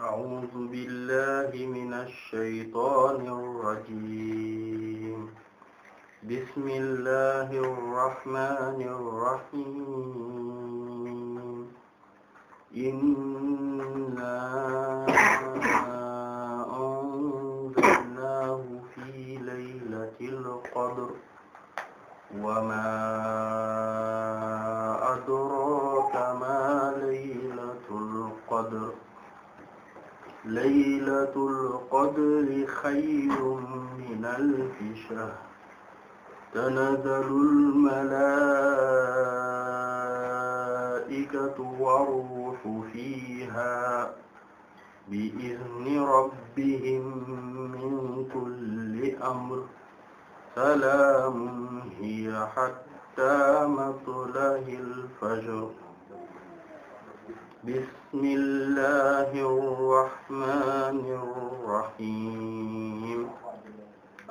أعوذ بالله من الشيطان الرجيم بسم الله الرحمن الرحيم إنا أنزلناه في ليلة القدر وما laylatul qadri xayrun minal fi shahr tanazzalul malaa'ikatu war-ruuhu fiihaa bi-izni rabbihim min kulli amrin salaamun hiya hattaa matla'il fajr bismillahir rahmanir rahim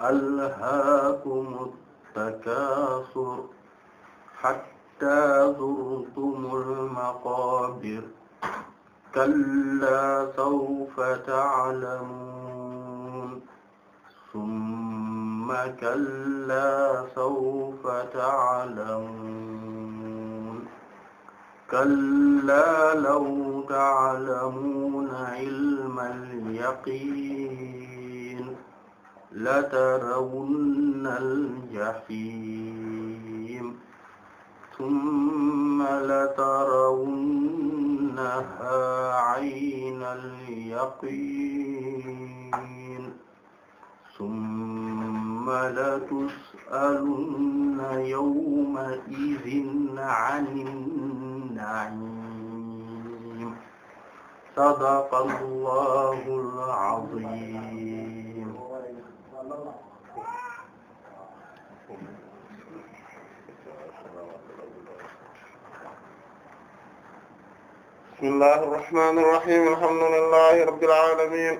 alhaakumut takaasur hatta zurtumul maqaabir kallaa sawfa ta'lamuun summa kallaa sawfa ta'lamuun كلا لو تعلمون علم اليقين لترون الجحيم ثم لترونها عين اليقين ثم لتسألن يسألون يومئذ عن النعيم صدق الله العظيم بسم الله الرحمن الرحيم الحمد لله رب العالمين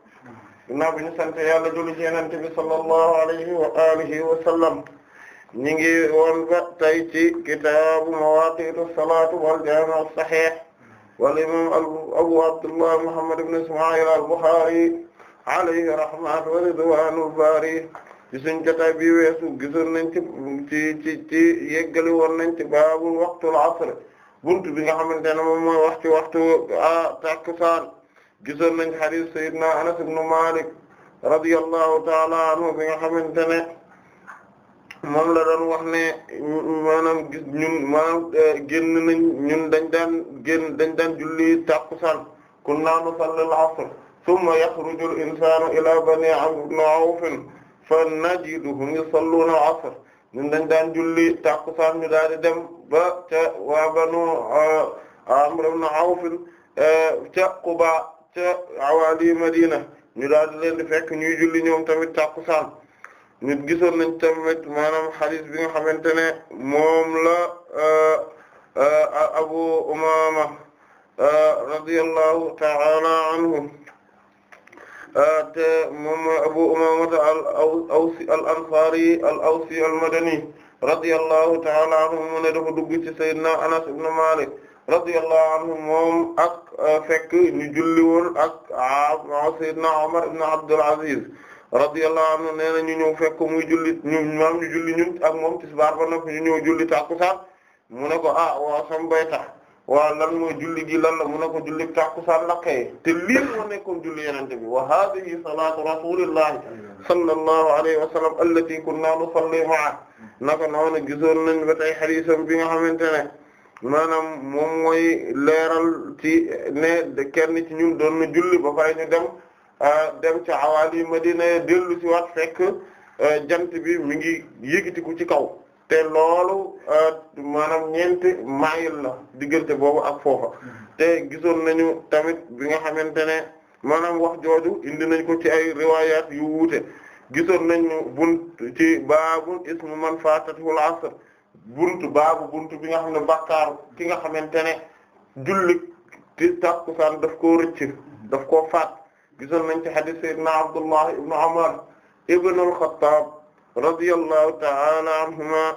ginnaaw bi ñu sant yàlla julli ci yonent bi sallallahu alayhi wa alihi wa sallam ñi ngi woon ba tey ci kitaabu mawaaqiitu salaatu wal jaami' as-sahiih wal imaam abu abdullah muhammad ibn isma'il al-Bukhari alayhi rahmatu wa ridwaanul baari ci suñu jotaay bi weesu gisoon nañ ci ci ci ci yeggali woon nañ ci baabu waqtul asr buntu bi nga xamante ne moom mooy wax ci waxtu ah, takkusaan gisoon nañ hadith Seydina Anas ibn Malik radiyallahu ta'ala anhu bi nga xamante ne moom la doon wax ne maanaam gis ñun maanaam euh, génn nañ ñun dañ daan génn dañ daan julli tàkkusaan kunna nusalli al-'asr thumma yakhruju al-insanu ila bani Amr ibn Awf fa najiduhum yusalluna al-'asr ñun dañ daan julli tàkkusaan ñu daal di dem ba ca waa banu euh, Amr ibn Awf euh, ca Quba ca awaali Madina ñu daal di leen di fekk ñuy julli ñoom tamit tàkkusaan ñu gisoon nañ tamit maanaam hadith bi nga xamante ne moom la euh, euh, Abu Umaama euh, radiyallahu ta'ala anhu te moom Abu Umaama al-Awsi al-Ansaari al-Awsi al-Madani radiyallahu ta'ala anhu mu ne dafa dugg ci Sayyidina Anas ibn Malik radiyallahu anhu moom ak euh, fekk ñu julli woon ak ah, ah, sayyidina Umar ibn Abdul Aziz radiyallahu anhu nee na ñu ñëw fekk muy julli ñu maam ñu julli ñun ak moom tisbaar ba noppi ñu ñëw julli tàkkusaan mu ne ko ah waa sam bay tax waa lan mooy julli gi lan la mu ne ko julli tàkkusaan la kay te lii moo nekkoon julli yenente bi wa hadhihi salatu rasulillahi sallallahu alayhi wa sallam allati kunna nusalli ma'a naka noonu gisoon nañ ba tey hadiisam bi nga xamante ne maanaam moom mooy leeral ci ne kenn ci ñun doon na julli ba pare ñu dem dem ca awaali Madina dellu ci waat fekk jant bi mi ngi yëkkatiku ci kaw te loolu maanaam ñeenti mayil la diggante boobu ak foofa te gisoon nañu tamit bi nga xamante ne maanaam wax jooju indi nañ ko ci ay riwayat yu wuute gisoon nañu bunt ci baabu ismu man faatatuhul asr buntu baabu buntu bi nga xam ne bàkkaar ki nga xamante ne julli ti tàkkusaan daf koo rëcc daf koo faat gisoon nañ ci hadith sayyidina Abdullah ibn Umar ibn al-Khattab radiyallahu ta'ala anhuma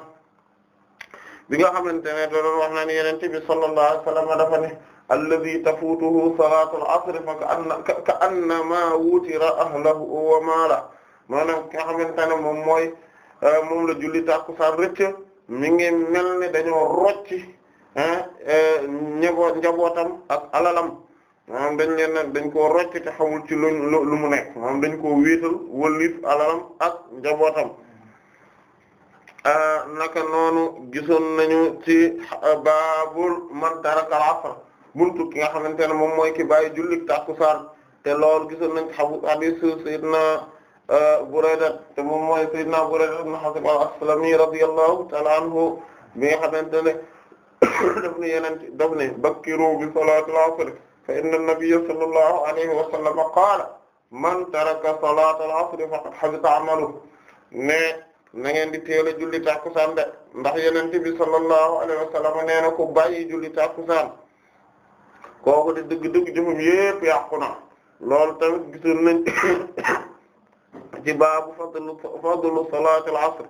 bi nga xamante ne da doon wax naan Yonent bi sallallahu alayhi wa sallam dafa ne alladhi tafutuhu salatu al-'asr fa ka annama wutira ahlahu wa malahu maanaam ki nga xamante ne moom mooy moom la julli tàkkusaan rëcc mi ngeen mel ne dañoo rocci ñeboo ah, eh, njabootam ak alalam maanaam dañ leen dañ ko rocci te xamul ci lu lu mu nekk maanaam dañ koo wéetal wëlif alalam ak njabootam ah, naka noonu gisoon nañu ci ah, baabul man tarakal asr buntu ki nga xamante ne moom mooy ki bàyyi jullit takkusaan te loolu gisoon nañ ci xabu hadiis sayyidina Burayda te moom mooy sayyidina Burayda ibn Hasib al-Aslami radiyallahu ta'ala anhu bi nga xamante ne daf ne yeneen daf ne bakkiru bi salati al-asr fa inna an-nabiyya sallallahu alayhi wa sallam qaala man taraka salata al-asr faqad habita amaluhu ne na ngeen di teel a julli tàkkusaan de ndax yeneen bi sallallahu alayhi wa sallam nee na ku bàyyi julli tàkkusaan kooku di dëgg-dëgg jëfam yépp yàqu na loolu tamit gisoon nañ ci baabu fadlu fadlu salaatul asr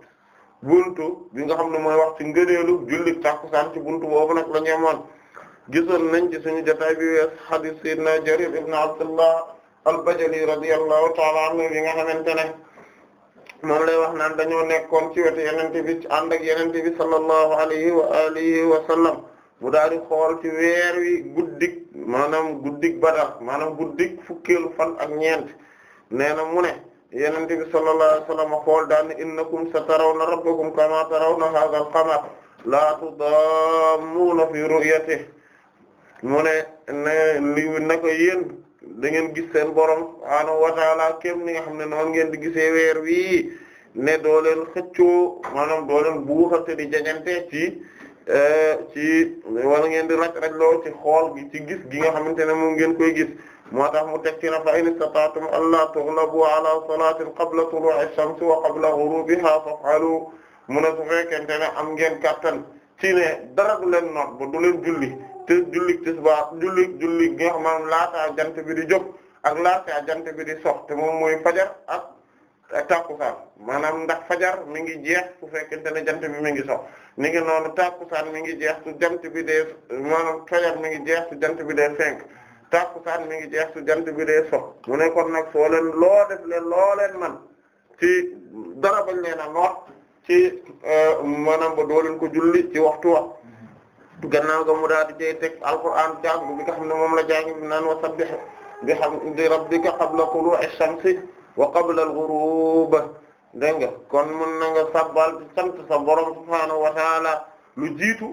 buntu bi nga xam ne mooy wax ci ngëneelu julli tàkkusaan ci buntu boobu nag la ñu amoon gisoon nañ ci suñu jotaay bi wees hadith sayyidina Jarir ibn Abdullah al-Bajali radiyallahu ta'ala anhu bi nga xamante ne moom lay wax naan dañoo nekkoon ci wetu yenente bi ci ànd ak yenente bi sallallahu alayhi wa alihi wa sallam mu daal di xool ci weer wi guddik maanaam guddik Badar maanaam guddik fukkeelu fan ak ñeent nee na mu Yonent bi sallallahu alayhi wa sallam xool daan innakum satarawna taraw na tarawna hadha al-qamar la tudammuna fi ru'yatihi mu ne ne li na ko yéen da ngeen gis seen borom subhaanahu wa ta'ala kéem ni nga xam ne noonu ngeen di gisee weer wii ne doo leen xëccoo maanaam doo leen buuxate di jañante ci eh, ci wala ngeen di raj raj loo ci xool gi ci gis gi nga xamante ne moom ngeen koy gis moo tax mu teg ci na fa in istata'tum allaa tughlabu ala salaatin qabla tuluu'i shamsi wa qabla ghurubiha faf'alu mu ne su fekkente ne am ngeen kattan ci ne dara du leen noot ba du leen julli te julli julli julli gi nga xam maanaam laataa jant bi di jóg ak laataa jant bi di sox te moom mooy fajar ak takkusaan maanaam ndax fajar mi ngi jeex su fekkente ne jant bi mi ngi sox ni ngi noonu takkusaan mi ngi jeex su jant bi dee mi ngi jeex jant bi dee fenk takkusaan mi ngi jeex tu jant bi dee so mu ne kon nag soo leen loo def leen loo leen man ci dara bañ a noot ci euh, maanaam ba doolen leen ko julli ci waxtu wa gannaaw ga mu daal di jey teg alquran jàng bi nga xam ne moom la jàng bi naan wa sabbih bihamdi rabbika qabla tulu'i shamsi wa qabla al-ghurub dégg nga kon mun na nga sabbal sant sa borom subhaanahu wa taala lu jiitu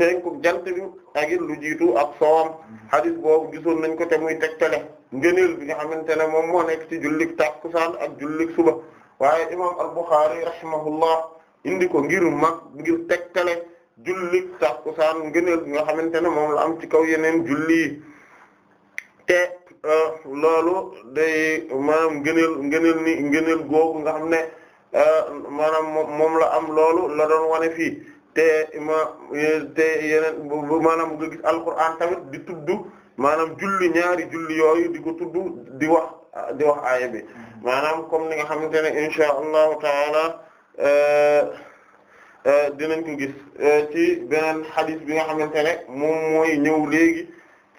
fenku jant bi ak it lu jiitu ak soowam hadith boobu gisoon nañ ko te muy tegtale ngëneel bi nga xamante ne moom moo nekk ci jullik takkusaan ak jullik suba waaye imam al-Bukhari rahimahullah indi ko ngir mag ngir tegtale jullik takkusaan ngëneel bi nga xamante ne moom la am ci kaw yeneen julli te euh, loolu day maanaam ngëneel ngëneel ni googu nga xam ne euh, maanaam moom la am loolu la doon wane fii te ma e, te yeneen maanaam nga gis tamit di tudd maanaam julli ñaari julli yooyu di ko tudd di wax di wax aaya bi mm-hmm. maanaam comme ni nga xamante ne inshaa allahu taala e, e, dinañ ko gis ci beneen xadis bi nga xamante ne moom mooy ñëw léegi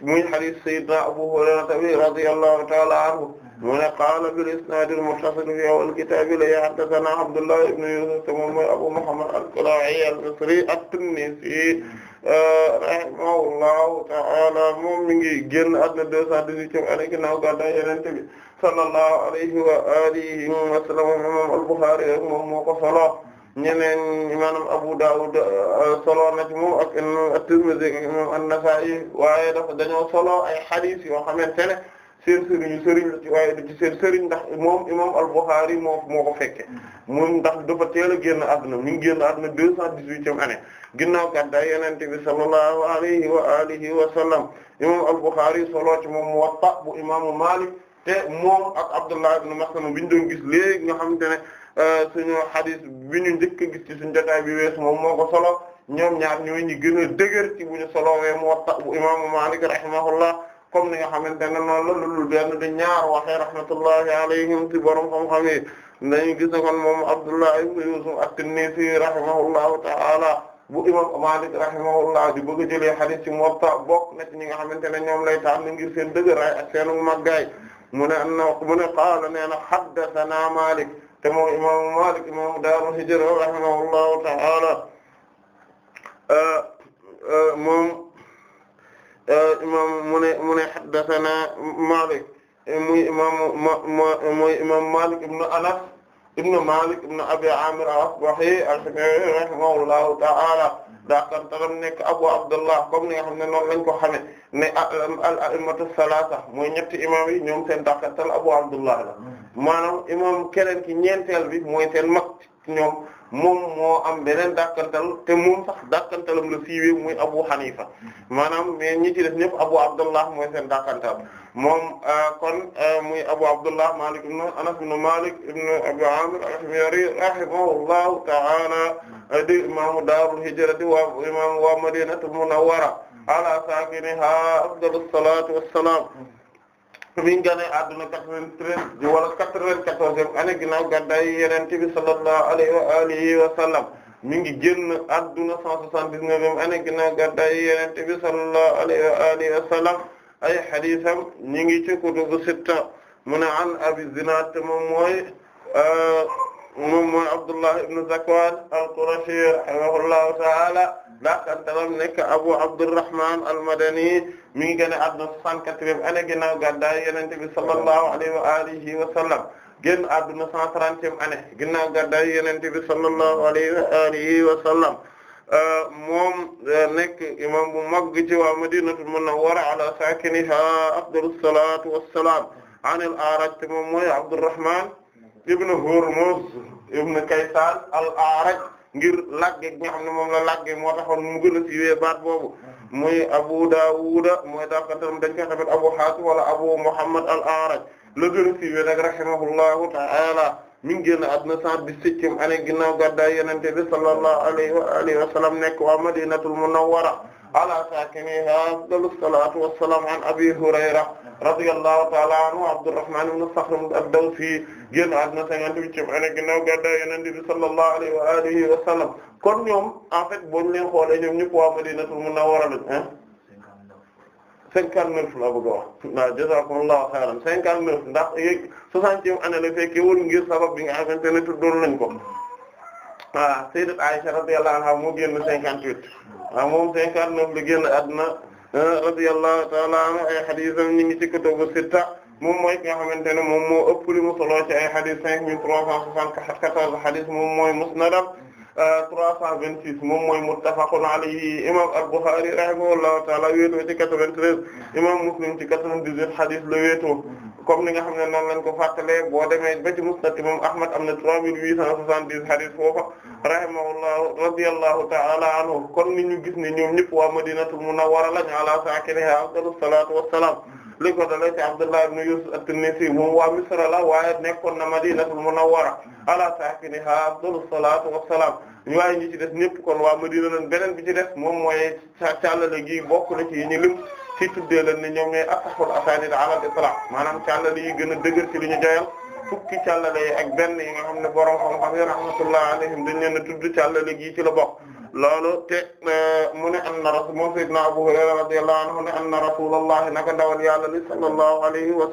muy xadis sayyidina Abu Hurayra radiyallahu taala anhu mu ne qaala bil isnaadil muttasil fi awwal kitaabi la haddathanaa Abdullah ibn Yusuf te moom Abu Muhammad al-Kalaa'i al-Misri at-Tinnisi rahimahullahu ta'ala moom mi ngi génn àdduna deux cent dix-huitième année ginnaaw gàddaay Yonent bi sallallahu alayhi wa alihi Abu Dawud euh, solo na ci ak at-Tirmidhi ak imaam an-Nasa'i waaye dafa dañoo solo ay hadith yoo xamante seen sëriñu sëriñ la ci waaye du ci ndax moom imam al-Bukhari moo moo ko fekke moom ndax dafa teel a génn àdduna mi ngi génn àdduna deux cent dix-huitième année ginnaaw gàddaay Yonent bi sallallahu alayhi wa alihi wa sallam imam al-Bukhari soloo ci moom Muwatta bu imaamu Malik te moom ak Abdullah ibn Maslama bi ñu doon gis léegi nga xam ne euh, suñu hadith bi ñu njëkk gis ci suñu jotaay bi weesu moom moo ko solo ñoom ñaar ñooy ñi gën a dëgër ci bu ñu solowee Muwatta bu imaamu Malik comme ni nga xamante ne noonu la lulul benn di ñaar waxee rahmatullahi alayhim ci borom xam yi nañu gis ne kon moom Abdullah ibn Yusuf at-Tinnisi rahimahullahu ta'ala bu imam Malik rahimahullah di bëgg a jëlee hadith ci Muwatta bokk na ci ñi nga xamante ne ñoom lay taam ni ngir seen dëgëraay ak seenu màggaay mu ne an na mu ne qaala nee na haddathana Malik te moom imam Malik imam daaru hijra rahimahullahu ta'ala moom Euh, imam mu ne mu ne haddathana Malik eh, muy imam muy imam Malik ibn Anas ibn Malik ibn Abi Amir al-Asbahi rahimahullahu ta'ala daa kan talam nekk Abu Abdullah comme ni nga xam ne noonu lañ ko xame ne al-a'immatu salaasa mooy ñetti imam yi ñoom seen dàqantal Abu Abdullah la mm. maanaam imam keneen ki ñeenteel bi mooy seen mag ñoom moom moo am beneen dàkkantal te moom sax dàkkantalam la siiwee muy Abu Hanifa maanaam mais ñi ci def ñëpp Abu Abdullah mooy seen dàkkantal moom euh, kon euh, muy Abu Abdullah Malik ibn Anas ibn Malik ibn Abi Amir al-Himyari rahimahullahu ta'ala di imaamu daarul hijrati wa imaamu wa madinatu munawwara ala saakiniha afdalus salaatu wassalaam mi ngi gane adduna 93 di wala 94e année ginnaaw gàddaay Yonent bi alayhi wa alihi wa sallam mi ngi génn adduna 179e année ginnaaw alayhi wa alihi ay hadiisam ñi ngi ci kutubu sitta mu ne an Abi Zinaad moom mooy euh, moom mooy Abdullah al-Qurashi rahimahullahu ta'ala dakantalam nekk Abu Abdurrahman al-Madani mi ngi génn àdduna 64e année ginnaaw gàddaay Yonent bi sallallahu alayhi wa alihi wa sallam génn àdduna 130e année ginnaaw gàddaay Yonent bi sallallahu alayhi wa alihi wa sallam euh, moom euh, nekk imam bu mag ci waa Madinatul Munawwara ala sakiniha afdalus salatu wassalam an al-A'raj moom mooy Abdurrahman ibn Hurmuz ibn Kaysan al-A'raj ngir làgge gi nga xam ne moom la làgge moo taxoon mu gën a siiwee baat boobu muy Abu Daawuda mooy dafkatam dañ koy tamit Abu Haatim wala Abu Muhammad al-A'raj la gën a siiwee nag rahimahullahu ta'ala mi ngi génn àdduna 117e année ginnaaw gàddaay Yonent bi sallallahu alayhi wa alihi wa sallam nekk waa Madinatul Munawwara ala saakiniha afdalu salaatu wa salaam an abi hurayra radiyallahu ta'ala anhu abdurrahman ibn sakhr ad-dawsi génn àdduna cinquante-huitième année ginnaaw gàddaay yonent bi sallallahu alayhi alihi wa kon ñoom en fait boo ñu leen xoolee ñoom ñëpp waa Madinatul Munawwara lañ ah cinquante-neuf la bëgg a wax waaw jazakumullahu khairan cinquante-neuf ndax yéeg soixantième année la fekkee woon ngir sabab bi nga xamante ne tuddoon ko voilà ah, sayyidat Aisha radiyallahu anha moo génn cinquante huit waaw ah, moom cinquante neuf la génn àdduna ah, radiyallahu ta'ala anha ay xadisam ñi ngi ci kutubu sitta moom mooy ki nga xamante ne moom moo ëpp li mu solo ci ay xadis cinq mille trois cent soixante-quatorze xadis moom mooy musnadam trois cent vingt-six moom mooy muttafaqun alayhi imam al-Bukhari rahimahullahu ta'ala wéetoo ci quatre-vingt-treize imam Muslim ci quatre-vingt-dix-huit xadis la wéetoo comme ni nga xam ne noonu lañ ko fàttalee boo demee ba ci musnad imam Ahmad am na 3870 hadith foofa rahimahullahu radiyallahu ta'ala anhu kon ni ñu gis ne ñoom ñëpp waa Madinatul Munawwara lañu ala saakinihaa afdalus salaatu wassalaam li ko dalee ci Abdullah ibn Yusuf at-Tinnisi moom waa Misra la waaye nekkoon na Madinatul Munawwara ala saakinihaa afdalus salaatu wassalaam waaye ñi ci des ñëpp kon waa Madina lañ beneen bi ci des moom mooy càllale gi bokk na ñu lim. ci tuddee leen ne ñoom ñooy asahul asaanid ala al-itlaq maanaam càllale yi gën a dëgër ci li ñu joyal fukki càllale yi ak benn yi am xam ne borom xam-xam yi rahmatullah alayhim dañ leen a tudd càllale gi ci la bokk loolu te e, mu ne anna rasul na sayyidina Abu Hurayra radiyallahu anhu ne anna rasulullahi naka ndawal yàlla li sallallahu alayhi wa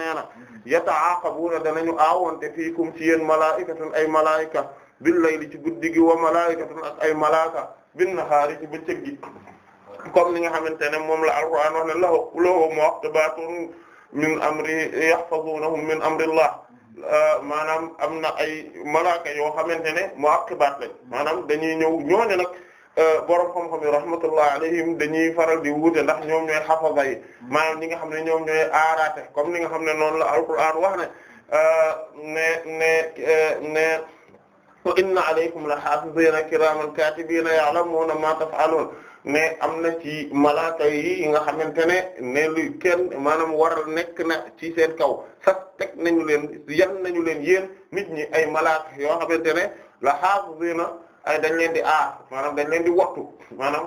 nee na yataaqabuuna danañu aawonte fiikum ci yéen malaa'ikatun ay malaa'ika bil layli ci guddi gi wa malaa'ikatun ak ay malaaka bin nahaari ci bëccëg gi comme ni nga xamante ne moom la alquran wax ne lahu lahu mu'aqibatun min amri yahfazunahu min amrillah euh, maanaam am na ay malaaka yoo xamante ne mu'aqibat lañ maanaam dañuy ñëw ñooñu nag euh, borom xam-xam yi rahmatullah alayhim dañuy faral di wuute ndax ñoom ñooy xafaza yi maanaam ñi nga xam ne ñoom ñooy aaraate comme ni nga xam ne noonu la alquran wax ne euh, ne ne ne inna alaykum la hafizina kiraman katibina ya'lamuna ma taf'alun ne am na ci malaaka yi yi nga xamante ne ne lu ken maanaam war a nekk na ci seen kaw sax teg nañu leen yan nañu leen yéen nit ñi ay malaaka yoo xamante ne la haafizina ay dañ leen di aar maanaam dañ leen di wattu maanaam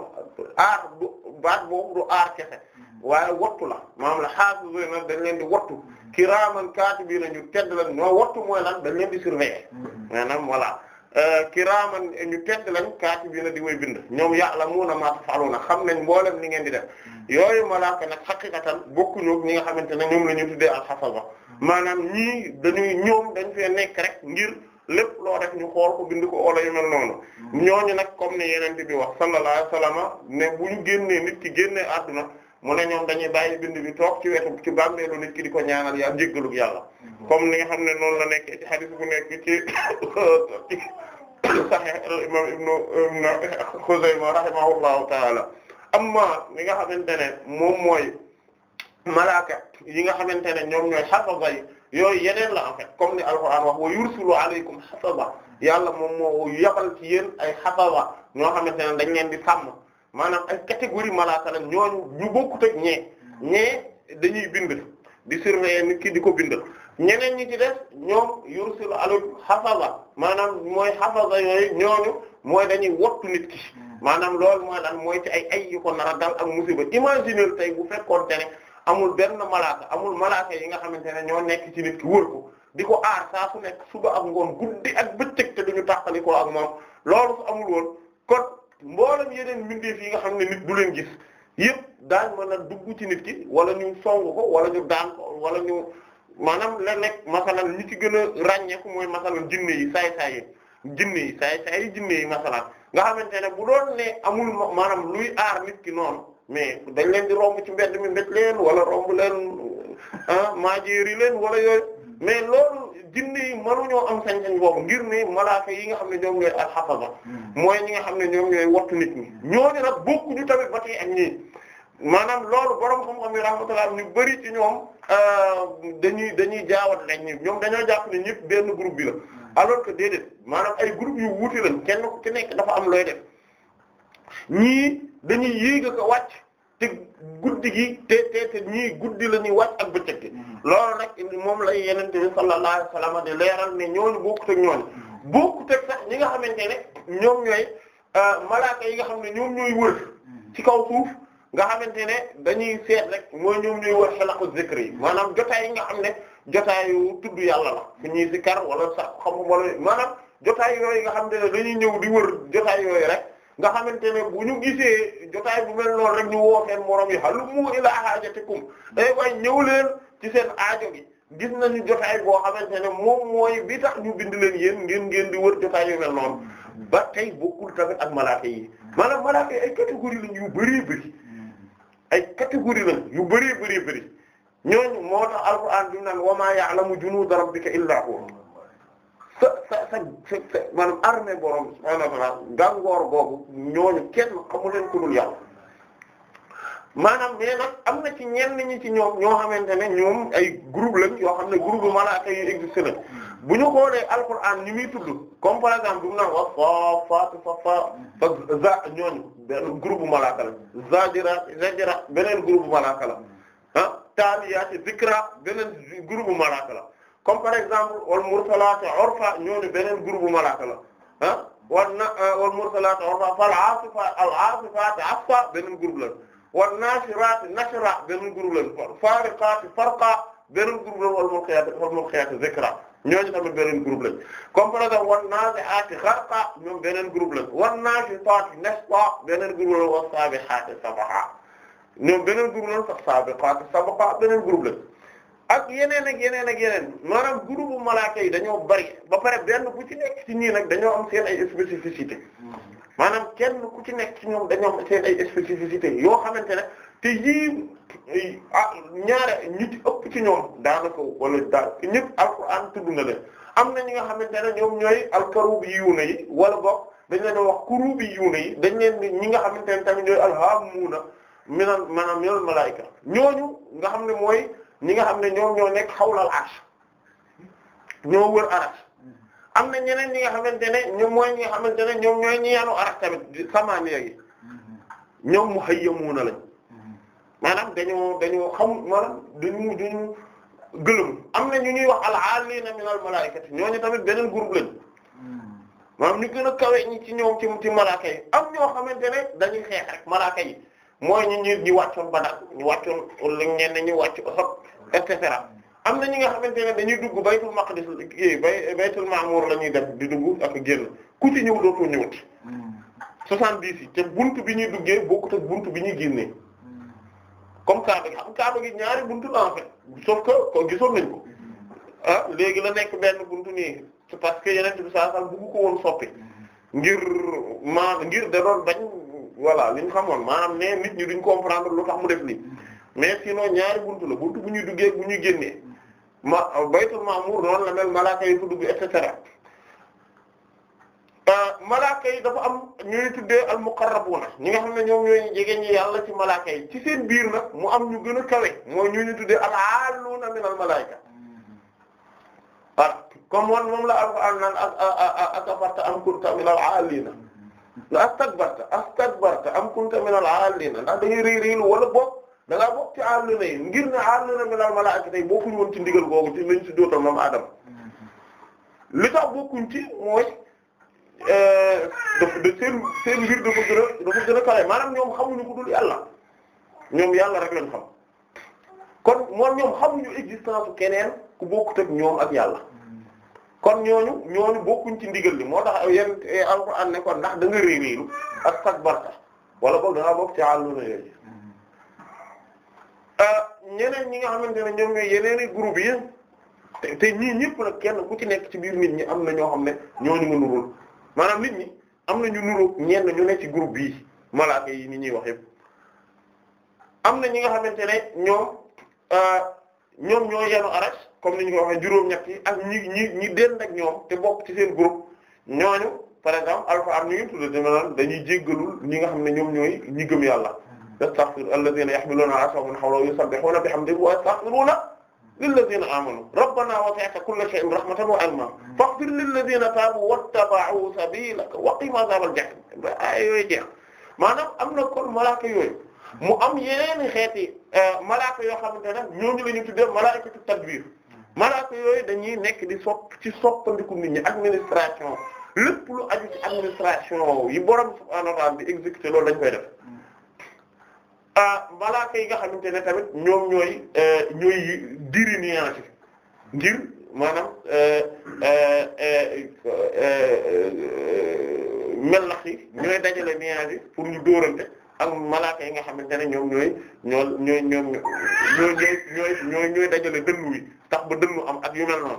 aar du baat boobu du aar kese waaye wattu la maanaam la haafizina dañ leen di wattu mm-hmm. kiraaman kaatibiina ñu tedd la ñoo wattu mooy lan dañ leen di surveiller mm-hmm. maanaam voilà Euh, kiraaman ñu tedd lañ kaatibiina di way bind ñoom ya'lamuuna maa taf'aluuna xam nañ mboolem ni ngeen di def hmm. yooyu malaaka nag xaqiqatan bokkuñu ñi nga xamante ne ñoom la ñuy tuddee al-xafaza hmm. maanaam ñii dañuy ñoom dañu fee nekk rek ngir lépp loo rek ñu xool ko bind ko wala yu mel noonu hmm. ñooñu nag comme ne yeneen bi wax sallallahu alayhi wa sallam ne bu ñu génnee nit ki génnee àdduna mu ne ñoom dañuy bàyyi bind bi toog ci wetu ci bàmmeelu nit ki di ko ñaanal yàlla jéggalug yàlla mm-hmm. comme ni nga xam ne noonu la nekkee ci hadith bu nekk ci Sahih al-imam Ibn Khuzaymah rahimahullahu ta'ala amma li nga xamante ne moom mooy malaaka yi nga xamante ne ñoom ñooy hafaza yi yooyu yeneen la en fait comme ni alquran wax wa yursulu alaykum yàlla moom moo yabal ci ay hafaza ñoo xamante ne dañ leen di sàmm maanaam ay catégorie malaaka lañ ñooñu ñu bokkut ak ñee ñee dañuy bind di surveiller nit ki di ko bind ñeneen ñi ci def ñoom yursilu alul hafaza maanaam mooy hafaza yooyu ñooñu mooy dañuy wottu nit ki maanaam loolu mooy lan mooy ci ay ay yu ko nar a dal ak musiba imaginer tey bu fekkoonte ne amul benn malaaka amul malaaka yi nga xamante ne ñoo nekk ci nit ki wër ko di ko aar saa su nekk suba ak ngoon guddi ak bëccëg te duñu tàqali ko ak moom loolu su amul mboolem yeneen mbindeef yi nga xam ne nit du leen gis yëpp daal mën a dugg ci nit ki wala ñu song ko wala ñu daan ko wala ñu maanaam la nekk masalan ñi ci gën a ràññeeku mooy masalan jinne yi saay-saay yi jinne yi saay-saay yi jinne yi masalan nga xamante ne bu doon ne amul maanaam luy aar nit ki noonu mais dañ leen di romb ci mbedd mi mbéj leen wala romb leen ah maajeeri leen wala yooyu mais loolu jinne yi mënuñoo am sañ-sañ boobu ngir ne malaaka yi nga xam ne ñoom ñooy alxafaza hmm. mooy ñi nga xam ne ñoom ñooy wattu nit ñi ñooñu nag bokkuñu tamit ba tey ak ñii maanaam loolu borom xam-xam am rahmatullah ñu bari ci ñoom euh, dañuy dañuy jaawat lañ ñi ñoom dañoo jàpp ne ñëpp benn groupe bi la hmm. alors que déedéet maanaam ay groupe yu wuute lañ kenn ku ci nekk dafa am looy def ñii dañuy yéeg a ko wàcc te guddi gi te te ñii guddi la ñuy wàcc ak ba bëccëg loolu indi moom la yenente bi sallallahu alayhi wa sallam di leeral ne ñooñu bokkut ak ñooñu bokkut ak sax ñi nga xamante ne ñoom ñooy euh, malaaka yi nga xam ne ñoom ñooy wër ci kaw suuf nga xamante ne dañuy seet rek mooy ñoom ñooy wër xelaqu zikri yi maanaam jotaay yi nga xam ne jotaayu tudd yàlla la fu ñuy zikar wala sax xam wala maanaam jotaay yooyu nga xamante ne dañuy ñëw di wër jotaay yooyu rek nga xamante ne bu ñu gisee jotaay bu mel noonu rek ñu woo seen morom yi halumu ila haajatikum day eh, way ñëw leen ci seen aajo gi gis nañu jotaay boo xamante ne moom mooy bi tax ñu bind leen yéen ngeen ngeen di wër jotaay yu mel noonu ba tey bokkul tamit ak malaaka yi maanaam malaaka yi ay catégorie lañ yu bari ay catégorie yu bari bari bari ñooñu moo tax alquran bi naan wa ma ya'lamu junuuda rabbika illa huwa sa sa sa sa maanaam armée borom subhaanahu wa ta'aala gàngoor googu ñooñu kenn xamu leen ku dul maanaam mais am na ci ñenn ñi ci ñoom ñoo xamante ne ñoom ay groupe lañ yoo xam ne group malaaka yu existé na bu ñu xoolee alquran ñu muy tudd comme par exemple bu naan wax fa fa fa fa za ñooñu benn groupe la zajira beneen groupe malaaka la ah taaliyaati zikra beneen groupe malaaka la comme par exemple wal mursalaati urfa ñooñu beneen groupe malaaka la ah wal na wal mursalaati urfa fal aasifaat al beneen groupe la wa nashiraati nashra benn groupe lañu fa faariqaati farqa benn groupe lañu wal mulqiyaati wal mulqiyaati zikra ñooñu tamit beneen groupe lañ comme par exemple wan naazi'aati gharqa ñoom beneen groupe lañ wan naashitaati nashta beneen groupe lañ wa saabihaati sabha ñoom beneen groupe lañ sax saabiqaati sabha beneen groupe lañ ak yeneen ak yeneen ak yeneen maanaam groupe malaaka yi dañoo bari ba pare benn bu ci nekk ci ñii nag dañoo am seen ay spécificité maanaam kenn ku ci nekk ci ñoom dañoo seen ay spécificités yoo xamante ne te yii ah ñaare ñi ëpp ci ñoom daanaka wala daa ñëpp alquran tudd na leen am na ñi nga xamante ne ñoom ñooy alkarubiyuuna yi wala boog dañ leen wax na yi dañ leen ñi nga xamante ne tamit ñooy alhaamuuna minal maanaam minal malaayika ñooñu nga xam ne mooy ñi nga xam ne ñoom ñoo nekk xawlal arsh ñoo wër arsh am na ñeneen ñi nga xamante ne ñoom mooy ñi nga xamante ne ñoom ñooy ñi yanu arak tamit samaaniya yi ñoom muhayyamuuna lañ maanaam dañu dañoo xam maanaam dañu dañu gëlëm am na ñu ñuy wax al-aaliina minal malaa'ikati ñooñu tamit beneen groupe lañ maanaam ñu gën a kawe ñi ci ñoom ci ci malaaka yi am ñoo xamante ne dañuy xeex rek malaaka yi mooy ñu ñu ñu wàccoon Badar ñu wàccoon ñenn ñu wàcc Uhud et cetera am na ñi nga xamante ne dañuy dugg baytul maqdis kii eh, bay baytul ma'mur la ñuy def di dugg ak génn ku ci ñëw dootoo ñëwati soixante-dix yi te buntu bi ñuy duggee bokkut ak buntu bi ñuy génnee comme kaaba gi xam gi ñaari buntu la en fait sauf que gisoon nañ ko ah léegi la nekk benn buntu nii c'est parce que yeneen bi saa ko woon soppi ngir maa ngir da doon bañ voilà li ñu xamoon maanaam ne nit ñi duñ comprendre lu tax mu def nii mais sinon ñaari buntu la buntu bu ñuy duggee bu ñuy génnee ma baytul ma'mur noonu la mel malaaka yi fu dugg et cetera euh, dafa am ñu tuddee al muqarrabuna ñi nga xam ne ñoom ñooy jege ñi yàlla ci malaaka yi ci seen biir nag mu am ñu gën a kawe mooy ñu ñu tuddee al aaluna min al malaika ah comme man la alquran am kunta min al aalina la astakbarta am kunta min al aalina ndax dañuy réy réylu wala bo da bokk ci àlluna yi ngir ne àlluna minal malaa'ikati tey bokkuñu woon ci ndigal googu ci lañ si dootal moom Adama li tax bokkuñ ci mooy euh, daf da seen seen dafa a dafa gën a kawe maanaam ñoom xamuñu ko dul yàlla ñoom yàlla rek lañ xam kon moom ñoom xamuñu existence keneen ku bokkut ak ñoom ak yàlla kon ñooñu ñooñu bokkuñ ci ndigal li moo tax yenn alxuraan ne kon ndax da nga réeréeru ak takbarta wala boog da ngaa bokk ci àlluna yooyu Ah, ñeneen ñi nga xamante ne ñoom ñooy yeneeni groupe yi te ñii ñëpp nag kenn ku ci nekk ci biir nit ñi am na ñoo xam ne ñooñu nga nurul maanaam nit ñi am na ñu nuru ñenn ñu ne ci groupe bii malaaka yi ni ñuy wax yëpp am na ñi nga xamante ne ñoom ah, ñoom ñoo yenu araj comme ni ñu nga waxee juróom ak ñi ñi ñi dend ak ñoom te bokk ci seen groupe ñooñu par exemple alpha am ñu ngi tudd dañuy jéggalul ñi nga xam ne ñoom ñooy ñi gëm yàlla yastaghfir alladhina yahmiluna 'arshahum min hawlihi yusabbihuna bihamdihi wa yastaghfiruna lilladhina amanu rabbana wasi'ta kulla shay'in rahmatan wa 'ilma faghfir lilladhina tabu wattaba'u sabilaka wa qina adhabal jahim ay yooyu jeex maanaam am na kon malaaka yooyu mu am yeneen xeeti malaaka yoo xamante ne ñooñu la ñu tuddee malaa'ikatu tadbir malaaka yooyu dañuy nekk di sopp ci soppandiku nit ñi administration lépp lu aju ci administration yi borom subhaanahu wa ta'aala di exécuter loolu dañ koy def malaaka ah, yi nga xamante ne tamit ñoom ñooy euh, ñooy diri nuance yi ngir maanaam euh, euh, melax yi ñooy dajale nuance yi pour ñu dóorante ak malaaka yi nga xamante ne ñoom ñooy ñoo ñooy ñoom ñooy ñooy ñooy ñooy dajale dënnu tax ba dënnu am ak yu noonu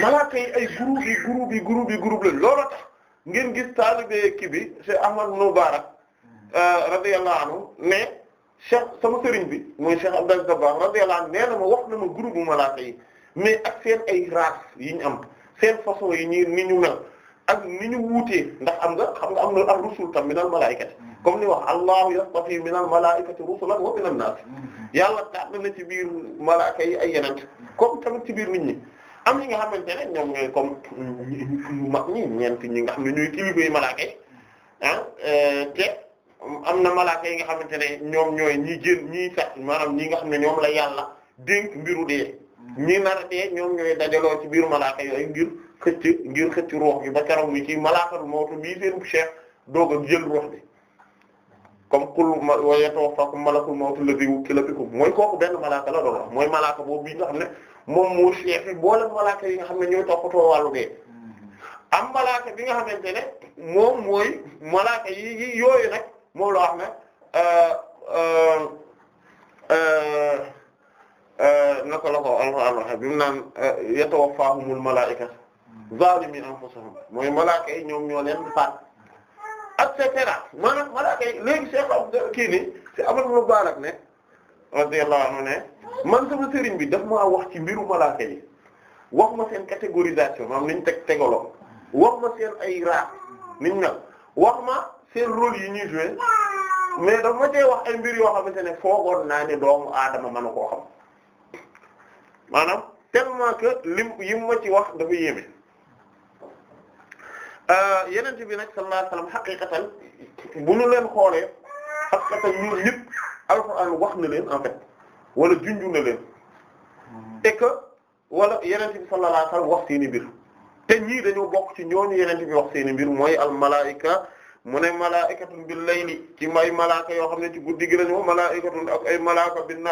malaaka ay groupe yi groupe yi groupe yi groupe lañ loolu tax ngeen gis taalibe kii bi c'est Ahmad Mubarak Euh, radiyallahu anhu ne cheikh sama sëriñ bi mooy cheikh Abdel Zabbah radiyallahu anhu nee na ma wax na ma groupe bu malaaka yi mais ak seen ay race yi ñu am seen façon yi ñuy ni ñu mel ak ni ñu wuutee ndax am nga xam nga am na ar rusul tam minal malaikati comme ni wax allahu yastafi minal malaikati rusulan wa minan nas yàlla tànn na ci biir malaaka yi ay yeneen comme tamit ci biir nit ñi am ñi nga xamante ne ñoom ñooy comme mag ñi nga xam ne ñooy kilifa yi malaaka yi ah euh, te am na malaaka yi nga xamante ne ñoom ñooy ñi jël ñi nga xam ne ñoom la yàlla dénk mbiru dee mm-hmm. ñi nar a dee ñoom ñooy biir malaaka yooyu ngir xëcc ngir xëcc ruux bi ba keroog mi ci malaakatul mawtu jël ruux bi comme kul wa yatawaffakum malakul mawtu alladhi wukila bikum mooy kooku benn nga xam moom moo cheikh yi boolem malaaka yi nga xam ne ñooy toppatoo mm-hmm. am malaaka nga xamante ne moom mooy malaaka yi yi yooyu nag moom la wax euh, euh, euh, naka la ko alxuraan waxe bi mu naan yatawaffahumul malaa'ika zalimi anfusihim mooy malaaka yi ñoom ñoo leen faat et cetera maanaam malaaka yi léegi Cheikh Abdou kii nii ci Abdul Mubarak ne radiyallahu anhu ne man sama sëriñ bi daf maa wax ci mbiru malaaka yi wax ma seen catégorisation maanaam niñ teg tegolo wax ma seen ay raat niñ mel wax ma seen rôle yi ñuy joué mais daf ma wax ay mbir yoo xamante ne foogoon naa ne doomu aadama manu koo xam maanaam tellement que lim yim ma ci wax dafa yéeme euh, yeneen bi nag sallallahu alayhi wasallam bu ñu leen xoolee xaqiqatan ñun ñëpp alxuraan wax na leen en fait wala junju na leen et que wala yeneen bi sallallahu wax seen i mbir te ñii dañoo bokk ci ñooñu yeneen bi wax seen i mbir mooy al malaika mu ne malaa'ikatun bil layli ci may malaaka yoo xam ne ci guddi gi lañu wa malaa'ikatun ak ay malaaka bin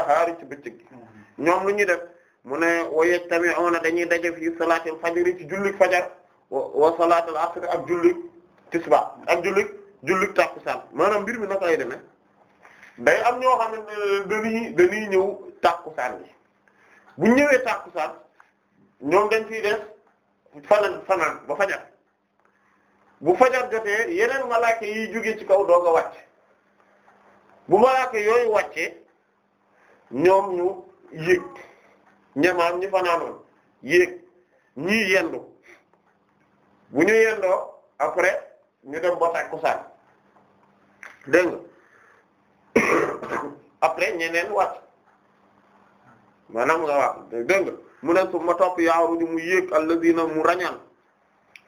ñoom lu ñuy def mu ne wa yajtami'una dañuy daje fi salaatil fajri ci jullik fajar wa salaatil asr ak jullik tisba ak jullik jullik tàkkusaan maanaam mbir mi naka de demee day am ñoo xam ne dañuy dañuy ñëw tàkkusaan bi bu ñëwee tàkkusaan ñoom dañ fiy def fanaan fanaan ba fajar bu fajar jotee yeneen malaaka yiy jóge ci kaw doog a wàcc bu malaaka yooyu wàccee ñoom ñu yéeg ñamaam ñi fanaanoon yéeg ñii yendu bu ñu yendoo après ñu dem ba takkusaan dégg nga après ñeneen wàcc maanaam nga wax dégg mu ne su ma topp yaaruñu mu yéeg alladina mu rañaan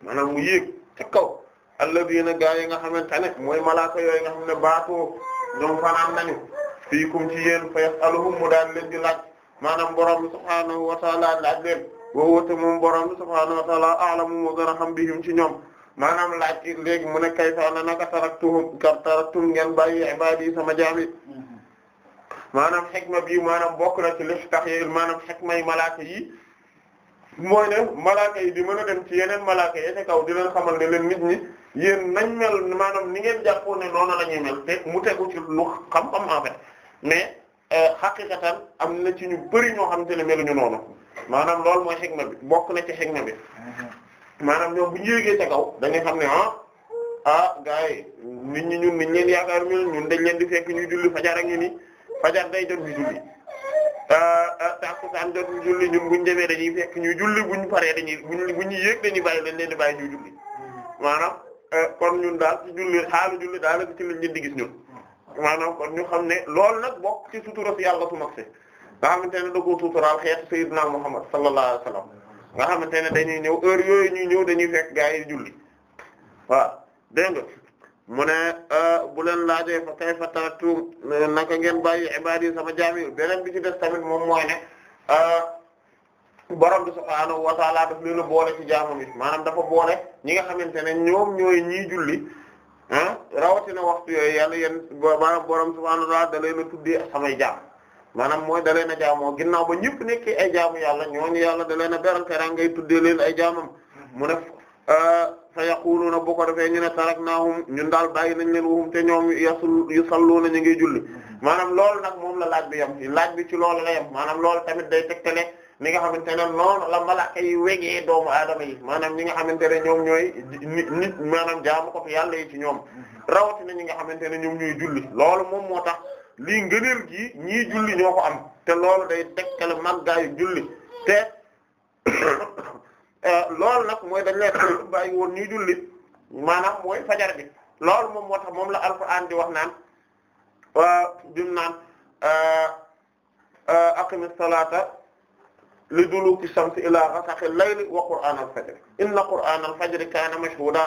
maanaam mu yéeg ca kaw alladina gaa yi nga xamante ne mooy malaaka yooyu nga xam ne baatoo ñoom fanaan nañu fiikum ci yéen fa yasaluhum mu daal leen di laaj maanaam borom bi subhaanahu wa taala laaj leen boo te moom borom bi subhaanahu a'lamu moo gën a xam bihim ci ñoom maanaam laaj ci léegi mu ne kayfa ana naka taraktuhum kar taraktum ngeen bàyyi ibaadi sama jaami maanaam xikma bii maanaam bokk na ci li tax yéen maanaam xikma yi malaaka yi mooy ne malaaka yi di mën a dem ci yeneen malaaka kaw di leen xamal ne ñi yéen nañ mel maanaam ni ngeen jàppoo ne noonu la mel te mu tegu ci lu xam-xam en fait mais euh, xaqiqatan am na ci ñu bari ñoo xam ne ñu noonu maanaam loolu mooy xegma bi bokk na ci xegma bi mm-hmm. maanaam ñoom bu ñu yéegee ca kaw dañuy xam ne ah ah gars ñu nit ñi ñun niñ leen yaakaar ñu ñun dañ leen di fekk ñuy julli fajar ak ñu ni fajar day jot ñu julli euh, euh, takusaan jot ñu julli ñun buñ demee dañuy fekk ñuy julli ñu paree dañuy buñ buñu yéeg dañuy bàyyi dañ leen di bàyyi ñuy julli mm-hmm. Euh, kon ñun daal ci julli xaalu julli daal ci lañ leen di gis ñun maanaam kon ñu xam ne lool nag bokk ci sutura si yàlla su mag si nga xamante ne da koo suturaal xeetu sayyidina Muhammad sallallahu alayhi wasallam nga xamante ne dañuy ñëw heure yooyu ñuy ñëw dañuy fekk gaa yi julli waaw dégg nga mu ne euh, bu leen laajee fa kayfa taraktum naka ngeen bàyyi ibaadi sama jaam yi beneen bi ci def tamit moom mooy ne. Euh, borom bi subhaanahu wa taala daf leen a boole ci jaamam yi maanaam dafa boole ñi nga xamante ne ñoom ñooy ñii julli ah rawatina waxtu yooyu yàlla yéen maanaam borom subhaanahu wa taala da leen a tuddee samay maanaam mooy da leen a jaamoo ginnaaw ba ñëpp nekkee ay jaamu yàlla ñooñu yàlla da leen a beral teraanga ngay tuddee leen ay jaamam mu ne ah, fa yaquluuna bu ko defee ñu ne taraknaahum ñun daal bàyyi nañ leen wuhum te ñoom yasul yusalluuna ñu ngi julli maanaam lool nag moom la laaj bi yam laaj bi ci loolu la yam maanaam lool tamit day tegtale ni nga xamante ne noonu la malaaka yi wegee doomu aadama yi maanaam ñi nga xamante ne ñoom ñooy maanaam jaamu ko fi yàlla yi ci ñoom mm-hmm. rawatina ñi nga xamante ne ñoom ñooy julli loolu moom moo tax lii ngëneel gi ñii julli ñoo ko am te loolu day tekkale màggaayu julli te euh, loolu nag mooy dañ leen bàyyi woon ñuy julli maanaam mooy fajar bi loolu moom moo tax moom la alquran di wax naan bim euh, naan euh, salaata li duluki shamsi ilaa ghasaqil layli wa qur'aanal fajr inna qur'aanal fajri kaana mashhuuda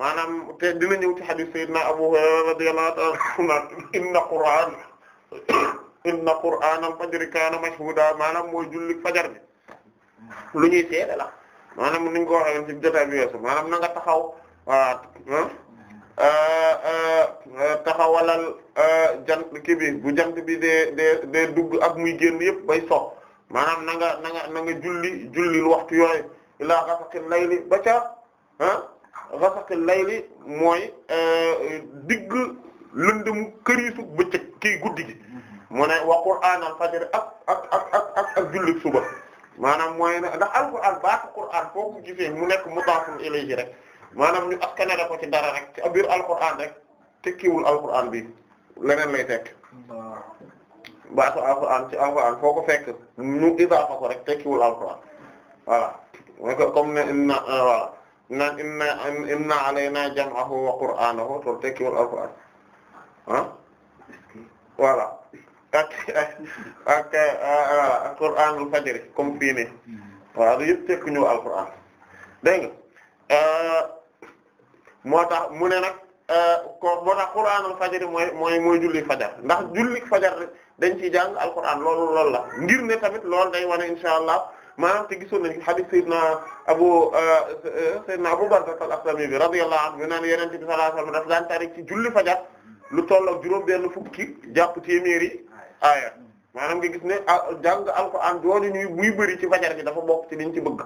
maanaam te dina ñëw ci hadith sayyidina Abu Hurayra radiyallahu ta'ala inna qur'aan inna qur'aanal fajri kaana mashhuuda maanaam mooy julli fajar bi lu ñuy seede la maanaam ni nga ko waxee woon ci jotaay bi weesu maanaam na nga taxaw waaw ah, ah, ah, taxawalal jant kii bi bu jant bi de dee dee dugg ak muy génn yëpp bay sox maanaam nanga nga na nga na nga julli jullil waxtu yooyu ilaa ghasaqil layli ba ca ah ghasaqil layli mooy eh, digg lëndëmu këriisu bëccëg kii guddi gi mu ne wa qur'aanal fajr ak ak ak ak ak ak julli suba maanaam mooy ne ndax alquran baatu quran foo ko gisee mu nekk mudaafun ilayhi rek maanaam ñu askanale ko ci dara rek ci biir alquran rek tekkiwul alquran bi leneen lay tekk baatu alxuraan ci alxuraan fekk nu idaafa ko rek tekkiwul alxuraan voilà mooy que comme ne inna euh, voilà naan inna inna alayna jam'ahu wa qur'anahu to tekkiwul alxuraan ah voilà ak ak ak qur'anul fajr comme fii nii waaw du yëpp ñu alxuraan dégg nga euh, moo tax mu ne nag euh, ko moo tax qur'anul fajr mooy mooy mooy julli fajar ndax julli fajar rek dañ ciy jàng alquran loolu loolu la ngir ne tamit loolu day wane insha allah maanaam te gisoon nañu hadith sayyidina abu euh, sayyidina abu bardat al-aslami bi radiyallahu anhu naan yonent bi sallallahu alayhi ma daf daan tari ci julli fajar lu tollook juróom benn fukki jàpp téeméeri aaya maanaam ngi gis ne ah, jàng alquran jooju ñuy muy bëri ci fajar gi dafa bokk ci liñ ci bëgg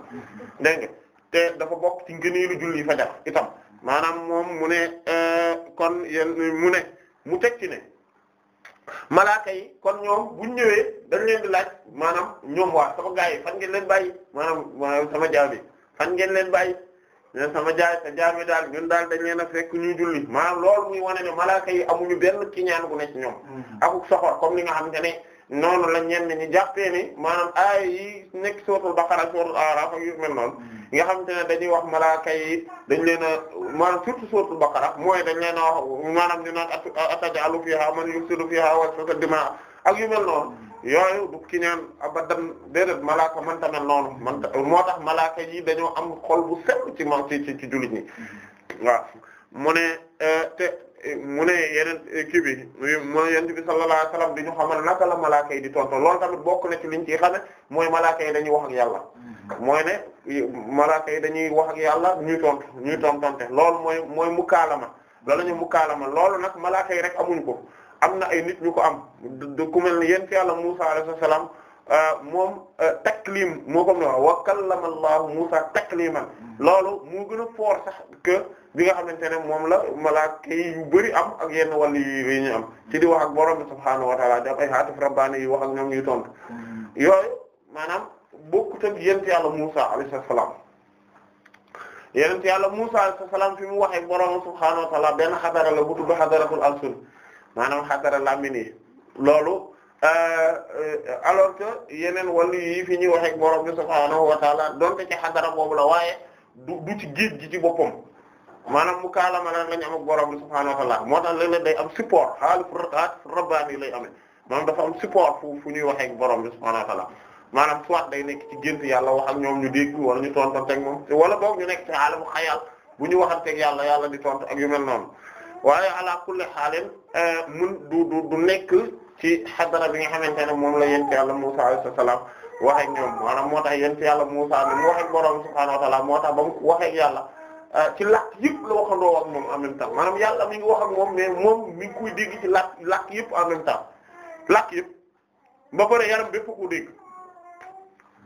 dégg te dafa bokk ci ngëneelu julli fajar itam maanaam moom mu ne euh, kon yéen mu ne mu teg ci ne malaaka yi kon ñoom bu ñëwee da leen di laaj maanaam ñoom waa sama gaay yi fan ngeen leen bàyyi maanaam sama jaam bi fan ngeen leen bàyyi ñen sama jaay sa jaam yi daal ñun daal dañ leen a fekk ñuy julli maanaam lool muy wane ne malaaka yi amuñu benn ki ñaan gu nekk ci ñoom mm-hmm. akuk soxor comme li nga xam te ne noonu la ñenn ñi jàppee ni maanaam aay yi nekk suratul Baqara suratul Araf ak yu mel noonu hmm. nga xam te ne dañuy wax malaaka dañ leen a maanaam surtout suratul Baqara dañ leen a wax maanaam ñu naan ataj'alu fiha man yufsidu fiha wa ak yu mel noonu hmm. yooyu ki ñaan abadan déedéet malaaka mënta mel noonu mënta moo tax malaaka yi dañoo am xol bu sell ci man ci ci ci jullit hmm. ne euh, te mu ne yeneen kii bi mu ne yonent bi sallallahu alayhi wasallam di a naka la malaaka di tontu loolu tamit bokk na ci liñ ciy xame mooy malaaka yi dañuy wax ak yàlla mooy ne malaaka dañuy wax ak yàlla ñuy tontu ñuy tontonte loolu mooy mooy mukaalama loolu ñu mukaalama loolu nag malaaka yi rek amuñ ko am na ay nit ñu ko am du ku mel ne yonent yàlla Muusaa alayhi Euh, moom euh, taklim moo comme ne wa kallama Allahu Musa takliman mm. loolu mu gën a fort sax kë bi nga xamante ne moom la malaaka yu bëri am ak yenn wàll yi ñu am ci di wax ak borom bi subhaanahu wa ta'ala di ay haatif rabbaani yi wax ak ñoom ñuy tontu mm. yooyu maanaam bokkut ak yent yàlla Musa alayhi salaam yent yàlla Musa alayhi salaam fi mu waxee borom subhaanahu wa ta'ala benn xadara la bu tudd xadaratul alsun maanaam xadara lamini loolu. Euh, euh, alors que yeneen wàllu yi fi ñuy waxee borom bi subhaanahu wa taala donte ci xadara boobu la waaye du du ci géej gi ci boppam maanaam mu kaalama naan la ñu am ak borom bi subhaanahu moo tax léeg-léeg day am support xaalu rabbaani lay amee maanaam dafa am support fu fu ñuy waxee ak borom bi subhaanahu wa taala maanaam soit day nekk ci gént yàlla wax ak ñoom ñu dégg wala ñu tonton teg moom wala boog ñu nekk ci xaalamu xayal bu ñu waxanteeg yàlla yàlla di tontu ak yu mel noonu waaye ala kulli euh, mun du nekk. ci xadara bi nga xamante ne moom la yent yàlla Musa alayhi salaam wax ak ñoom maanaam yàlla Musa mu wax ak borom subhaanahu wa ta'aala moo tax ba mu wax ak yàlla ah, ci làkk yëpp la waxandoo ak moom en même temps maanaam yàlla mi ngi wax ak moom mais moom mi ngi koy dégg ci làkk làkk yëpp en même làkk yëpp ba pare yaram bépp ko dégg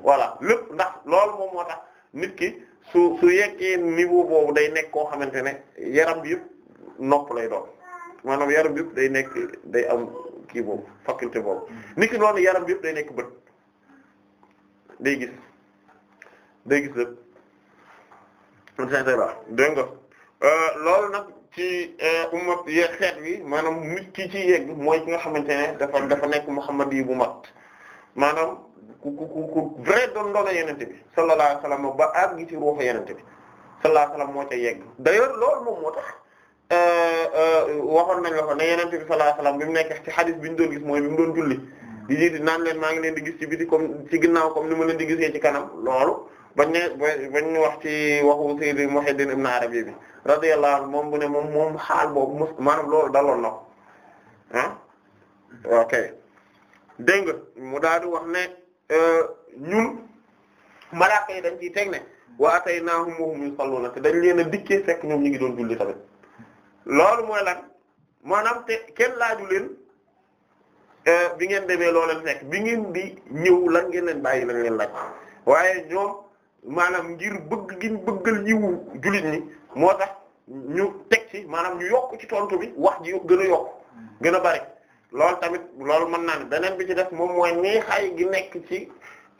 voilà lépp ndax loolu moom moo tax nit ki su su yeggee niveau boobu day nekk koo xamante ne yaram bi yëpp nopp lay doon maanaam yaram yëpp day nekk day am kii boobu faculté boobu niki noonu yaram bi yëpp day nekk bët day gis day gis lépp dégg nga euh, loolu nag ci euh, umma ye xeet wi maanaam nit ki ci yegg mooy ki nga xamante ne dafa dafa nekk Muhammad yi bu mat maanaam ku ku ku vrai doon doona yenente bi sallallahu alayhi wasallam ba àgg ci ruuxa yenente bi sallallahu alayhi moo ca yegg d'ailleurs loolu moom moo tax Euh, euh, waxoon nañ la ko ne yonent bi sallallahu alayhi wasallam bi mu nekk ci xadis bi ñu doon gis mooy bi mu doon julli di jiiti naan leen maa ngi leen di gis ci biti comme ci ginnaaw comme ni ma leen di gisee ci kanam loolu bañ ne bañ wax ci waxu Sayyid Muhyiddin Ibn Arabi bi radiyallahu anhu moom bu ne moom moom xaal boobu mos maanaam loolu daloon na ko ah ok dégg nga mu daal di wax ne euh, ñun malaaka yi dañ ciy teg ne wa ataynahum wa hum yusalluuna te dañ leen a dikkee fekk ñoom ñu ngi doon julli tamit loolu mooy lan maanaam te kenn laaju leen euh, bi ngeen demee loo leen fekk bi ngeen bi ñëw lan ngeen leen bàyyi lan ngeen laaj waaye ñoom maanaam ngir bëgg giñ bëggal ñiwu jullit ñi moo tax ñu teg ci maanaam ñu yokk ci tontu bi wax ji gën a yokk gën a bari loolu tamit loolu mën naa ne beneen bi ci def moom mooy neexaay gi nekk ci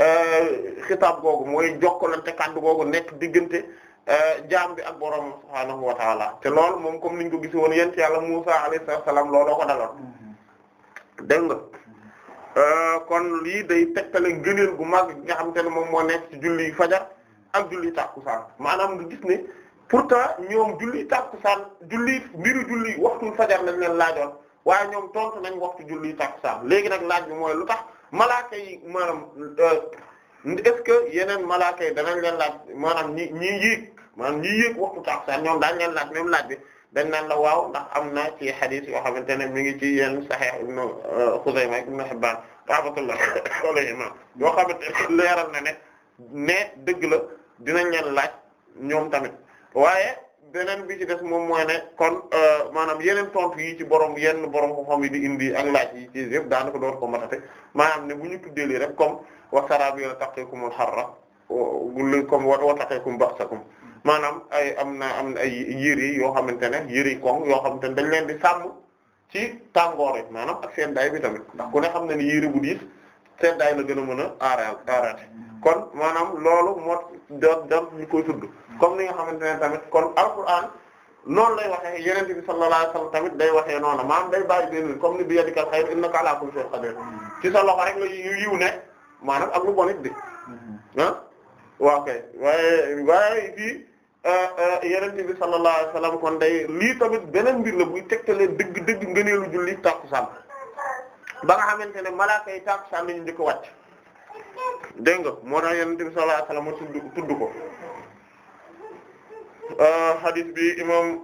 euh, xitaab googu mooy jokkalante kàddu googu nekk diggante Eh, jaam bi ak borom subhaanahu wa taala te loolu moom comme niñ ko gis woon yent yàlla Musa alayhi salaam oo ko daloon mm-hmm. dégg nga eh, kon lii day tegtale ngëneel gu mag gi nga xam te ne moom moo nekk ci julli fajar ak julli tàkkusaan maanaam nga gis ne pourtant ñoom julli tàkkusaan julli mbiru julli waxtu fajar lañ leen laajoon waaye ñoom tontu nañ waxtu julli tàkkusaan léegi nag laaj bi mooy lu tax malaaka yi eh, est-ce que yeneen malaaka yi danañ leen laaj maanaam ñi ñi yéeg maanaam ñi yéeg waxtu takusaan ñoom daañ leen laaj même laaj bi dañ naan la waaw ndax am na ci xadis yoo xamante ne mi ngi ci yenn Sahih ibn euh, Xuzayma ibn Hibbaan rahmatullah alayhima yoo xamante ne leeral na ne ne dëgg la dinañ leen laaj ñoom tamit waaye beneen bi ci des moom mooy ne kon euh, maanaam yeneen tontu yi ci borom yenn borom ko xam yi di indi ak laaj yi ci yëpp daanaka ko matate maanaam ne bu ñu tuddee lii rek comme wa saraabiilu taqiykumul harra comme wa taqiykum ba'sakum maanaam ay am na am na ay yëri yoo xamante ne yëri koŋ yoo xamante ne dañ leen di sàmm ci tàngoor yi maanaam ak seddaay bi tamit ndax ku ne xam na ni yëri bu diis seddaay la gën a mën a aaraat aaraate kon maanaam loolu moo doon doon ñu koy tudd. comme ni nga xamante ne tamit kon alquran noonu lay waxee yonent bi sallallahu alayhi wasallam tamit day waxee a maanaam day bàyyi benn comme ni bi yadikal xayr innaka ala kulli shay'in qadir ci sa loxo rek la yu yiw ne maanaam ak lu bon it di mm-hmm. ah kay waaye waaye fii ah, ah, yonent bi sallallahu alayhi kon day lii tamit beneen mbir la buy tegtalee dëgg dëgg ngëneelu julli tàkkusaan ba nga xamante ne malaaka yi tàkkusaan lañu njëkk a wàcc nga moo tax yonent bi ko. Euh, hadis bi imam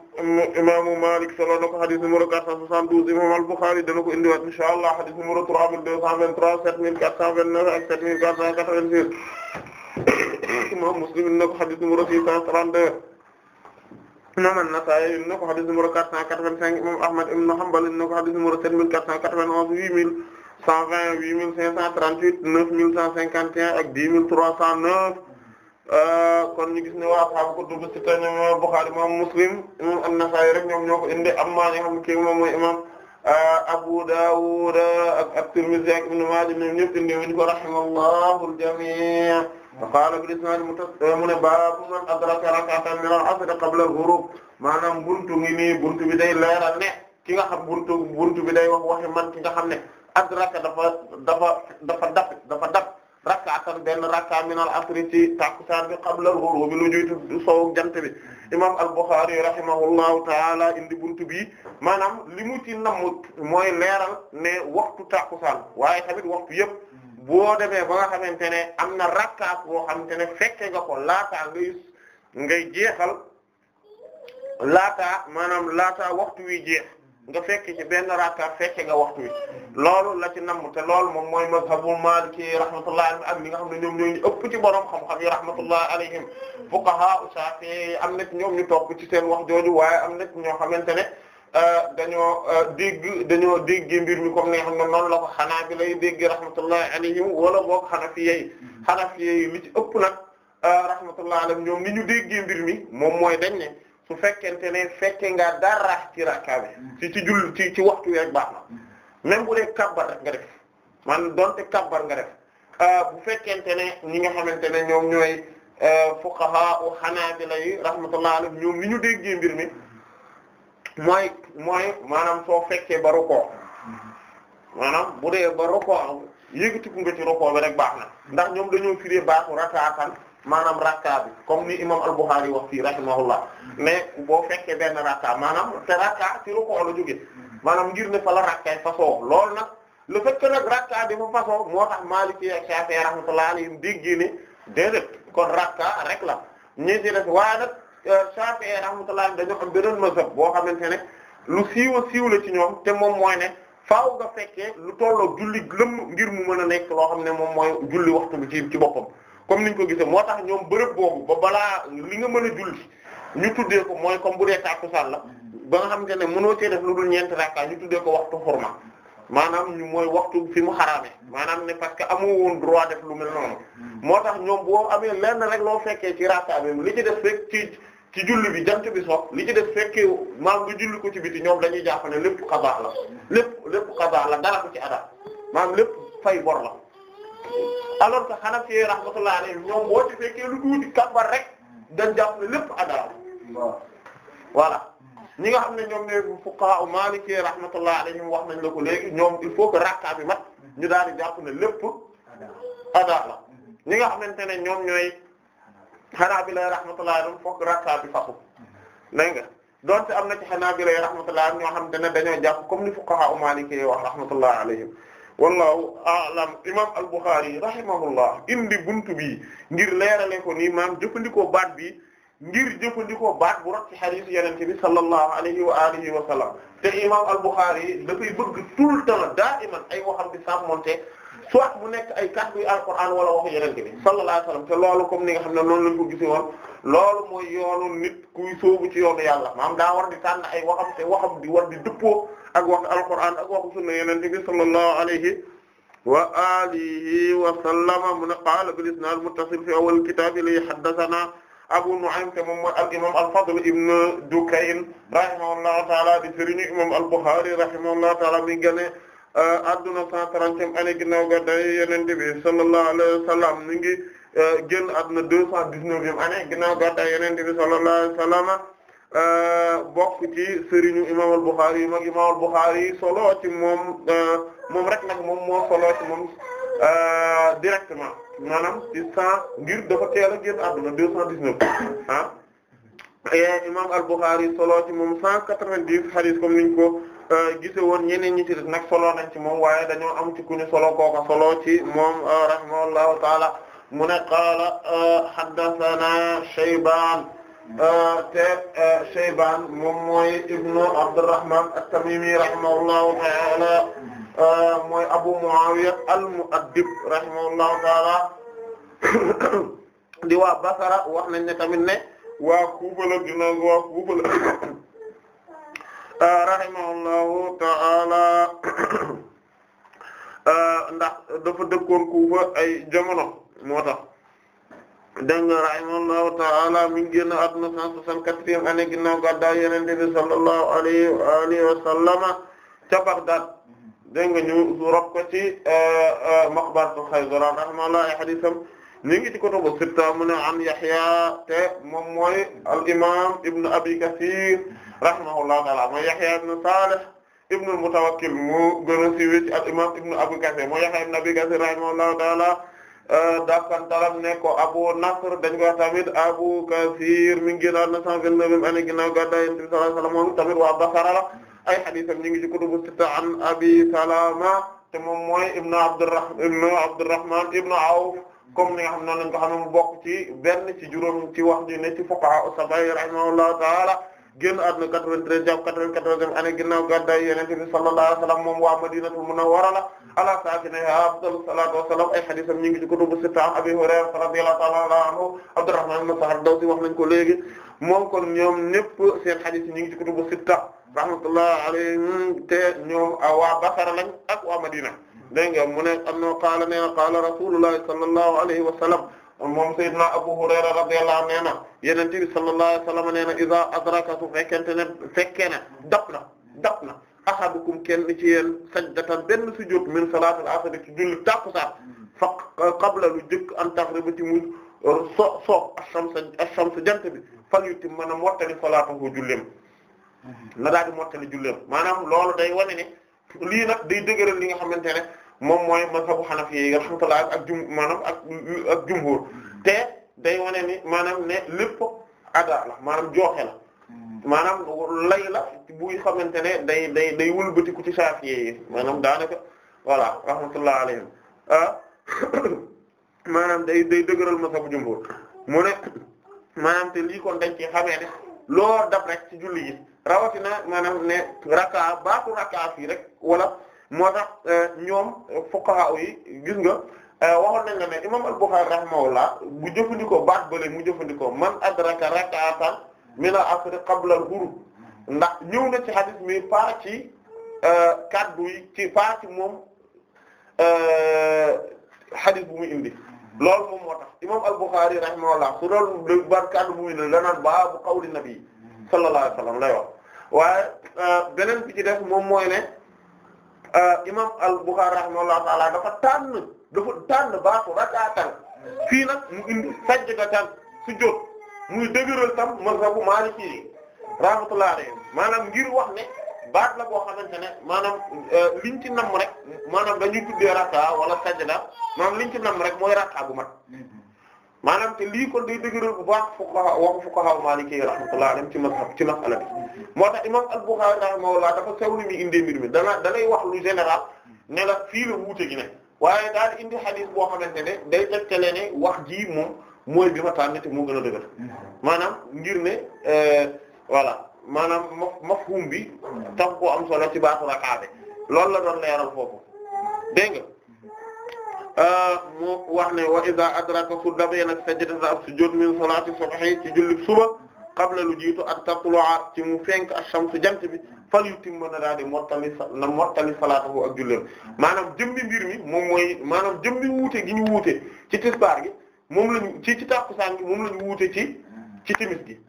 imaamu Malik solo na ko hadis numéro 472 imam al-Bukhari dana ko indiwaat insha Allah hadis numéro 3223 7429 ak 7486 imam Muslim na ko hadis numéro 632 imam an-Nasa'i na ko hadis numéro 485 imam Ahmad ibn Hanbal na ko hadis numéro 7491 8120 8538 9151 ak 10309 Euh, kon ñu gis ne waa xam kutubu sitta imam Bukhari imam Muslim imam An-Nasa'i rek ñoom ñoo ko indi amma ñi xam kii moom mooy imam euh, Abu Dawud ak At-Tirmidhi ak Ibn Majah ñoom ñëpp indi wuñ ko rahimallahu al-jami' qaala bil-isnaad mu ne baabu man adraka rak'atan min al-'asr ne ki nga xam buntu buntu bi day wax waxi man ki nga xam ne adraka dafa dafa dafa daf dafa daf rakkaatan benn rakka min al asri ci takusaan bi qabla al ghurub lu jiitu sow jant bi imam al Bukhari rahimahullahu taala indi buntu bi maanaam li mu ci namm leeral ne waxtu takusaan waaye tamit waxtu yëpp boo demee ba nga xamante ne am na rakka boo xamante ne fekke nga ko laataa ngay jeexal laata maanaam laataa waxtu wi jeex nga fekk ci benn rakka fekke nga waxtu wi loolu la ci namm te loolu moom mooy mazhabul maliki rahmatullahi alayhim ak ñi nga xam ne ñoom ñoo ëpp ci borom xam-xam yi rahmatullahi alayhim fuqaha shafi'i am na ñoom ñu topp ci seen wax jooju waaye am na ci ñoo xamante ne euh, dañoo euh, dégg dañoo dégg mbir mi comme nga xam ne noonu la xanaa bi lay dégg rahmatullahi alayhim wala boog xanafiye yi xanafiye yi li ci ëpp nag euh, rahmatullahi alayhim ñoom ni ñu déggee mbir mi moom mooy dañ ne su fekkente ne fekke nga dara ci rakka bi mm. ci ci jull ci ci waxtu wi rek baax na mm. même bu dee kabbar rek nga def man donte kabbar nga def euh, bu fekkente ne ñi nga xamante ne ñoom ñooy euh, fuqaha u xanaabila yi rahmatullah alayhim ñoom li ñu déggee mbir mi mooy mooy maanaam soo fekkee ba rukoo mm. maanaam bu dee ba rukoo yéegatiku nga ci rukoo bi rek baax na ndax ñoom dañoo firé baaxu rakkaatan maanaam rakka bi comme ni imam al-Bukhari wax fii rahimahullah mais boo fekkee benn rakka maanaam te rakka ci ruku la jóge maanaam ngir ne fa la rakkaay fasoo loolu nag le fait que nag rakka dafa fasoo moo tax Maliki ak Shafi'i rahmatullah alayhim déggee ne déedéet kon rakka rek la ñii ci def waaye nag euh, Shafi'i rahmatullah dañoo am beneen mazhab boo xamante ne lu siiwa siiw la ci ñoom te moom mooy ne faaw nga fekkee lu tolloo julli lëmm ngir mu mën a nekk loo xam ne moom mooy julli waxtu bi ci boppam comme niñ ko gisee moo tax ñoom bërëb boobu ba balaa li nga mën a julli ñu tuddee ko mooy comme bu dee tàkkusaan la ba nga xamante ne mënoo cee def lu dul ñeenti rakka ñu tuddee ko waxtu xurma maanaam ñu mooy waxtu fi mu xaraame maanaam ne parce que amoo woon droit def lu mel noonu moo tax ñoom boo amee leen lenn rek loo fekkee ci rakka bi li ci def fekk ci ci julli bi jant bi sox li ci def fekkee maam nga julli ko ci biti ñoom dañuy jàpp ne lépp xabaar la lépp lépp xabaar la dara ci adam maanaam lépp fay bor la alors que Hanafi yi rahmatullahi alayhi ñoom boo ci fekkee lu tuuti kàbbar rek dañ jàpp ne lépp adara voilà ñi nga xam ne ñoom ne fuqaha Maliki rahmatullahi alayhim wax nañ la ko léegi ñoom il faut que rakka bi mat ñu daal di jàpp ne lépp adar la ñi nga xamante ne ñoom ñooy Hanabila rahmatullahi alayhim fokk rakka bi faqu dégg nga donte am na ci Hanabila rahmatullahi ñoo xam te ne dañoo jàpp comme ni fuqaha Maliki wax rahmatullahi alayhim wallahu a'lam imam al-Bukhari rahimahullah indi buntu bi ngir leerale ko nii maam jëfandikoo baat bi ngir jëfandikoo baat bu rot ci hadith yenente bi sallallahu alayhi wa alihi wa sallam te imam al-Bukhari dafay bëgg tout le temps daa iman ay waxam di sàmmonte soit mu nekk ay kàddu yu alquran wala waxu yenente bi sallallahu alayhi wasallam te loolu comme ni nga xam ne noonu lañ ko gisee woon loolu mooy yoonu nit kuy sóobu ci yoonu yàlla maam daa war di tànn ay waxam te waxam di war di dëppoo ak wax alquran ak waxu sunna yenente bi sallallahu alayhi wa alihi wa sallama mu ne qaala bil isnad muttasil fi awwal kitab li haddathana Abu Nu'aym te moom mooy al imam al-Fadl ibn Dukayn rahimahullahu ta'ala di sëriñu imam al-Bukhari rahimahullahu ta'ala mi gane adduna euh, 130e année ginnaaw gàddaay Yonent bi sallallahu alayhi wa sallam mi ngi euh, génn adduna 219e année ginnaaw gàddaay Yonent bi sallallahu alayhi wa sallam euh, bokk ci sëriñu imam al-Bukhari yi mag imam al-Bukhari solo moom moom rek nag moom moo solo ci moom directement maanaam ci 100 ngir dafa teel a génn adduna 219 ah imam al-Bukhari solo ci moom 190 hadith comme niñ ko Euh, gise woon ñeneen ñi ci des nag ci moom waaye dañoo am ci kuñu solo kooka solo ci moom euh, rahimahullahu taala mu ne qaala euh, haddathana Shaybaan te Shaybaan moom mooy ibnu Abdurrahman at-Tamimi rahimahullahu taala mooy Abu Muawiya al-Mu'addib rahimahullahu taala di waa Basra wax nañ tamit ne waa Kuufa la dina waa Kuufa la Euh, rahimahullahu ta'ala euh, ndax dafa dëkkoon Kuufa ay jamono moo tax dégg nga rahimahullahu ta'ala mi ngi génn àdduna 164e année ginnaaw bi sallallahu alayhi wa alihi ca Baghdad dégg nga ñu rob ko ci euh, maqbaratu Xayzara rahimahullah ay hadiisam mi ngi ci kutubu sitta mu ne an Yahya te moom mooy al imam ibn Abi Kathir rahimahullahu ta'ala mooy Yahya ibn Salih ibn al-Mutawakkil mu gën a siiwee ci al imam ibn Abi Kathir mooy Yahya ibn Abi Kathir rahimahullahu ta'ala euh, dakantalam ne ko Abu Nasr dañ ko tamit Abu Kathir mi ngi génnaat 929 ane ginnaaw gàddaay Yonent bi sallallahu alayhi wasallam moom tamit waa Basra la ay hadiisam ñu ngi ci kutubu sitta an Abi Salama te moom mooy ibn Abdurrahman ibn Abdurrahman ibn Awf comme ni nga xam noonu lañ ko mu bokk ci benn ci juróom ci wax ji ne ci fuqaha as-sab'a rahimahullahu ta'ala génn àdduna 93 jàpp 94 année ginnaaw gàddaay Yonent bi sallallahu alayhi wa sallam moom waa Madinatul Munawwara la ala saakinihaa afdalu salaatu wa salaam ay hadiisam ñu ngi ci kutubu sitta Abi Hurayra radiyallahu ta'ala anhu Abdurrahman ibn Sakhar Dawsi wax nañ ko léegi moom kon ñoom ñëpp seen hadiis ñu ngi ci kutubu sitta rahmatullahi alayhim te ñoom waa ak waa Madina dégg nga mu ne annahu qaala nee na qaala rasulullahi sallallahu alayhi wa sallam moom sayyidina Abu Hurayra radiyallahu anhu nee na Yonent bi sallallahu alayhi wa sallam nee na iza adraka su fekkente ne fekkee na dab na dab na ahadukum kenn ci yéen sajdatan benn sujjóot min salaatil asr ci julli tàkkusaan fa qabla lu jëkk an taghriba ci mu so so ash-shamsa ash-shamsa jant bi fal yutim maanaam mottali salaatahu julleem na daal di mottali julleem maanaam loolu day wane ne lii na day dëgëral li nga xamante ne moom mooy mazhabu xanafi yi rahmatullah ak jumhur te day wane ni maanaam ne lépp ada la maanaam jooxe la buy xamante ne day day day wëlbatiku ci saafi yi maanaam daanaka voilà rahmatullah alayhim ah maanaam day day dëgëral mazhabu jumhur mu ne maanaam te lii dañ ci xamee ne loo dab ci julli yi rawatina maanaam ne raka baatu raka fii rek wala moo tax euh, ñoom fuqaha yi gis nga euh, waxoon nañ la ne imam al-Bukhari rahimahullah bu jëfandikoo baat bële mu jëfandikoo man adraka rak'atan min al-asr qabla al ndax ñëw na ci hadith mi pas ci euh, kaddu yi ci pas ci moom hadith bu mu indi loolu moom moo tax imam al-Bukhari rahimahullah su doon baat kaddu bu muy indi danaan baabu qawli nabi sallallahu alayhi wa sallam lay wax waaye euh, beneen bi ci def moom mooy ne euh, imam al-Bukhari rahimahullahu ta'ala dafa tànn dafa tànn baatu rakaataan fii nag mu indi sajdatan sujjóot muy dëgëral tam mazhabu Maliki rahmatullahi alayhi maanaam ngir wax ne baat la boo xamante ne maanaam euh, liñ ci namm rek maanaam dañuy tuddee rakka wala sajda maanaam liñ ci nam rek mooy rakka bu mat mm-hmm. maanaam te lii ko day dëgëral bu baax fuqaha waxu fuqaha maliki rahmatullah alayhim ci mazhab ci masala bi moo tax imam al-Bukhari rahimahullah dafa sew ni mi indee mbir mi dana danay wax lu général ne fii la wuute gi ne waaye daal indi xadis boo xamante ne day tegtale ne wax jii moom mooy bi ma tànn te moo gën a dëgër maanaam ngir ne euh, voilà maanaam maf mafhum bi tax koo am solo ci baatu rakabe loolu la doon leeral foofu dégg nga mu wax ne wa iza adraka su dabee nag sajdata ab sujud min salati subhi ci julli suba qabla lu jiitu ak tatlu'a ci mu fenk ash-shamsu jant bi fal yutim na a daal di mottali na mottali salaatahu ak julleem maanaam jëmmi mbir mi moom mooy maanaam jëmmi wuute gi ñu wuute ci tisbaar gi moom lañ ci ci tàkkusaan gi moom lañ wuute ci ci timis gi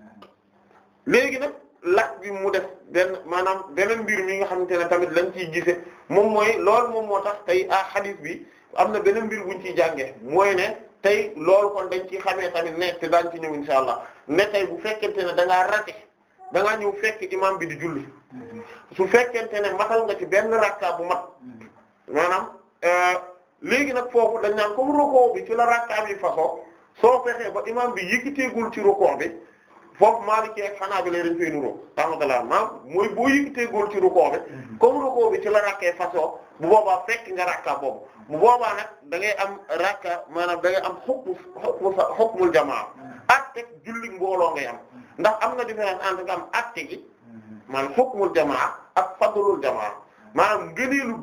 léegi nag lak bi mu def benn maanaam beneen mbir mi nga xamante ne tamit lañ ciy gise moom mooy lool moom moo tax tey ah hadith bi am na beneen mbir buñ ciy jàngee mooy ne tey loolu kon dañ ci xamee tamit ne te daan ci ñëw insha allah ne tey bu fekkente ne da ngaa raté da ñëw fekk imam bi di julli su fekkente ne matal nga ci benn rakka bu mat maanaam euh, léegi nag foofu dañ naan comme roko bi ci la rakka bi façon soo fexee ba imam bi yëkkiteegul ci roko bi foofu Maliki ak Hanabila dañ fay nuroo rahmatullah maam mooy boo yëkkatee góor ci rukoo bi mhm. comme rukoo bi ci la rakkee façon bu boobaa fekk nga rakka boobu bu boobaa nag da ngay am rakka maanaam da am hukmu hukmul jamaa mhm. atte julli mbooloo ngay am mhm. ndax am na différence entre nga am atte ak fadlul jamaa maanaam ngëneelu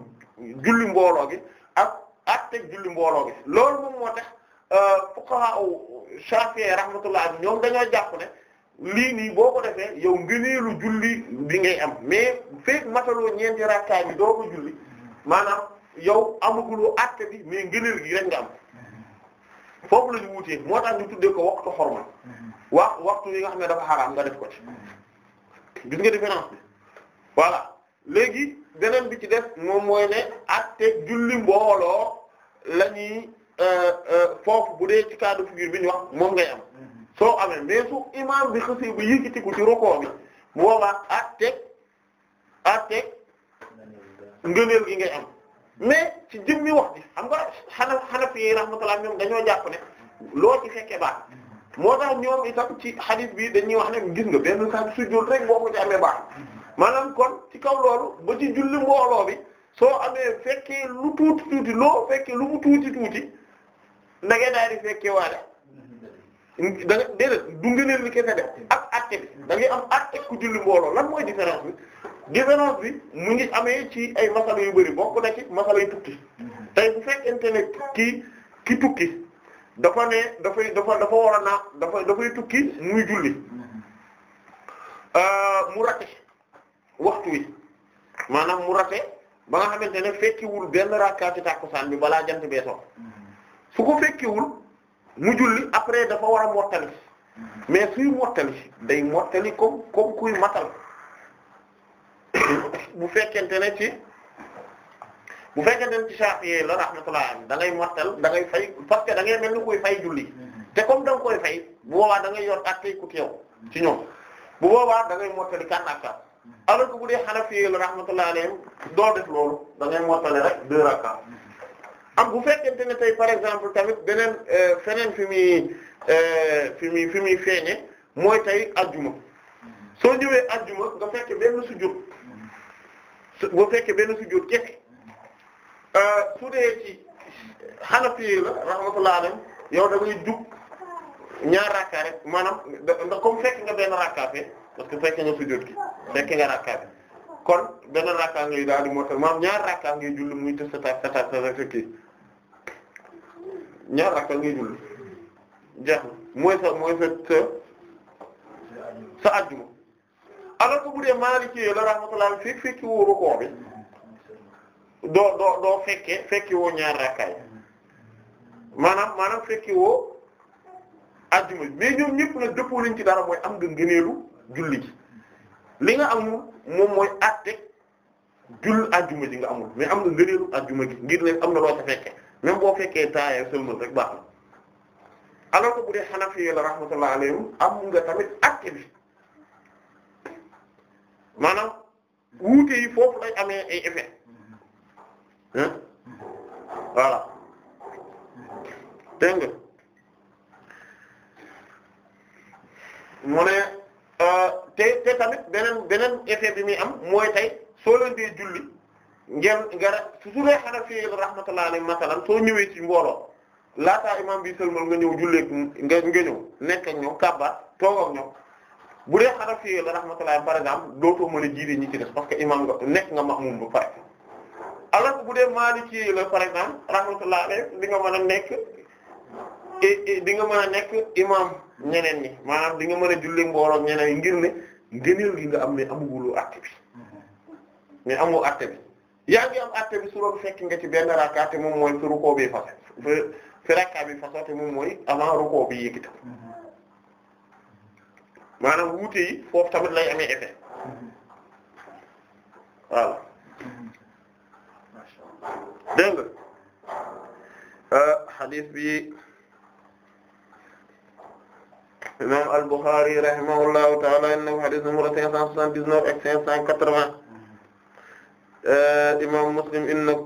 julli mbooloo gi ak atte julli mbooloo gi loolu moom moo tax euh, fuqaha Shafi'i rahmatullah ñoom dañoo jàpp ne lii nii boo ko defee yow ngëneelu julli bi ngay am mais fekk mataloo ñeenti rakkaay bi doo ko julli maanaam yow amaguloo àtte bi mais ngëneel gi rek nga am foofu la wutee moo tax ñu tuddee ko waxtu xorma wax waxtu yi nga xam ne dafa xaraam nga def ko ci gis nga différence bi voilà léegi beneen bi ci def moom mooy ne àtte julli mbooloo la ñuy euh, euh, foofu bu dee ci cadre figure bi ñu wax moom ngay am soo amee mais su imaam bi xasee ba yëkkatiku ci rukoo bi bu boobaa àtteeg àtteeg ngëneel gi ngay am mais ci jëmmi wax bi xam nga xana Hanafi yi rahmatullah ñoom dañoo jàpp ne loo ci fekkee moo tax ñoom itam ci hadith bi dañuy wax ne gis nga benn saa sujjóot rek boo ko ci amee baax maanaam kon ci kaw loolu ba ci julli mbooloo bi soo amee fekkee lu tuuti tuuti loo fekkee lu mu tuuti tuuti na nga daal di fekkee waale da nga déedéet du ngëneel li kese def ak acte bi da ngay am acte ku julli mbooloo lan mooy différence bi différence bi mu ngi amee ci ay masala yu bari bokk na ci masala yu tukki tey bu fekkente ne kii ki tukki dafa ne dafay dafa dafa war a naa dafa dafay tukki muy julli euh, mu rate waxtu wi maanaam mu rate ba nga xamante ne fekkiwul benn rakkaati tàkkusaan bi balaa jant bee so mm-hmm. su ko fekkiwul. mu julli après dafa war a mottali mais suy mottali day mottali comme comme kuy matal bu fekkente ne ci bu fekkente ne ci Shafi'i la rahmatullah am da ngay mottal da ngay fay parce que da ngay mel ni kuy fay julli te comme da fay bu boobaa da ngay yor àttee ku teew ci ñoom bu boobaa da ngay mottali kan ak kan alors que bu dee la rahmatullah alayhim doo def loolu da ngay mottali rek deux rakka am bu fekkente ne tey par exemple tamit beneen feneen fi muy fi muy fi muy feeñe mooy tey ajjuma soo ñëwee ajjuma nga fekk benn sujjóot nga fekk benn sujjóot kese su dee ci Hanafi la rahmatullah alayhi yow da ngay jug ñaar rakka rek maanaam da comme fekk nga benn rakka fe parce que fekk nga sujjóot ki fekk nga rakka bi kon benn rakka ngay daal di motal maanaam ñaar rakka ngay julli muy te sa ta sa ta sa ñaar rakka ngay julli jeex mooy sa mooy sa sa sa ajjuma alors bu dee Maliki la rahmatullah fekk fekki woo rukoo bi doo doo doo fekki woo ñaar rakkaay maanaam maanaam fekki woo ajjuma mais ñoom ñëpp nag dëppoo nañ ci dara mooy am nga ngëneelu julli gi li nga amul moom mooy àtte jull ajjuma ji nga amul mais am nga ngëneelu ajjuma gi ngir ne am na loo fekke même boo fekkee taayee sëlmal rek baax na alors bu dee Hanafi yi la rahmatullah alayhim am nga tamit acte bi maanaam wuute yi foofu lay amee ay effet hein voilà dégg nga ne euh, te tamit beneen beneen effet bi muy am mooy tey soo leen dee julli ngeen nga su dee Hanafi rahmatullahi alayhi masalan soo ñëwee ci mbooloo laataa imam bi sëlmal nga ñëw julleeg nga nga ñëw nekk ñëw ñoom kàbba toog ak bu dee la rahmatullahi par exemple dootoo mën a jiite ñi ci des parce que imam nekk nga ma'mum ba pare alors que bu dee Maliki la par exemple rahmatullahi alayhi di nga mën a nekk e, e, di nga mën a nekk imam ñeneen ñi maanaam di nga mën a julli mbooloo ñeneen yi ngir ne ngëneel gi nga am ne amugulu àtte bi mais yaa ngi am atte bi su fekk nga ci benn rakka te moom mooy su rukkoo bi fas fi rakka bi fasoo te moom mooy avant rukkoo bi yëkkati maanaam wuute yi foofu tamit lay amee effet voilà dégg nga euh, hadith bi imam al-Bukhari rahimahullahu ta'ala inna hadith numéro 579 ak 580 Eh, imam Muslim indi na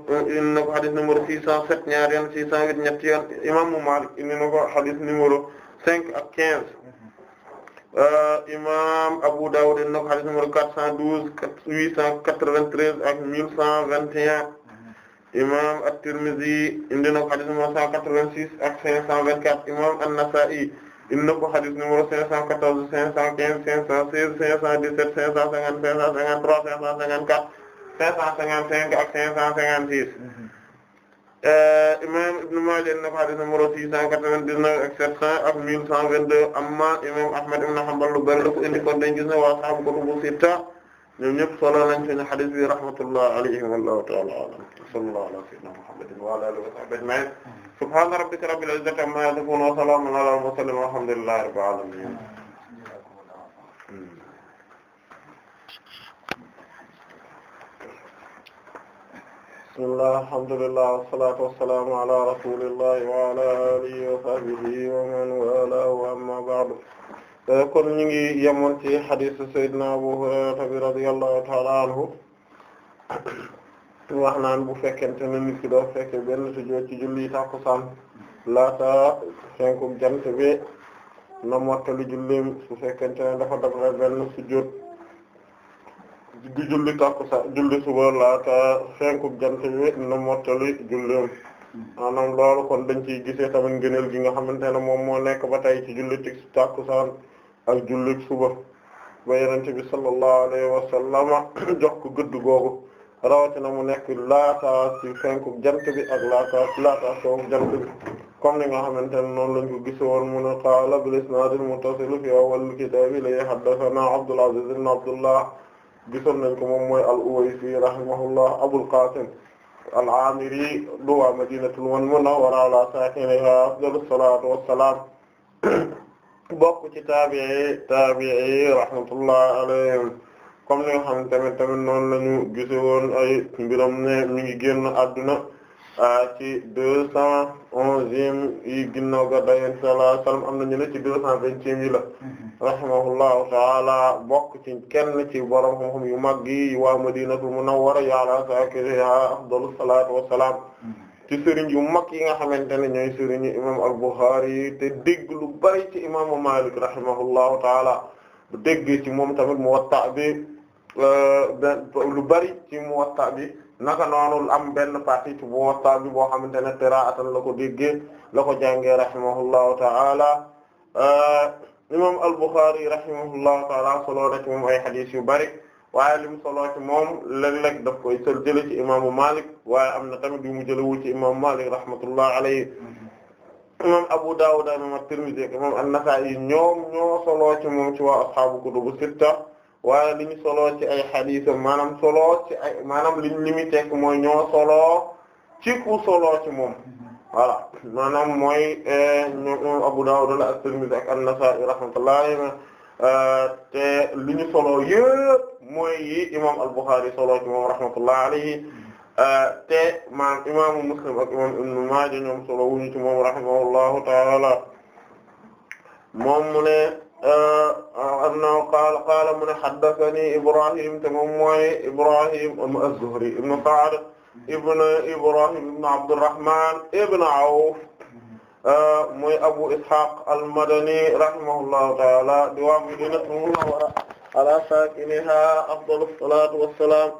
ko xadis numéro 607 ñaari yoon 608 ñetti yoon imam Malik indi na ko xadis numéro 5 ak 15 eh, imam Abu Dawud indi na ko xadis numéro 412 893 ak 1121 imam At-Tirmidhi indi na ko xadis numéro 186 ak 524 imam An-Nasa'i indi na ko xadis numéro 514 515 516 517 550 553 554 cinq cent cinquante cinq ak cinq cent cinquante six mhm. euh, imam Ibn Maaja na ko hadith numéro six cent quatre-vingt-dix-neuf ak sept cent ak mille cent vingt-deux amma imam Ahmad ibn Hanbal lu bari la ko indi kon dañu gis ne waa ashaabu kutubu sitta ñoom ñëpp solo nañ ci hadith bi rahmatullah alayhim wallahu ta'ala a'lam sallallahu ala sayyidina Muhammadin wa ala alihi wa sahbihi ajma'in mhm. subhana rabbika rabbil izzati amma yasifun wa salamun ala al mursalin walhamdulillahi rabbil alamin mhm. bismillah alhamdulillah wassalatu wassalamu ala rasulillah wa ala alihi wa sahbihi wa man wala wa amma ba'du eh, kon ñu ngi yemoon ci Abu Hurayra bi radiyallahu ta'ala anhu wax naan bu fekkente ne nit ki fekke benn sujjóot ci julli tàkkusaan laata fenku jant bi na mottali jullim su fekkente ne dafa dab benn sujjóot di julli takkusaan julli suba laata fenku jant bi na mottali julleem maanaam loolu kon dañ ci gisee tamit ngëneel gi nga xamante ne moom moo nekk ba tey ci julli takkusaan ak julli suba ba Yonent bi sallallahu alayhi wa sallama jox ko gëdd googu rawatina mu nekk laata ci fenku jant bi ak laata laata soowu jant bi comme ni nga xamante ne noonu lañ ko gis woon mu ne qaala bil isnaadil muttasil fi awwalil kitaabi li haddathanaa Abdul Abdullah gisoon nañ ko moom mooy al-Uwaysi rahimahullah Abul Qasim al-Amiri du waa Madinatul Munawwara ala saakinihaa afdalu salaatu wa salaam bokk ci taabi'i taabi'i rahmatullahi alayhim comme ni nga xam ne tamit tamit noonu la ñu gisoon ay mbiram ne mi ngi adduna. ci deux cent onzième yi ginnaaw gàddaay Yonent bi sallallahu alayhi wasallam am na ñu ne ci deux cent vingtième yi la mm-hmm. rahimahullahu ta'ala bokk ci kenn ci borom xam yu mag yi waa Madinatul Munawwara yàlla saakiriha afdalu salaatu wassalaam mm-hmm. ci sëriñ yu mag yi nga xamante ne ñooy sëriñu imam al-Bukhari te dégg lu bari ci imaamu Malik rahimahullahu ta'ala bu ci moom tamit Muwatta bi euh, lu bari ci Muwatta bi naka noonu am benn partie ci Muwatta bi boo xamante ne qira'atan la ko déggee la ko jàngee rahimahullahu ta'ala uh, imam al-Bukhari rahimahullahu ta'ala solo na ci moom ay hadith yu bari waaye li mu solo ci moom léeg-léeg daf koy sël jële ci imaamu Malik waaye am na tamit yu mu jëlewul ci imaamu Malik rahmatullahi alayhi imam Abu Dawud imam at-Tirmidhi imam an-Nasa'i ñoom ñoo solo ci moom ci waa sitta waaye li ñu soloo ci ay xadiisam maanaam soloo ci ay maanaam liñ li muy tekk mooy ñoo soloo ci ku soloo ci moom voilà maanaam mooy eh, ñoom Abu Dawud la At-Tirmidhi ak An-Nasa'i rahmatullahi eh, te li ñu soloo yëpp mooy yi imam Al-Bukhari soloo ci moom rahmatullahi alayhi eh, te maanaam Muslim ak imam Ibn Maaja ñoom solo wuñu ci moom rahimahullahu taala moom mu ne Euh, annahu qaala qaala mu ne haddathani Ibrahim te moom mooy Ibrahim az-Zuhri ibn Sa'd ibn Ibrahim ibn Abdurrahman ibn Awf euh, mooy Abu Ishaq al-Madani rahimahullahu ta'ala di waa Madina munawwara ala saakiniha afdalu salaatu wa salaam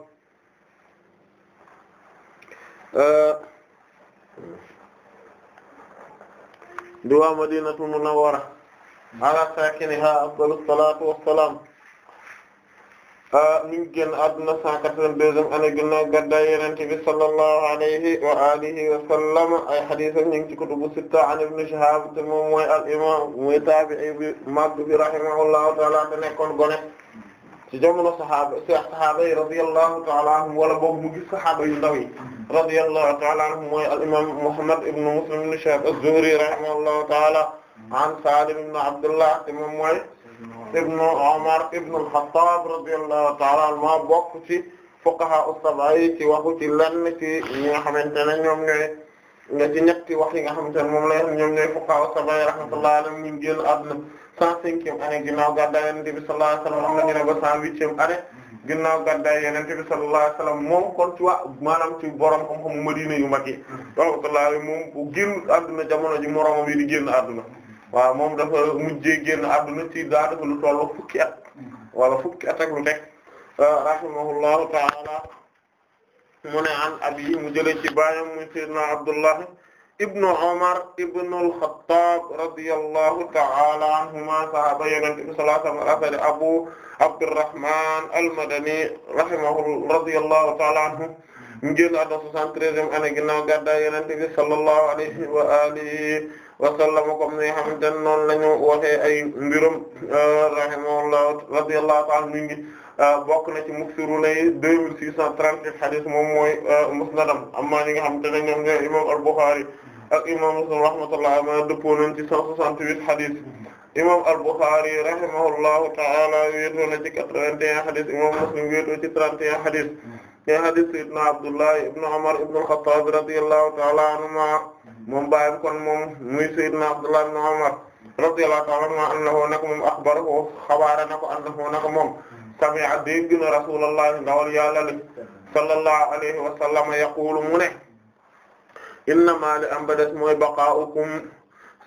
euh, di waa Madina munawwara ala saakinihaa afdalu salaatu wa salaam mi ngi génn àdduna 182e année ginnaaw gàddaay Yonent bi sallallahu alayhi wa alihi wa sallam ay hadiisam ñu ngi ci kutubu sitta an Ibn Shihaab te moom mooy al imaam mooy taabi'i bi mag bi rahimahullahu ta'aala te nekkoon gone ci jamono saxaaba saxaaba yi radiyallahu ta'aala anhum wala boobu mu gis saxaaba yu ndaw yi radiyallahu ta'aala anhum mooy al imaam Muhammad ibn Muslim ibn Shihaab az-Zuhri rahimahullahu ta'aala an Salim ibn Abdullah te moom mooy ibnu amar ibnu al-Khattab radiyallahu ta'ala anhuma bokk ci fuqaha as-sab'a yi ci waxu ci lenn ci ñi nga xamante ne ñoom ñooy nga ci ñetti wax yi nga xamante ne moom la ñoom ñooy fuqaha as-sab'a yi rahmatullahi alayhim ñu génn àdduna cent cinquième année ginnaaw gàddaay Yonent bi sallallahu alayhi wasallam am na ñu ne ba cent huitième année ginnaaw gàddaay Yonent kon ci waa maanaam ci borom xam-xamu Madina yu mag yi rahmatullahi moom bu génn àdduna jamono ji moroomam yi di àdduna waaw moom dafa mujjee génn adduna ci daanaka lu tollu fukki at mm-hmm. wala fukki at ak lu teg euh, rahimahullahu ta'ala mu ne an abi mu jëlee ci baayam mu sayyidina Abdullah ibnu Umar ibnu al-Khattab radiyallahu ta'ala anhuma sahaba yonent bi sallallahu alayhi wa sallam Abu Abdurrahman al-Madani rahimahullahu radiyallahu ta'ala anhu mu génn adduna 73e année ginnaaw gàddaay yonent bi sallallahu alayhi wa alihi wasallama comme ni nga xamante ne noonu la ñu waxee ay mbirum euh, rahimahullah radiyallahu ta'ala mi ngi euh, bokk na ci muksiru lay deux mille six cent trente-huit hadith moom mooy euh, musnadam amma ñi nga xamante ne ñoom ñooy imam al-Bukhari ak imam Muslim rahmatullahi ma dëppoo nañ ci cent soixante-huit hadith imam al-Bukhari rahimahullahu ta'ala wéetoo na ci quatre-vingt-un hadith imam Muslim wéetoo ci trente et un hadith te hadith sayyidina Abdullah ibn Umar ibn al-Khattab radiyallahu ta'ala anhuma moom baayam kon moom muy sayyidna Abdullah ibn Umar radiyallahu ta'ala anhu annahu nako moom axbarahu xabaara na ko annahu nako moom sami'a dégg na rasulullah ndawal yàlla li sallallahu alayhi wa sallam mu ne innama li am ba des mooy baqa'ukum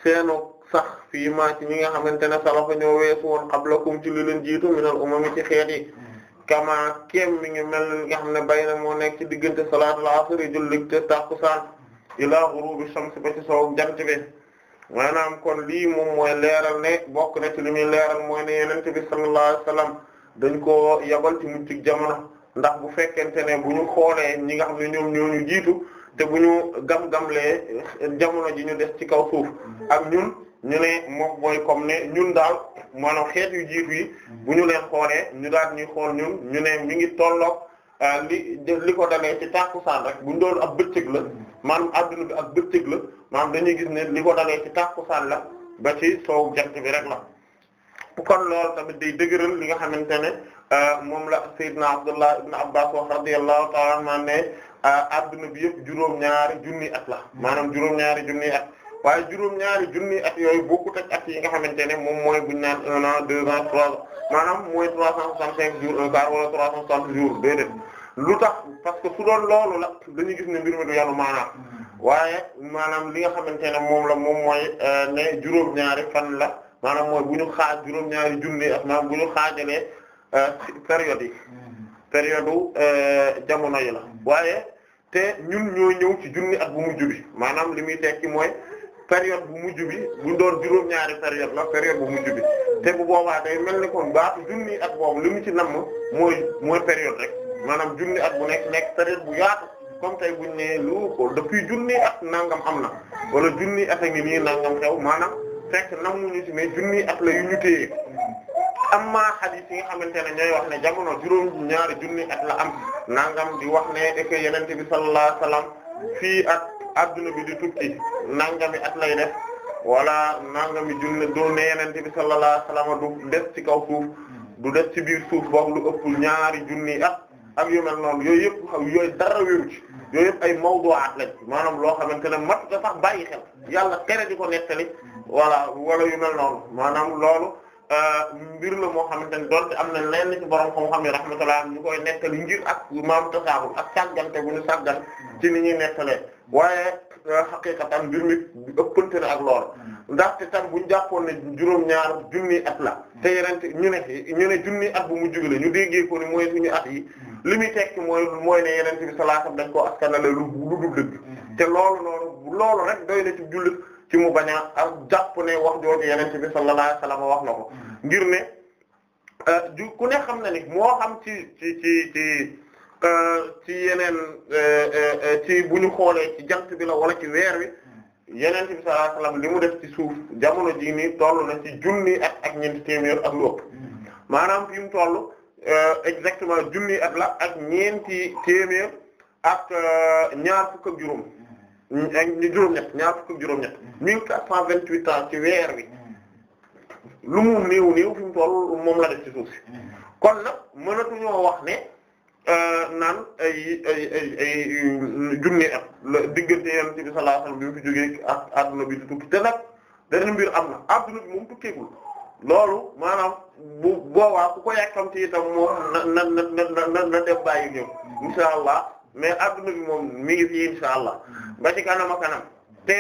seenu sax fii ma ci ñi nga xamante ne salafa ñoo weesu woon qablakum ci li leen jiitu minal umami ci xeet yi kama mi ngi mel nga xam ne bay na moo nekk ci diggante salaatul asr julli te takkusaan ilaa ghurubi shams ba ci soow jant bi maanaam kon lii moom mooy leeral ne bokk na ci li muy leeral mooy ne yenente bi sallallahu alayhi wasallam dañ koo yabal ci muccik jamono ndax bu fekkente ne bu ñu xoolee ñi nga xam ne ñoom ñoo ñu jiitu te gam-gamlee jamono ji ñu des ci kaw suuf ak ñun ñu ne moom mooy comme ne ñun daal maanaam xeet yu jiitu yi bu ñu leen xoolee ñu daal ñuy xool ñun ñu ne mi ngi tolloog Euh, li li ko dalee ci tàkkusaan rek bu ndoolu ab bëccëg la maanaam adduna bi ak bëccëg la maanaam dañuy gis ne li ko dalee ci tàkkusaan la ba ci soow jant bi rek la kon loolu tamit day dëgëral li nga xamante ne euh, moom la Seydina Abdullah ibn Abbas wax radiyallahu ta'ala anhuma ne adduna euh, bi yëpp juróom-ñaari junni at la maanaam juróom-ñaari junni at waaye juróom-ñaari junni at yooyu bokkut ak at yi nga xamante ne moom mooy buñ naan un an deux ans trois ans maanaam mooy trois cent cinq jours un quart lu tax parce que su doon loolu la dañuy gis ne mbir mi mm-hmm. waaye maanaam li nga xamante ne moom la moom mooy euh, ne juróom-ñaari fan la maanaam mooy bu ñu xaaj juróom-ñaari junne ak maanaam bu ñu xaajalee euh, période yi mm-hmm. période euh, jamono yi la mm-hmm. waaye te ñun ñoo ñëw ci junni ak bu mujj bi maanaam li muy tekki mooy période bu mujj bi bu doon juróom-ñaari période la période bu mujj bi te bu boobaa day mel ni kon baatu junni ak boobu li mu ci namm mooy mooy période rek maanaam junni at bu nekk nekk période bu yaatu comme tey buñ ne lu ko depuis junni at nangam am na wala junni at a ngi nii nangam xew maanaam fekk namuñu ci mais junni at la yu ñu téye amma hadith yi nga xamante ne ñooy ne jamono juróom ñaari junni at la am nangam di wax ne ek yenente bi sallallahu alayhi wasallam fii at adduna bi di tukki nangami at lay def wala nangami junni do ne yenente bi sallallahu alayhi wasallam du des ci kaw suuf du des ci biir suuf boobu lu ëpp ñaari junni at ak yu mel noonu yooyu yëpp yooyu dara wéru ci yooyu yëpp ay mawdu'aat lañ maanaam loo xamante ne mat da sax bàyyi xel yàlla tere di ko nettali voilà wala yu mel noonu maanaam loolu euh, mbir la moo xamante ne doonte am na lenn ci borom xam-xam yi rahmatullah ñu koy nettali ngir ak maam tasaabu ak sàggante bu ñu sàggan ci ni ñuy nettalee waaye euh, xaqiqatan mbir mi ëppante na ak lool ndaxte tam bu ñu jàppoon ne juróom-ñaar junni at la te yeneen ñu ne ñu ne junni at bu mu jugale ñu déggee ko ni at yi li muy tekki mooy mooy ne yeneen bi sallallahu alayhi wasallam dañ koo askanale lu lu dul dëgg mm-hmm. te loolu noonu loolu rek doy na ci jullit ci mu bañ a ak jàpp ne wax jooju yeneen bi sallallahu alayhi wasallam wax na ko mm-hmm. ngir ne euh, ju ku ne xam na ni moo xam ci ci ci ci euh, ci yeneen euh, ci bu ñu xoolee ci jant bi la wala ci weer wi mm-hmm. yeneen bi sallallahu alayhi wasallam li mu def ci suuf jamono jii nii toll na ci junni ak ak ñeenti téeméer ak lu ëpp maanaam fi mu toll. Euh, exactement junni at la ak ñeenti téeméer ak euh, ñaar fukk ak juróom juróom-ñett ñaar fukk juróom-ñett mille quatre cent vingt-huit ans ci weer wi lu mu néew néew fi mu moom la def ci suuf si kon nag mënatuñoo wax ne euh, nan ay ay ay ay junni at la diggante Yonent bi sallallahu alayhi wasallam bi mu fi jógee ak adduna bi di tukki te nag beneen mbir am na adduna bi moom tukkeegul loolu maanaam bu boobaa ku ko yàkkamti itam moom na na na na na def bàyyi ñëw insha allah mais adduna bi moom mi ngi fi insha allah ba ci kanam a kanam te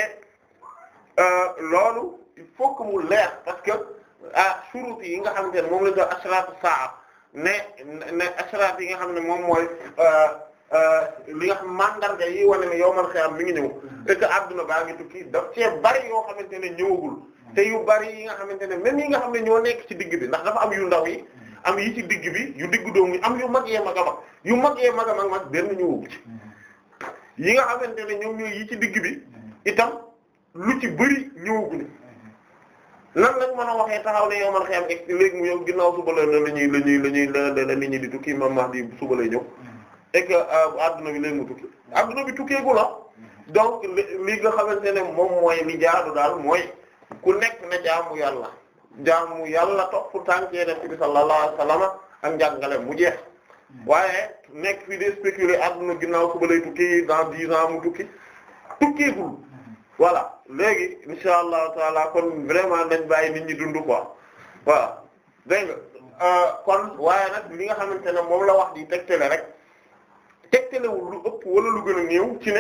euh, loolu il faut que mu leer parce que ah suruti yi nga xamante ne moom la doon asraatu saa ne ne asraat yi nga xam ne moom mooy euh, euh, li nga xam mandarga yi wane ne yow man xeeram mi ngi ñëw te que adduna baa ngi tukki daf cee bari yoo xamante ne ñëwagul. te yu bari yi nga xamante ne même yi nga xam ne ñoo nekk ci digg bi ndax dafa am yu ndaw yi am yi ci digg bi yu digg doomu am yu mag yee mag a mag yu mag yee mag a mag mag benn ñëwul ci yi nga xamante ne ñoom ñooy yi ci digg bi itam lu ci bëri ñëwaguñu lan lañ mën a waxee taxaw ne yow man xëy na léegi mu yow ginnaaw suba la la ñuy la ñuy la ñuy la la nit ñi di tukki Imam Mahdi suba la ñëw et euh, àdduna adduna bi léegi mu tukki adduna bi tukkeegu la ah. mm-hmm. donc li nga xamante ne moom mooy li jaadu daal mooy. ku nekk na jaamu yàlla jaamu yàlla topp tànk Yonent bi sallallahu alayhi wa sallam ak njàngale mu jeex waaye nekk fi di spéculer adduna ginnaaw suba lay tukki dans dix ans mu tukki tukkiegul voilà léegi insha allahu taala kon vraiment nañ bàyyi ni ñi dund quoi voilà dégg nga euh, kon waaye nag li nga xamante ne moom la wax di tegtale rek tegtalewul lu wala lu gën a néew ci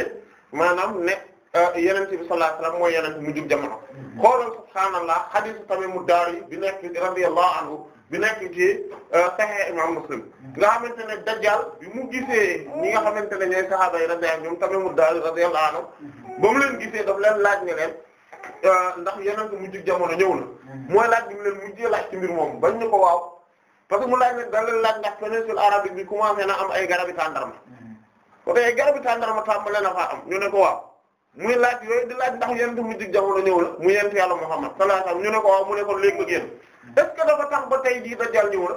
maanaam ne Euh, yeneen bi sallallahu alayhi wasallam mooy yeneen mu jub jamono xoolal subhaanallah hadith tamit mu daar yi bi nekk radiyallahu anhu bi nekk ci euh, Sahih imam Muslim nga xamante ne dajjal bi mu gisee ni nga xamante ne ñooy sahaaba yi radiyallahu tamit mu daar yi radiyallahu anhu ba mu leen laaj ne leen euh, ndax yeneen mu jub jamono ñëw na mooy laaj bi mu leen mujjee laaj ci mbir moom bañ ñu ko waaw parce que mu laaj ne da leen laaj ndax péninsule arabique bi commencé na am ay garabi tàndarma parce que ay garabi tàndarma tàmbale na faa am ñu ne ko waaw muy laaj yooyu di laaj ndax yonent mu mujj jamono ñëw la mu yonent yàlla Muhammad sallallahu alayhi ñu ne ko waaw mu ne ko léegi nga génn est ce tax ba tey jii Dajjal ñëw la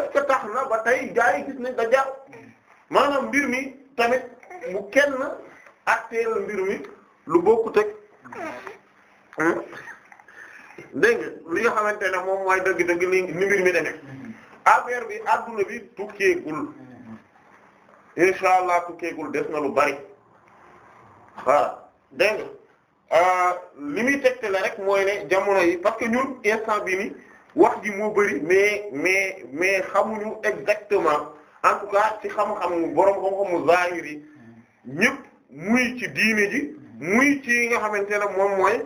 est na ba tey gaa yi gis nañ Dajjal maanaam mbir mi tamit mu kenn atteel mbir mi lu bokkut ak dégg li nga xamante ne moom mooy dëgg-dëgg li ni mbir mi demee affaire bi adduna bi tukkeegul insha allah tukkeegul na lu bari. voilà dégg euh, li muy tegtale rek mooy ne jamono yi parce que ñun instant bi ni wax ji moo bëri mais mais mais xamuñu exactement en tout cas ci xam-xam borom xam-xamu zahir yi ñëpp muy ci diine ji muy ci nga xamante ne moom mooy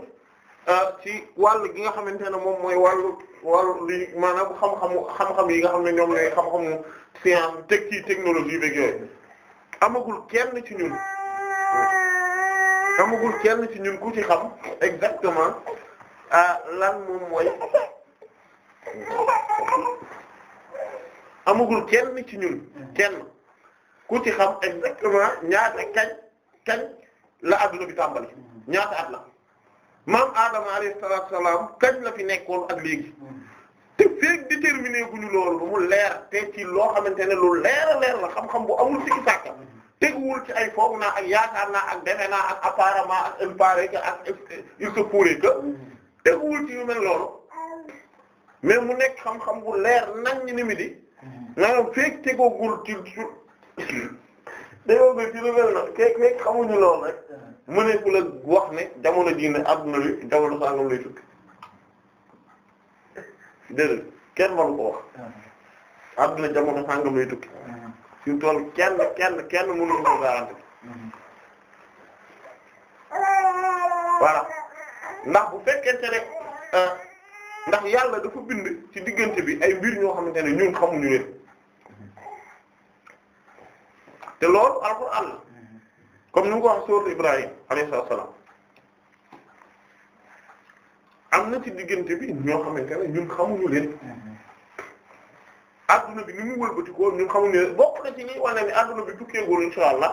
euh, ci wàll gi nga xamante ne moom mooy wàllu wàllu li maanaam xam-xamu xam-xam yi nga xam ne ñoom lay xam-xamu science teg ci technologie beeg yooyu amagul kenn ci ñun. amagul kenn ci ñun ku ci xam exactement ah, lan moom mooy amagul kenn ci ñun kenn ku ci xam exactement ñaata kañ kañ la adduna bi tàmbali ñaata at la maam Adama alayhi salaam kañ la fi nekkoon ak léegi te feek déterminé guñu loolu mu leer te ci loo xamante ne lu leer a leer la xam-xam bu amul sikki sàkka teguwul ci ay foog naa ak yaakaar naa ak defe naa ak apparemment ak il paraît ak il se pourrait que teguwul ci yu mel loolu mais mu nekk xam-xam bu leer nañ ni mi di maanaam feeg tegoogul ci ci lu mel na feeg feeg xamuñu loolu rek mu nekku wax ne jamono jii ne adduna bi jamono sangam lay tukki ah. tukki fi toll kenn kenn kenn mënuñu ko garanti voilà ndax bu fekkente ne euh, ndax yàlla dafa bind ci diggante bi ay mbir ñoo xamante ne ñun xamuñu leen te loolu alxuraan la comme ni ko wax sóor Ibrahim alayhi salaam am na ci diggante bi ñoo xamante ne ñun xamuñu leen. adduna bi ni mu wëlbatikoo ñun xamuñ ne bokk na ci lii wane ni adduna bi tukkeegul insha allah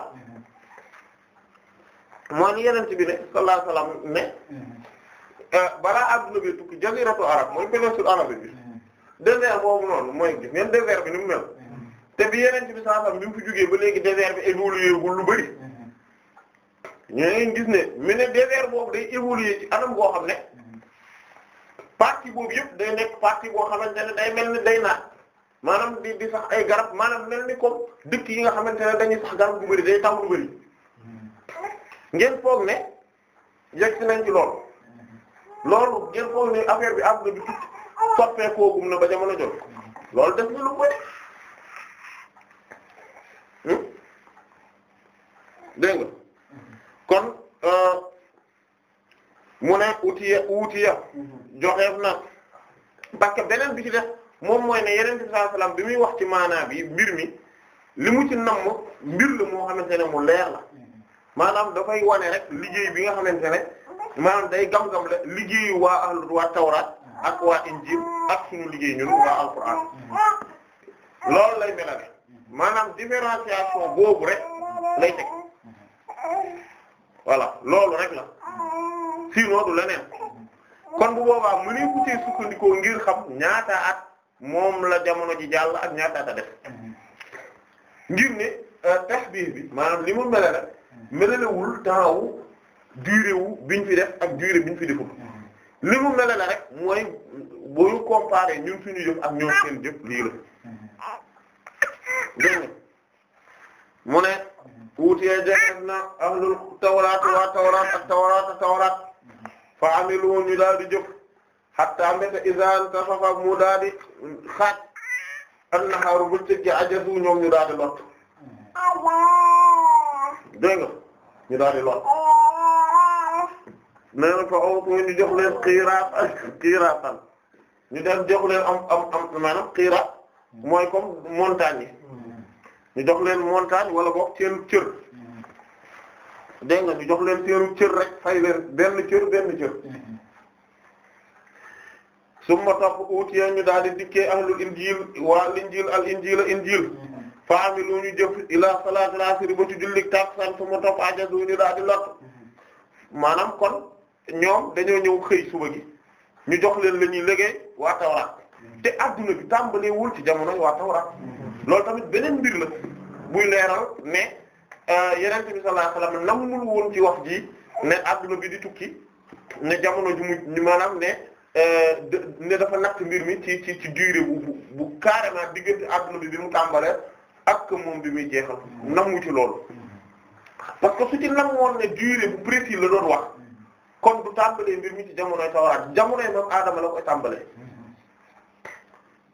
moo ni yeneen ci bi ne sallallahu alayhi wasallam ne eh, balaa adduna bi tukki jaziratu mooy péninsule bi désert boobu noonu mooy gis ngeen désert bi ni mu mel te bi yeneen ci bi sallallahu alayhi wasallam bi mu fi jógee ba léegi désert bi évolué gul lu bëri ñu ngi gis ne mu ne désert boobu day évolué ci anam goo xam ne partie boobu yëpp day nekk partie boo xamante ne day mel ni day naat maanaam di di sax ay garab maanaam mel ni comme dëkk yi nga xamante ne dañuy sax garab bu bëri day taw lu bëri ngeen foog ne yegg si nañ ci loolu loolu ngeen foog ne affaire bi am na bi soppeekoo gum na ba jamono jot loolu def na lu bëri hmm? dégg nga kon euh, mu ne utiya utiya hmm. joxeef na parce que beneen bi ci def. moom mooy ne yeneen bi sallallahu alayhi bi muy wax ci maanaam bi mbir mi li mu ci namm mbir la moo xamante ne mu leer la maanaam dafay wane rek liggéey bi nga xamante ne maanaam day gam-gam la liggéeyu waa ahlu waa tawraat ak waa injil ak suñu liggéey ñun waa alquran loolu lay melale maanaam différenciation boobu rek lay teg voilà loolu rek la sinon du leneen kon bu boobaa mu ne ku sukkandikoo ngir xam ñaata at moom la jamono ji jàll ak ñaata ta def ngir ne euh, tasbih bi maanaam li mu mele la melelewul temps wu durée wu biñ fi def ak durée biñ fi deful mm-hmm. li mu mele la rek mooy boo ñu ñun suñu jëf ak ñoom seen jëf lii la dégg mu ne wutee def na ahlul tawraat waa tawraat ak tawraat ak ñu daal jëf hatta mbéta isaan tafafa mu daa di xaaj annahaaru bëccëg gi ajasu ñoom ñu daa di lott dégg ñu daa di lott nee na fa aw jox leen xiiraat xiiraatan ñu def jox leen maanaam xiiraat mooy comme montagne ñu jox leen montagne wala boog seen cër dégg nga ñu jox leen seenu cër rek fay leen benn cër benn cër summa topp uutiya ñu daal di dikkee ahlul injil waa linjil al injila injil mm-hmm. fa amilu ñu jëf ila salaatul asr ba ci julli takkusaan summa topp ajazu ñu daal di lott mm-hmm. maanaam kon ñoom dañoo ñëw xëy suba gi ñu jox leen la ñuy liggéey waa tawraat mm-hmm. te adduna bi tàmbalee wul ci jamono waa tawraat loolu tamit beneen mbir la buy leeral ne euh, yonent bi sallallahu alayhi wasallam namul woon ci wax ji ne àdduna bi di tukki ne jamono ju mu maanaam Euh, ne dafa natt mbir mi ci ci ci durée bu bu carrément diggante adduna bi bi mu tàmbalee ak moom bi muy jeexal mu ci loolu parce que su ci nam woon ne durée bu précis la doon wax kon du tàmbalee mbir mi ci jamonoy tawraat jamonoy moom aadama la koy tàmbalee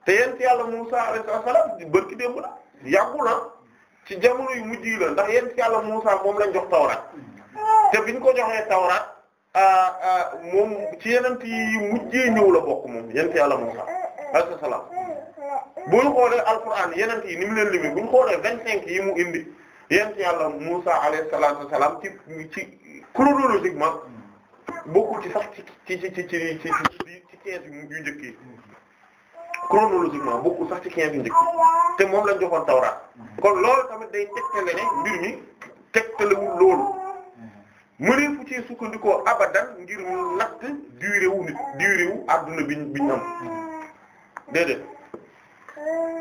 te yent yàlla Musa alayhi salaam bërki démb la yàggu na ci jamono yu mu yi la ndax yent yàlla Musa moom lañ jox tawraat te biñ ko joxee tawraat Ah, ah, moom ci yenent yi mujjee ñëw la bokk moom yent yàlla Muusaa alayhi salaam bu ñu xoolee alquran yenent yi ni mu leen limi bu ñu xoolee vingt cinq yi mu indi yent yàlla Muusaa alayhi salaatu wa salaam ci ci chronologiquement bokkul ci sax ci ci ci ci ci ci ci quinze yu njëkk yi chronologiquement bokkul sax ci quinze yu njëkk yi te moom lañ joxoon tawraat kon loolu tamit day tegtale ne mbir mi tegtalewul loolu mënee fu ci sukkandikoo abadan ngir natt durée wu nit durée wu adduna biñ biñ am déedéet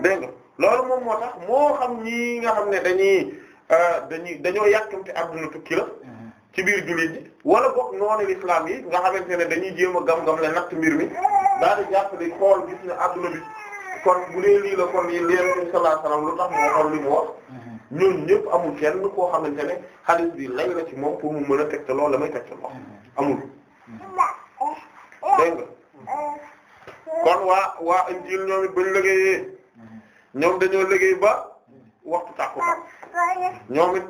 dégg nga loolu moom moo tax moo xam ñi nga xam ne dañuy euh, dañuy dañoo yàkkamte adduna tukki la ci biir jullit ji wala boog noonu l'islam yi nga xamante ne dañuy jéem a gam-gam la natt mbir mi daal di jàpp di xool gis ne adduna bi kon bu dee lii la kon yi leen sallallahu lu tax moo xam li mu wax ñoom ñépp amul kenn koo xamante ne hadith bi lay la ci moom pour mu mën a teg te loolu la may teg te lool amul dégg kon waa waa injiil ñoom it bañ liggéeyee ñoom dañoo liggéey ba waxtu tàkku ba ñoom it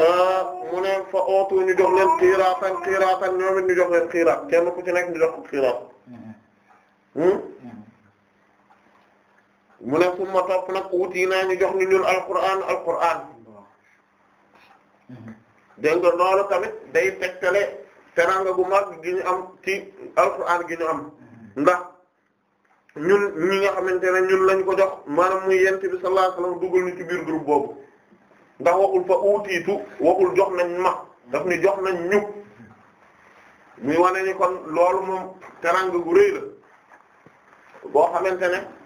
euh, mu ne fa ootu ñu jox leen xiiraatan xiiraatan ñoom ñu jox leen xiiraat kenn ku ci nekk ñu jox ko xiiraat hmm? mu ne fu ma topp nag wuti naa ñu jox ñu ñun alquran alquran dégg nga loolu tamit day tegtale teranga gu mag gi ñu am ci alquran gi ñu am ndax ñun ñi nga xamante ne ñun lañ ko jox maanaam muy yent bi sallallahu dugal ñu ci biir groupe boobu ndax waxul fa uutiitu waxul jox nañ ma daf ni jox nañ ñu muy wane ni kon loolu moom teranga gu rëy la boo xamante ne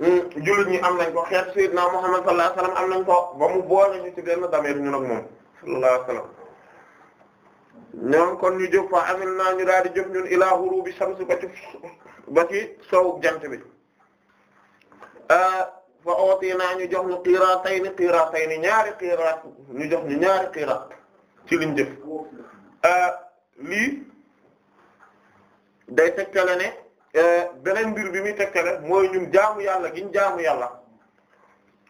Hmm, jullit ñi am nañ ko xeet sayyidina Muhammad sallallahu alayhi wasallam am nañ ko ba mu boole ñu ci benn dameer ñu nag moom sallallahu alayhi ñoom kon ñu jëf fa amin naa ñu daal di jëf ñun ilaa ghurubi shamsi ba ci ba ci soowu jant bi ah, fa ootii naa ñu jox ñu qiratayni qiratayni ñaari qirat ñu jox ñu ñaari qirat ci liñ jëf ah, lii day tegtale ne Eh, beneen mbir bi muy tegtale mooy ñun jaamu yàlla gi ñu jaamu yàlla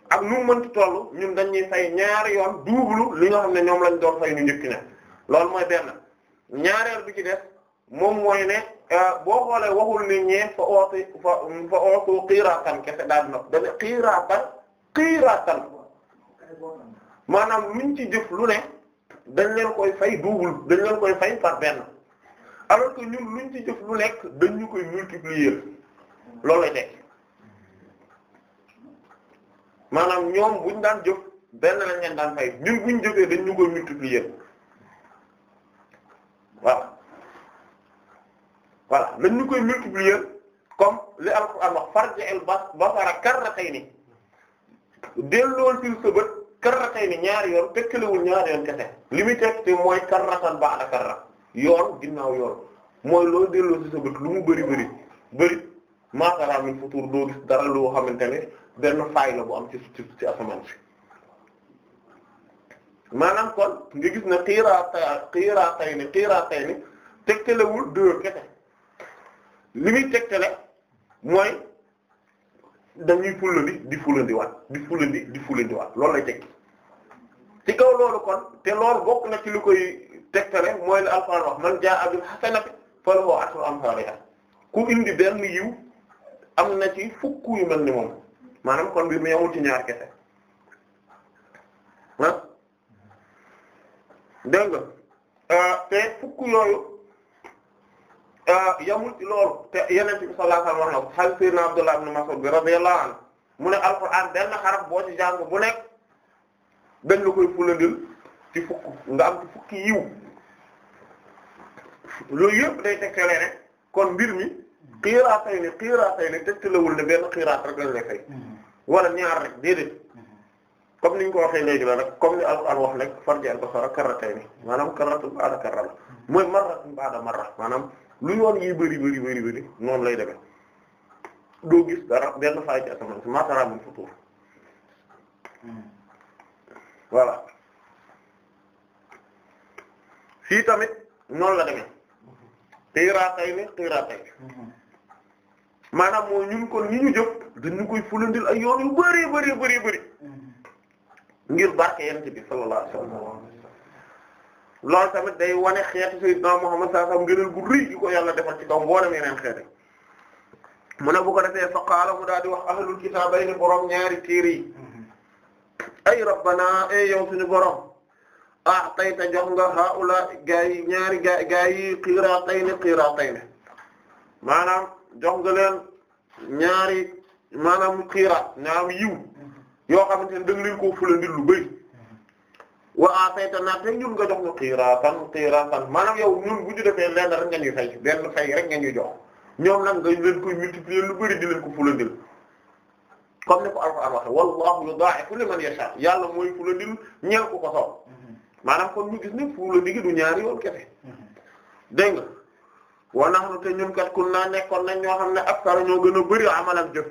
ak nu mu mënti toll ñun dañuy fay ñaari yoon duublu li nga xam ne ñoom lañ doon fay ñu njëkk ne loolu mooy benn ñaareel bi ci def moom mooy ne eh, boo xoolee waxul ni ñee fa oosi fa fa oosu xiiraatan kese daal di nopp dane xiiraatan xiiraatan maanaam luñ ci jëf lu ne dañ leen koy fay duublu dañ leen koy fay par benn alors que ñun luñ ci jëf lu nekk dañ ñu koy multiplier loolu lay maanaam ñoom buñ daan jëf benn lañ leen daan fay ñun buñ jëfee dañ ñu koy multiplier voilà voilà dañ ñu koy multiplier comme li Alxuraan wax farji'il basara karratayni dellool ci sa bët karratayni ñaari yoon tekkalewul ñaari yoon kese li muy tekk te mooy baax ba'da karra yool ginnaaw yool mooy loo delloo ci sa bët lu mu bëri bëri bëri maatara min futur doo gis dara loo xamante ne benn faay la bu am ci ci ci asamaan si maanaam kon nga gis ne xiiraata xiiraatay ni xiiraatay ni tegtalewul deux kese li muy tegtale mooy dañuy fulandi di fulandi waat di fulandi di fulandi waat loolu lay tekki ci kaw loolu kon te loolu bokk na ci lu koy tegtale mooy la alxuraan wax man jaa'a bil hasanati falahu ashru amsaalihaa ku indi benn yiw am na ci fukk yu mel ni moom maanaam kon mbir mi yamul ci ñaar kese ah dégg nga ah, te fukk yooyu ah, yamul ci loolu te Yonent bi sallallahu alayhi wa sallam wax na ko sayyidina Abdullah ibn Mas'ud bi radiyallahu anhu mu ne alxuraan benn xaraf boo ci jàng bu nekk dañ la koy fulandil ci fukk nga am ci fukki yiw loolu yëpp day tegtale ne kon mbir mi xiraatay ne xiraatay ne tegtalewul ne benn xiraat rek fay mm-hmm. wala ñaar rek déedéet mm-hmm. comme ni ñu ko waxee léegi la rek comme ni Alxuraan wax rek farji al-basara karratayni maanaam karratun ba'da karra mm-hmm. mooy marratun ba'da marra maanaam lu yoon yi bëri bëri bëri bëri noonu lay demee doo gis dara benn faay ci asamaan si matara min futur fii tamit noonu la demee qiratayni qiratayni maanaam mooy ñun kon ni ñu jëf dañu koy fulandil ay yoon yu bari bari bari bari ngir barke yonent bi sallallahu alayhi wasallam loolu tamit day wane xeetu sayyidina Muhammad sallallahu alayhi wasallam ngëneel gu rëy gi ko yàlla defal ci kaw mboolem yeneen xeeti mu ne bu ko defee fa qaala mu daal di wax ahlul kitaabayni borom ñaari téere yi mm-hmm. ay rabbana ay yow suñu borom ah tey te jox nga haula gaa yi ñaari gaa gaa yi qiratayni qiratayni maanaam jox nga leen ñaari maanaam qiira ñaam yiw yoo xamante ne da nga leen koo fulandil lu bëri wa atayta naa te ñun nga jox ñu qiiratan qiiratan maanaam yow ñun bu ñu defee lenn rek nga ñuy fay benn fay rek nga ñuy jox ñoom nag nga leen koy multiplier lu bëri di leen ko fulandil comme ni ko Alxuraan waxe wallahu yudaa'ifu liman yasha yàlla mooy fulandil ñeel ku ko soob maanaam kon ñu gis ne fuula digi ñaari yoon kese dégg nga wa nahnu te ñun kat kun naa nekkoon nañ ñoo xam ne aktaru ñoo gën a bëri amalan jëf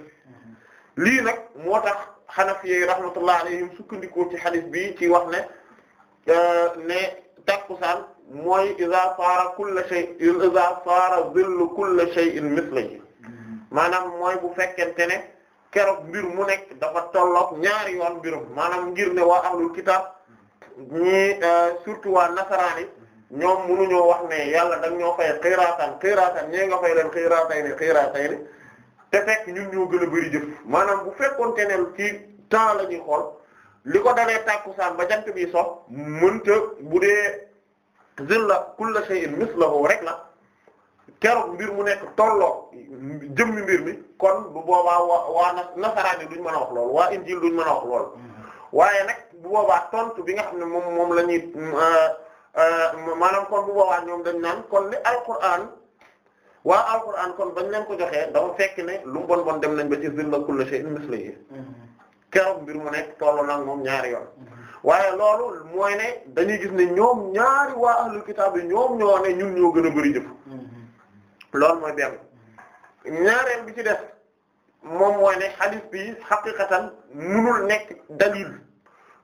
lii nag moo tax xanafiye rahmatullah alayhim sukkandikoo ci xadis bi ci wax ne euh, ne takkusaan mooy iza faara kullu shay iza faara zillu kullu shay'in mithlihi maanaam mooy bu fekkente ne keroog mbir mu nekk dafa tolloog ñaari yoon mbirum maanaam ngir ne waa ahlul kitaab ñi euh, surtout waa nasaraan yi ñoom munuñoo wax ne yàlla da ñoo fay xiraatan xiraatan ñee nga fay leen xiraatay ni xiraatay ni te fekk ñun ñoo gën a bari jëf maanaam bu fekkoon ne ci temps la ñuy xool li ko dalee tàkkusaan ba jant bi sox mënta bu dee zilla kullu shay'in mislahu rek la keroog mbir mu nekk tolloo jëmmi mbir mi kon boobaa waa waa duñ mën a wax lool waa injil duñ wax lool mm-hmm. waaye nag bu boobaa tontu bi nga xam ne moom moom la ñuy euh, euh, maanaam kon bu boobaa ñoom dañ naan kon li alquran waa alquran kon bañ leen ko joxee dafa fekk ne lu mu bon bon dem nañ ba ci zilla kulli shay'in mislihi keroog mbir mu nekk tolloo nag moom ñaari yoon waaye loolu mooy ne dañuy gis ne ñoom ñaari waa ahlul kitaab yi ñoom ñoo ne ñun ñoo gën a bari jëf loolu mooy benn ñaareel bi ci def moom mooy ne hadith bi xaqiqatan munul nekk dalil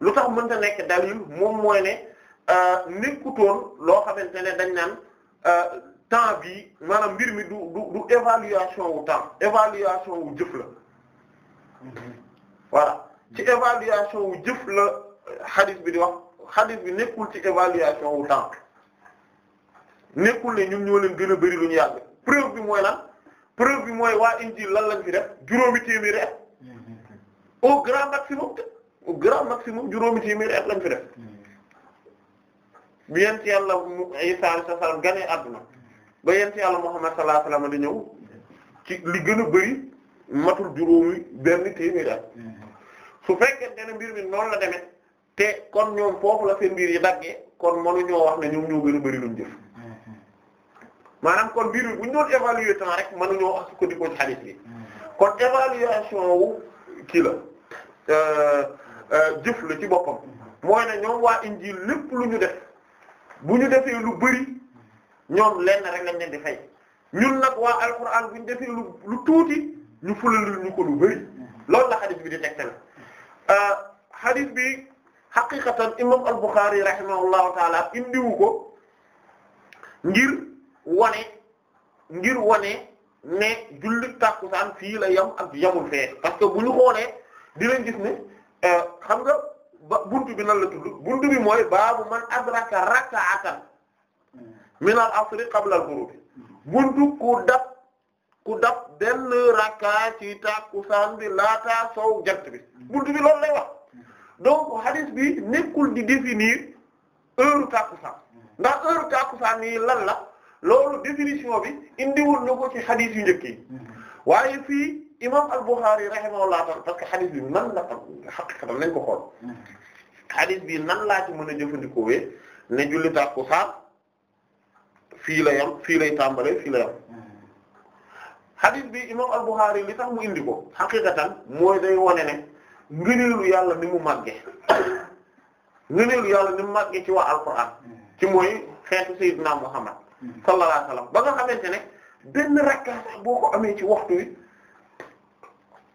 lu tax mënta nekk dalil moom mooy ne euh, nekkutoon loo xamante ne dañ naan euh, temps bi maanaam mbir mi du du évaluation wu temps évaluation wu jëf la mm-hmm. voilà ci évaluation wu jëf la bi di wax hadith bi nekkul ci évaluation wu temps nekkul ne ñun ñoo leen gën a bari lu yàgg preuve bi mooy lan preuve bi mooy waa injil lan lañ fi def juróomi téeméeri at mm-hmm. au grand maximum grand maximum juróomi téeméeri at lañ fi def bi yent yàlla Isa alayhi salaam ganee adduna ba yent yàlla Muhammad sallallahu alayhi wasallam ñëw ci li gën a bëri matul juróomi benn téeméeri at su fekkente ne mbir mi noonu la demee te kon ñoom foofu la seen mbir yi daggee kon mënuñoo wax ne ñoom ñoo gën a bëri luñ jëf maanaam kon mbir mi bu ñu doon évaluer temps rek mënuñoo wax su ko di ko ci kon évaluation wu kii la. Euh, Euh, jëf la ci boppam mooy ne ñoom waa injil lépp lu ñu def bu ñu defee lu bëri ñoom lenn rek lañ leen di fay ñun nag waa alquran bu ñu defee lu lu tuuti ñu lu ñu ko lu bëri loolu la xadis bi di tegtal euh, xadis bi xaqiqatan imam al-Bukhari rahimahullahu taala indiwu ko ngir wane ngir wane ne jullit tàkkusaan fii la yam ak yamul fee parce que bu ñu xoolee dinañ gis ne Euh, xam nga ba buntu bi nan la tudd buntu bi mooy baabu man adraka rak'atan min al-asri qabla al-ghurub buntu ku dab ku dab benn rakka ci takkusaan bi laata sow jant bi buntu bi loolu lay wax donc hadith bi nekkul di définir heure takkusaan ndax heure takkusaan yi lan la loolu définition bi indiwul na ko ci hadith yu njëkk yi mm-hmm. waaye fii. imam al-Bukhari rahimahullah taala parce que xadis bi nan la ko xool xadis nan laa ci mën a jëfandikoowee ne julli tàkkusaan fii la yam fii lay tàmbalee fii la yam xadis bi imam al-Bukhari tax mu indi ko xaqiqatan mooy day wone ne ngëneelu yàlla ni mu màggee ngëneelu yàlla ni màggee ci waa alquran ci mooy xeetu sayyidina Muhammad mm-hmm. sallallahu ba nga xamante ne benn rakka boo ko amee ci waxtu wi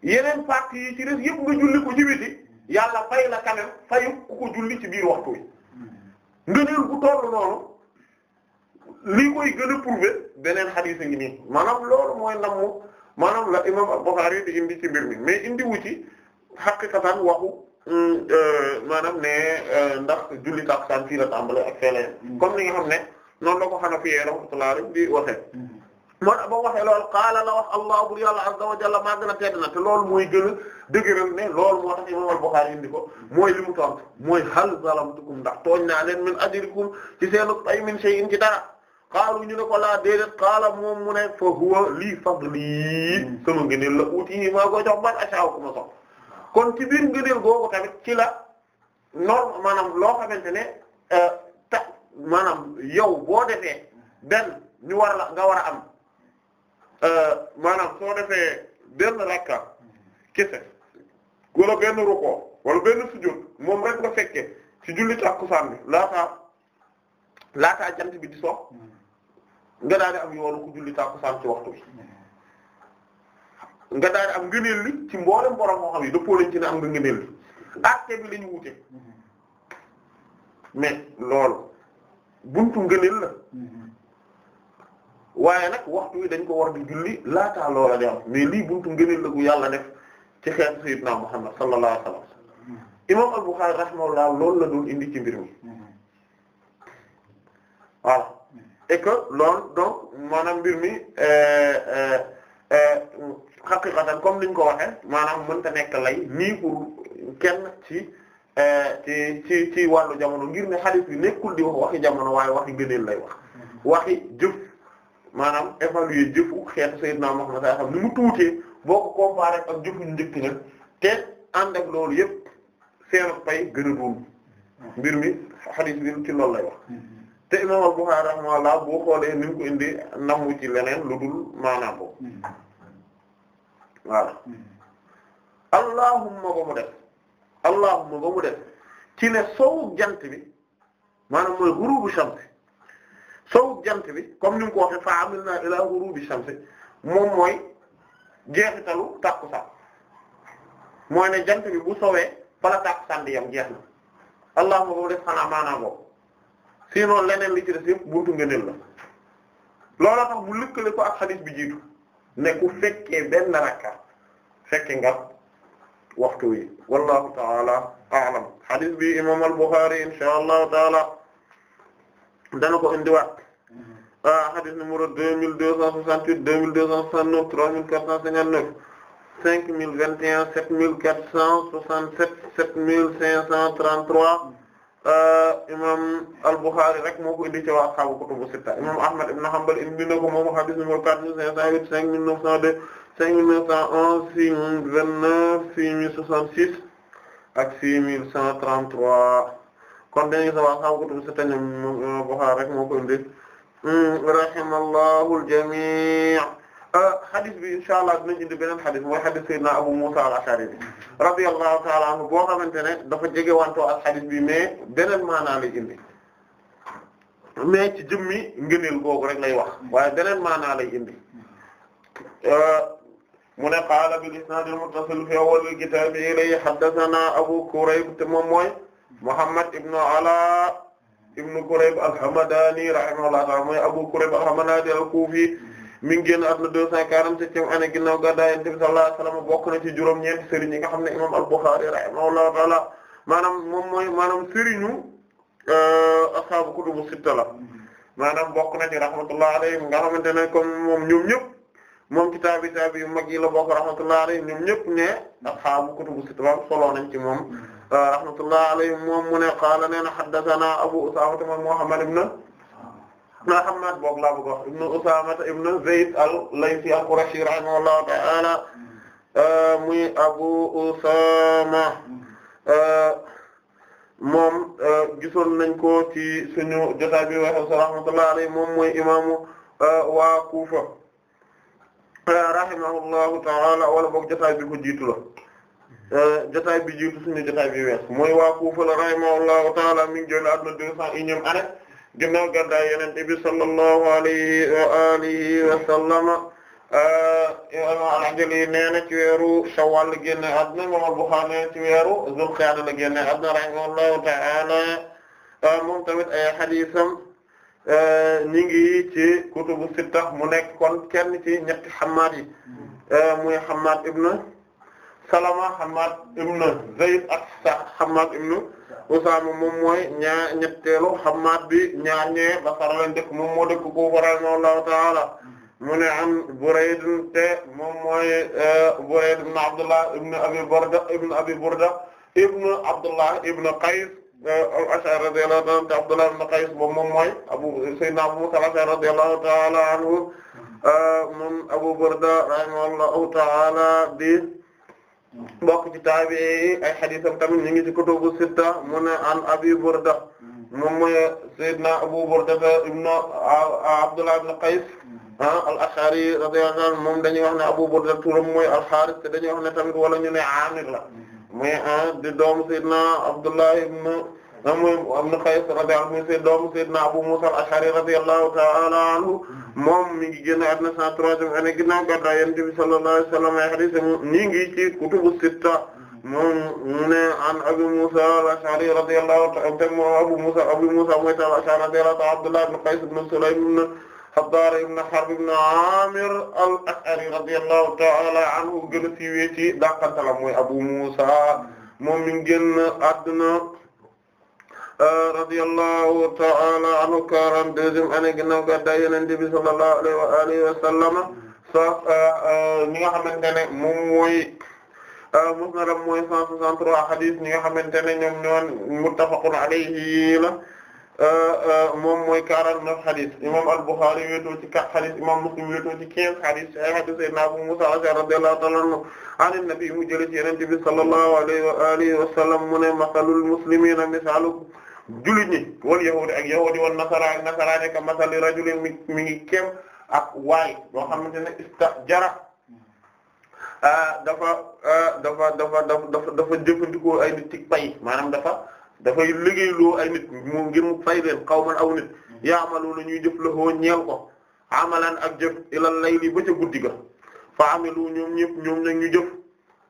yeneen parties yi ci des yëpp nga julli ko ci witi yàlla fay la quand même fayu ku ko julli ci biir waxtu wi nga neen ku toll noonu lii koy gën a prouver beneen xadiis a ngi nii maanaam loolu mooy namu maanaam la imam Bukhari di indi ci mbir mi mais indi wu ci xaqiqatan waxu euh, maanaam ne euh, ndax julli takusaan fii la tàmbale ak fee la mm. comme ni nga xam ne noonu la ko Hanafi rahmatullahi di waxee mm. moo tax ba waxee loolu qaala la wax allah bur yàlla azza wa jalla maa gën a tedd na te loolu mooy gën di dëgëral lool loolu moo tax imam al-Bukhari indi ko mooy li mu tontu mooy hal zalamtukum ndax tooñ naa leen min ajrikum ci seenu ay min shay'in ci dara qaalu ñu ne ko laa déedéet qaala moom mu ne fa huwa lii fadli mu ngëneel la uti maa ko jox man ashaaw ma sox kon ci biir ngëneel googu tamit ci la noon maanaam loo xamante ne euh, ta maanaam yow boo defee benn ñu war la nga war a am Euh, maanaam soo defee benn rakka kese wala benn rukkoo wala benn sujjóot moom rek nga fekke ci julli tàkkusaan bi laataa laataa jant bi di so nga daal di am yoonu ku julli tàkkusaan ci waxtu bi nga daal di am ngëneel li ci mboolem borom lañ ci ne am nga ngëneel li acte bi lañu wute mm-hmm. mais loolu buntu ngëneel la mm-hmm. waaye nag waxtu wi dañ ko war di julli laataa loola de am mais lii buntu ngëneel la gu yàlla def ci xeetu sayyidina Muhammad sallallahu alayhi wa sallam imam al-Bukhari rahimahullah la doon indi ci mbir mi voilà et que loolu donc mbir mi xaqiqatan euh, euh, euh, comme liñ ko waxe maanaam mënta nekk lay nii pour kenn ci ci ci ci wàllu jamono ngir ne hadith bi nekkul di wax waxi jamono waaye waxi ngëneel lay wax mm-hmm. waxi jëf maanaam évaluer jëfu xeetu Seydina Muhammad sallallahu alayhi wasallam ni mu tuutee boo ko comparé ak jëfu njëkk ña te ànd ak loolu yépp seen pay gën a doon mbir mi hadith bi ci loolu lay wax te imam al boo xoolee ni ko indi namu ci leneen lu dul maanaam ko voilà allahumma ba mu def allahumma ba mu def ci ne soow jant bi maanaam mooy ghurubu shams sowu jant bi comme ni mu ko waxee fa amilna ila ghurubi shamsi moom mooy jeexitalu tàkkusaan mooy ne jant bi bu sowee bala tàkkusaan di yam jeex na allahuma boobu def xanaa maanaam boobu sinon leneen li buntu ngëneel la looloo tax mu lëkkale ko ak xadiis bi jiitu ne ku fekkee benn rakka fekke nga waxtu wi wallahu taala a'lam xadiis bi imam al insha allahu taala dana ko indiwaat ah, hadith numéro deux mille deux cent soixante huit deux mille deux cent soixante neuf trois mille quatre cent cinquante neuf cinq mille vingt et un sept mille quatre cent soixante sept sept mille cinq cent trente trois ah, imam al-Bukhari rek moo ko indi ci waa xaabu kutubu sitta imam Ahmad ibn Hanbal indi ko moom hadith numéro quatre mille cinq cent huit cinq mille neuf cent deux cinq mille neuf cent onze six vingt neuf six mille soixante six ak six mille cent trente trois kon dañu sa wax xam ko tu setta ñoom euh, Bukhari rek moo ko indi hmm, rahimallahu al-jami' euh, hadith bi insha Allah dinañ indi mooy hadith sayyidina Abu Musa al-Ash'ari bi radiyallahu ta'ala anhu boo xamante dafa jege wantoo ak hadith bi mais beneen maanaa lay indi mais ci jëmmi ngëneel googu rek lay wax waaye beneen maanaa lay indi euh, mu ne qaala bil isnaad al-muttasil fi awwal al-kitaab ilayhi haddathana Abu Kurayb te Muhammad ibn Ala ibn Kurayb al-Hamadani rahimahullahu ta'ala mooy Abu Kurayb al-Hamadani al-Kufi mi ngi génn àdduna deux cent quarante-septième année ginnaaw gàddaay Yonent bi sallallahu alayhi wa sallam bokk na ci juróom-ñeenti sëriñ yi nga xam ne imaam al-Bukhari rahimahullahu ta'ala maanaam moom mooy maanaam sëriñu euh, ashaabu kutubu sitta la maanaam bokk na ci rahmatullahi alayhim nga xamante ne comme moom ñoom ñëpp moom ci taabi taabi yu mag yi la bokk rahmatullahi alayhim ñoom ñëpp ne ashaabu kutubu sitta la solo nañ ci rahmatullah alayhi moom mu ne qaala nee na haddathana Abu Usaama moom Muhammad ibn na Hammaad boog laa bëgg wax ibn Usaama ibn Zayd al-Laythi al-Qurashi rahimahullahu ta'ala muy Abu Usaama moom gisoon nañ ko ci suñu jotaay bi wax rahmatullah alayhi moom mooy imaamu waa Kuufa rahimahullahu ta'ala wala boog jotaay bi ko jiitu la Euh, jotaay bi jiitu suñu jotaay bi mooy waa Kufa la rahimahullahu taala mi ngi jël àdduna deux cent et unième année ginnaaw gàddaay Yonent alayhi wa alihi wa sallama euh, alhamdulilah ci weeru Shawwal la génne àdduna moom al-Bukhari ci weeru Zulqaada la génne àdduna rahimahullahu taala euh, moom tamit ay hadiisam ñi ci kutubu sitta mu nekk kon kenn ci ñetti Hammaad muy Hammaad ibn Salama Hammad ibn Zayd ak sa Hammad ibn Usaama moom mooy ñaar ñetteelu Hammad bi ñaar ñee Basra lañ dëkk moom moo dëkk Kufa rahimahullahu ta'ala mu ne am Burayd te moom mooy eh, Burayd ibn Abdullah ibn Abi Burda ibn Abi Burda ibn Abdullah ibn Qays eh, al-Ash'ari radiyallahu ta'ala te Abdullah ibn Qays moom moom mooy Abu Sayyidina Abu Musa al-Ash'ari radiyallahu ta'ala anhu eh, moom Abu Burda rahimahullahu ta'ala bi bokk ci taabi ay xadiisam tamit ñu ngi ci kutubu sitta mu ne an abi burda mu mooy sayyidna abu burda ibnu abdullah ibn qais mm. ah, al ashari radiyallahu anhu moom dañuy a ne abu burda turam mooy al haaris te dañuy wax ne tamit wala ñu ne amir la mm. muy ah, di doomu sayyidna abdullah ibn moom am na Qays radiyallahu anhu seen doomu Seydina Abu Musa al-Ash'ari radiyallahu ta'ala anhu moom mi ngi génn àdduna 103e année ginnaaw gàddaay Yonent bi sallallahu alayhi wa sallam ay hadith ñi ngi ci kutubu sitta moom mu ne an Abu Musa al-Ash'ari radiyallahu ta'ala anhu Abu Musa Abu Musa mooy taal al-Ash'ari radiyallahu ta'ala Abdullah ibn Qays ibn Sulaym ibn Haddar ibn Harb ibn Amir al-Ash'ari radiyallahu ta'ala anhu gën a siiwee ci dàqantalam mooy Abu Musa moom mi ngi génn àdduna radiyallahu ta'ala anhu quarante-deuxième année ginnaaw gàddaay Yonent bi sallallahu alayhi wa alihi wa sallam sa uh, uh, ñi nga xamante ne moom mooy uh, musnadam mooy cent soixante-trois hadith ñi nga xamante ne ñoom ñoon muttafaqun alayhi la moom mooy quarante-neuf hadith imam al-Bukhari wéetoo ci quatre hadith imam Muslim wéetoo ci quinze hadith ay hadith sayyidina Abu Musa al-Ash'ari radiyallahu ta'ala anhu an an-nabi mu jële ci Yonent bi sallallahu alayhi wa alihi wa sallam mu ne masalul muslimina misaluhum jullit ñi wal yahudi ak yahudi wal nasara ak nasara nekk masali rajulin mi ngi kem ak waay boo xamante ne istajara hmm. ah, ah, dafa dafa dafa dafa jëfandikoo ay nit ci pay maanaam dafa dafay liggéeyloo ay nit mu ngir mu fay leen xawman aw nit hmm. yaamalu la ñuy jëf la hoo ñeel ko amalan ak jëf ilal layli ba ca guddi ga fa amilu ñoom ñëpp ñoom nag ñu jëf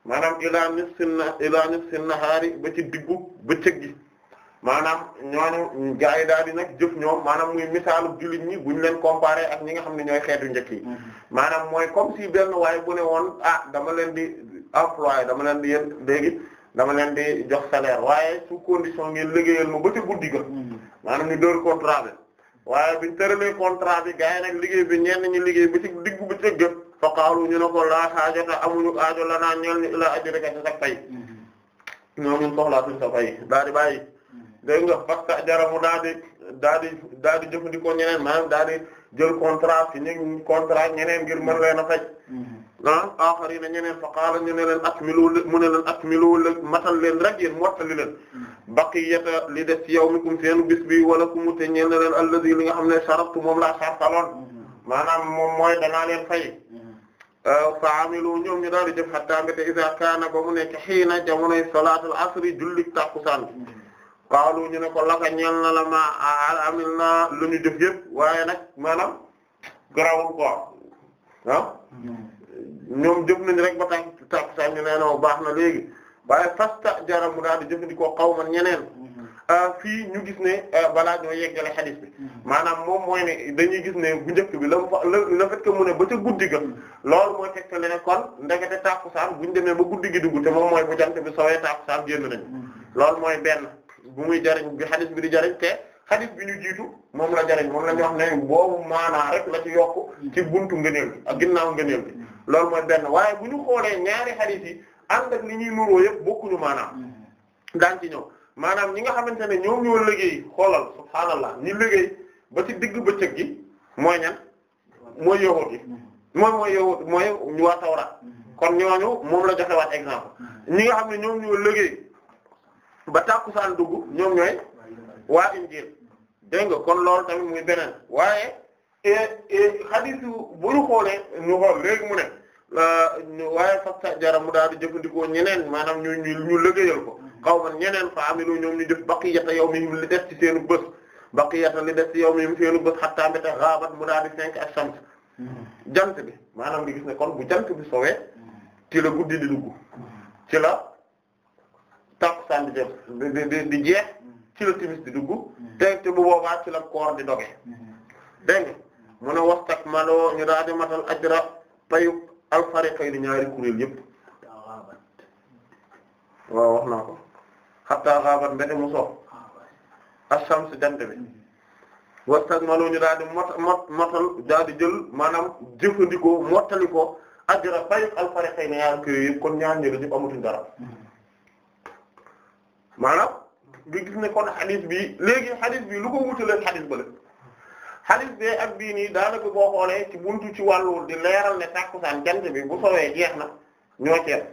maanaam ilaa nisfin ilaa nisfin nahaari ba ci diggu bëccëg gi maanaam ñooñu gaa yi daal di nag jëf ñoo maanaam muy misaalu jullit ñi buñ leen comparé ak ñi nga xam ne ñooy xeetu njëkk yi mhm. maanaam mooy comme si benn waaye bu ne woon ah dama leen di employé dama leen di léegi dama leen di jox salaire waaye su condition ngeen liggéeyal ma ba ca guddi ga mhm. maanaam ñu door contrat bi waaye biñ tëralee contrat bi gaa yi nag liggéey bi ñenn ñi liggéey ba ci diggu ba ca gëf faqaalu ñu ne ko laa xaajata amuñu aajo la naa ñeel ñu ilaa ajrika sa pay mhm. ñoom ñun soxlaatuñ sa pay daal di bàyyi dégg nga fasta jaramu daa di daa di daa di jëfandikoo ñeneen maanaam daa di jël contrat fi ñu contrat ñeneen ngir mën leen a faj mm-hmm. ah na ñeneen fa qaala ne leen akmilu mu ne leen akmilu matal leen rek yéen mottali leen mm-hmm. baqiyata li des ci yawmikum seen bis bi wala ku mu te ñeen na leen alladhi li nga xam ne sharabtu moom laa sartaloon mm-hmm. maanaam moom mooy danaa leen fay euh, fa amilu ñoom ñu daal di def hatta mbéte isa kaana ba mu nekk xiina jamonoy salaatul asri jullik tàkkusaan bi waaw qaalu ñu ne ko laka ñeel na la ma amil na lu ñu jëf yëpp waaye nag maanaam garawul ko ah ñoom jëf nañu rek ba tax tax sax ñu nee no baax na léegi waaye fasta jara mu daal di jëfandikoo ma ñeneen mm-hmm. ah, fii ñu gis ne ah, balaa ñoo yeggale xadis bi mm-hmm. maanaam moom mooy ne dañuy gis ne bu njëkk bi la fa le fait mu ne ba ca guddi ga mm-hmm. loolu mooy tegtale ne kon ndekete tàkkusaan bu ñu demee ba guddi gi dugg te moom mooy bu jant bi soowee tàkkusaan génn nañu loolu mooy benn bu muy jariñ bi xadis bi di jariñ te xadis bi ñu jiitu moom la jariñ moom la ñu wax ne boobu maanaa rek la ci yokk ci buntu ngëneel bi ak ginnaaw ngëneel bi loolu mooy benn waaye bu ñu xoolee ñaari xadis yi ànd ak li ñuy nuroo yëpp bokkuñu maanaam daan ci ñëw maanaam ñi nga xamante ne ñoom ñoo liggéey xoolal subhaanallah ñi liggéey ba ci digg bëccëg gi mooy ñan mooy yahuud yi moom mooy yahuud mooy waa Tawra mm-hmm. kon ñooñu moom la joxe waat exemple mm-hmm. ñi nga xam ne ñoom ñoo liggéey ba tàkku tàkkusaan dugg ñoom ñooy waa injil nga kon loolu tamit muy waaye e, e, xadiis bu ñu xoolee ñu xool léegi mu ne euh, waaye fasta jara mu daal di jëfandikoo ñeneen maanaam ñu ñu ñu liggéeyal ko xaw man ñeneen fa amiloo ñoom ñu def baqiyata yawmihim li des ci seenu bës baqiyata li des ci yawmihim seenu bës xattaa mbéte raabat mu daal di cinq ak sant jant bi maanaam di gis ne kon bu jant bi sowee ci la guddi di dugg ci la takkusaan di def di jeex mm-hmm. ci la timis di dugg mm-hmm. te boobaa ci la koor di doge mm-hmm. dégg nga mu ne wastak maloo ñu daal di matal ajra payuk alfariqayni ñaari kuréel yëpp waaw wax naa ko xataa xaabat mbete mu soof ashams jant bi wastak maloo ñu daal di mot mot daal di jël maanaam jëfandikoo mottali ko ajra payuk alfariqayni ñaari kuréel yëpp kon ñaar ñëw yëpp amatuñ dara maanaam gi gis ne kon xadis bi léegi xadis bi lu ko wutalee xadis ba la xadis bee ak bii nii daanaka boo xoolee ci buntu ci wàllu di leeral ne tàkkusaan jant bi bu sowee jeex na ñoo ceeb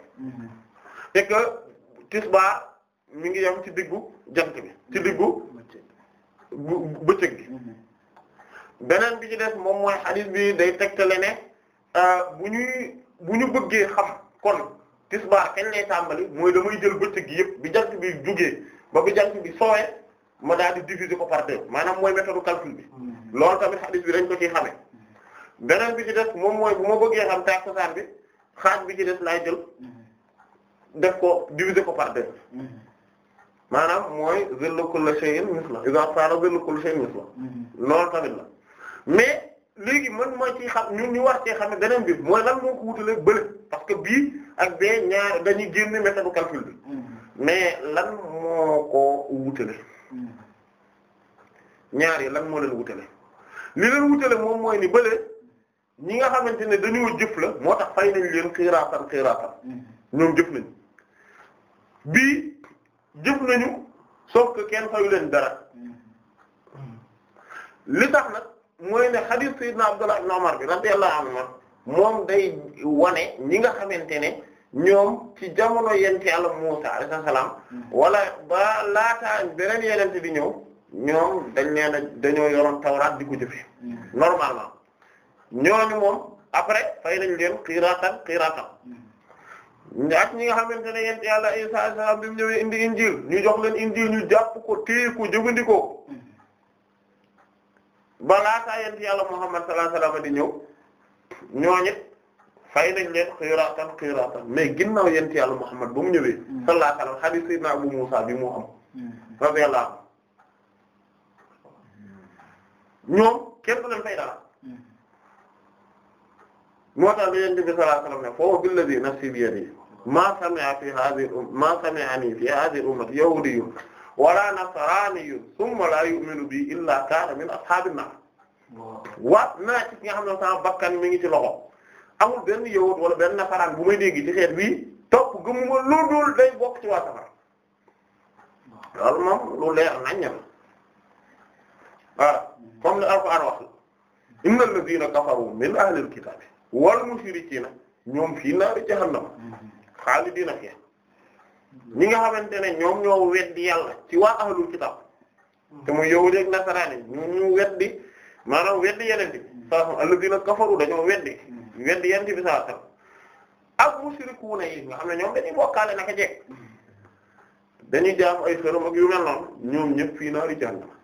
et que tisbaar mi ngi yem ci diggu jant bi ci diggu bëccëg bi beneen bi ci def moom mooy xadis bi day tegtale ne euh, bu ñuy bu ñu bëggee xam kon tisbaar kañ lay tàmbali mooy damay jël bëccëg gi yëpp bi jant bi jugee ba bi jant bi soowee ma daal di diviser ko par deux maanaam mooy méthode calcul bi hmm. loolu tamit hadith bi dañ ko ciy xamee beneen bi ci des moom mooy bu ma bëggee xam tàkkusaan bi xaaj bi ci des laay jël hmm. def ko diviser ko par deux hmm. maanaam mooy zillu kulli shay'in misla iza sara zillu kulli shay'in misla loolu tamit la mais léegi man ma ciy xam ñun ñu war cee xam ne beneen bi mooy lan moo ko wutale bële parce que bii ak bee ñaar dañuy génne méthode calcul bi mm-hmm. mais lan moo ko wutale mm-hmm. ñaar yi lan moo leen wutale li leen wutale moom mooy ni bële ñi nga xamante ne dañoo jëf la moo tax fay nañ leen xiraatan xiraatan mm-hmm. ñoom jëf nañ bii jëf nañu sauf kenn fayu leen dara li tax nag mooy ne hadith sayyidna Abdullah ibn Umar bi radiyallahu anhu moom day wane ñi nga xamante ne ñoom ci jamono yonent Yàlla Muusaa alayhi salaam mm-hmm. wala ba laata beneen yonent bi ñëw ñoom dañ leen dañoo yoroon tawraat di ko jëfee mm-hmm. normalement ñooñu moom après fay nañ leen xiraatan xiraatan mm-hmm. ak ñi nga xamante ne yonent Yàlla Isaa alayhi salaam bi ñëwee indi injiil ñu jox leen injiil ñu jàpp ko téye ko jëfandikoo ba laataa yonent Yàlla Muhammad sallallahu alayhi di ñëw. ñooñu fay nañ leen xiraatan xiraatan mais ginnaaw yent yàlla Muhammad ba mu ñëwee mm. sallallahu alayhi wasallam hadith sayyidina Abu Musa bi moo am mm. radiyallahu ñoom kenn du leen fay dara mm. moo tax li yent bi sallallahu alayhi wasallam ne fa wa billadhi nafsi bi yadihi ma sami'a fi hadhihi ma sami'ani fi hadhihi ummati yahudiyyun wala nasraniyyun thumma la yu'minu bi illa kana min ashabin nar waat naa ci ki nga xam ne sama bakkan mi ngi ci loxo amul benn yowut wala benn nafaraan bu may dégg ci xeet bii topp gëmuma lu dul day bokk ci waa safara loolu moom lu leer naññal voilà comme le Alxuraan wax inna alladhina kafaru min ahlil kitaab wal mushrikiina ñoom fii naari jahannama xaalidiina fiha ñi nga xamante ne ñoom ñoo weddi yàlla ci waa ahlul kitaab te mu yow rek nasaraani ñu ñu weddi maanaam weddi yeneen bi hmm. saa alladina kafaru dañoo weddi hmm. weddi yeneen bi saa saa ak mushrikuuna yi nga xam ne ñoom dañuy bokkaale naka jekk hmm. dañuy jaam ay xërëm ak yu mel noonu ñoom ñëpp fii naari jànnama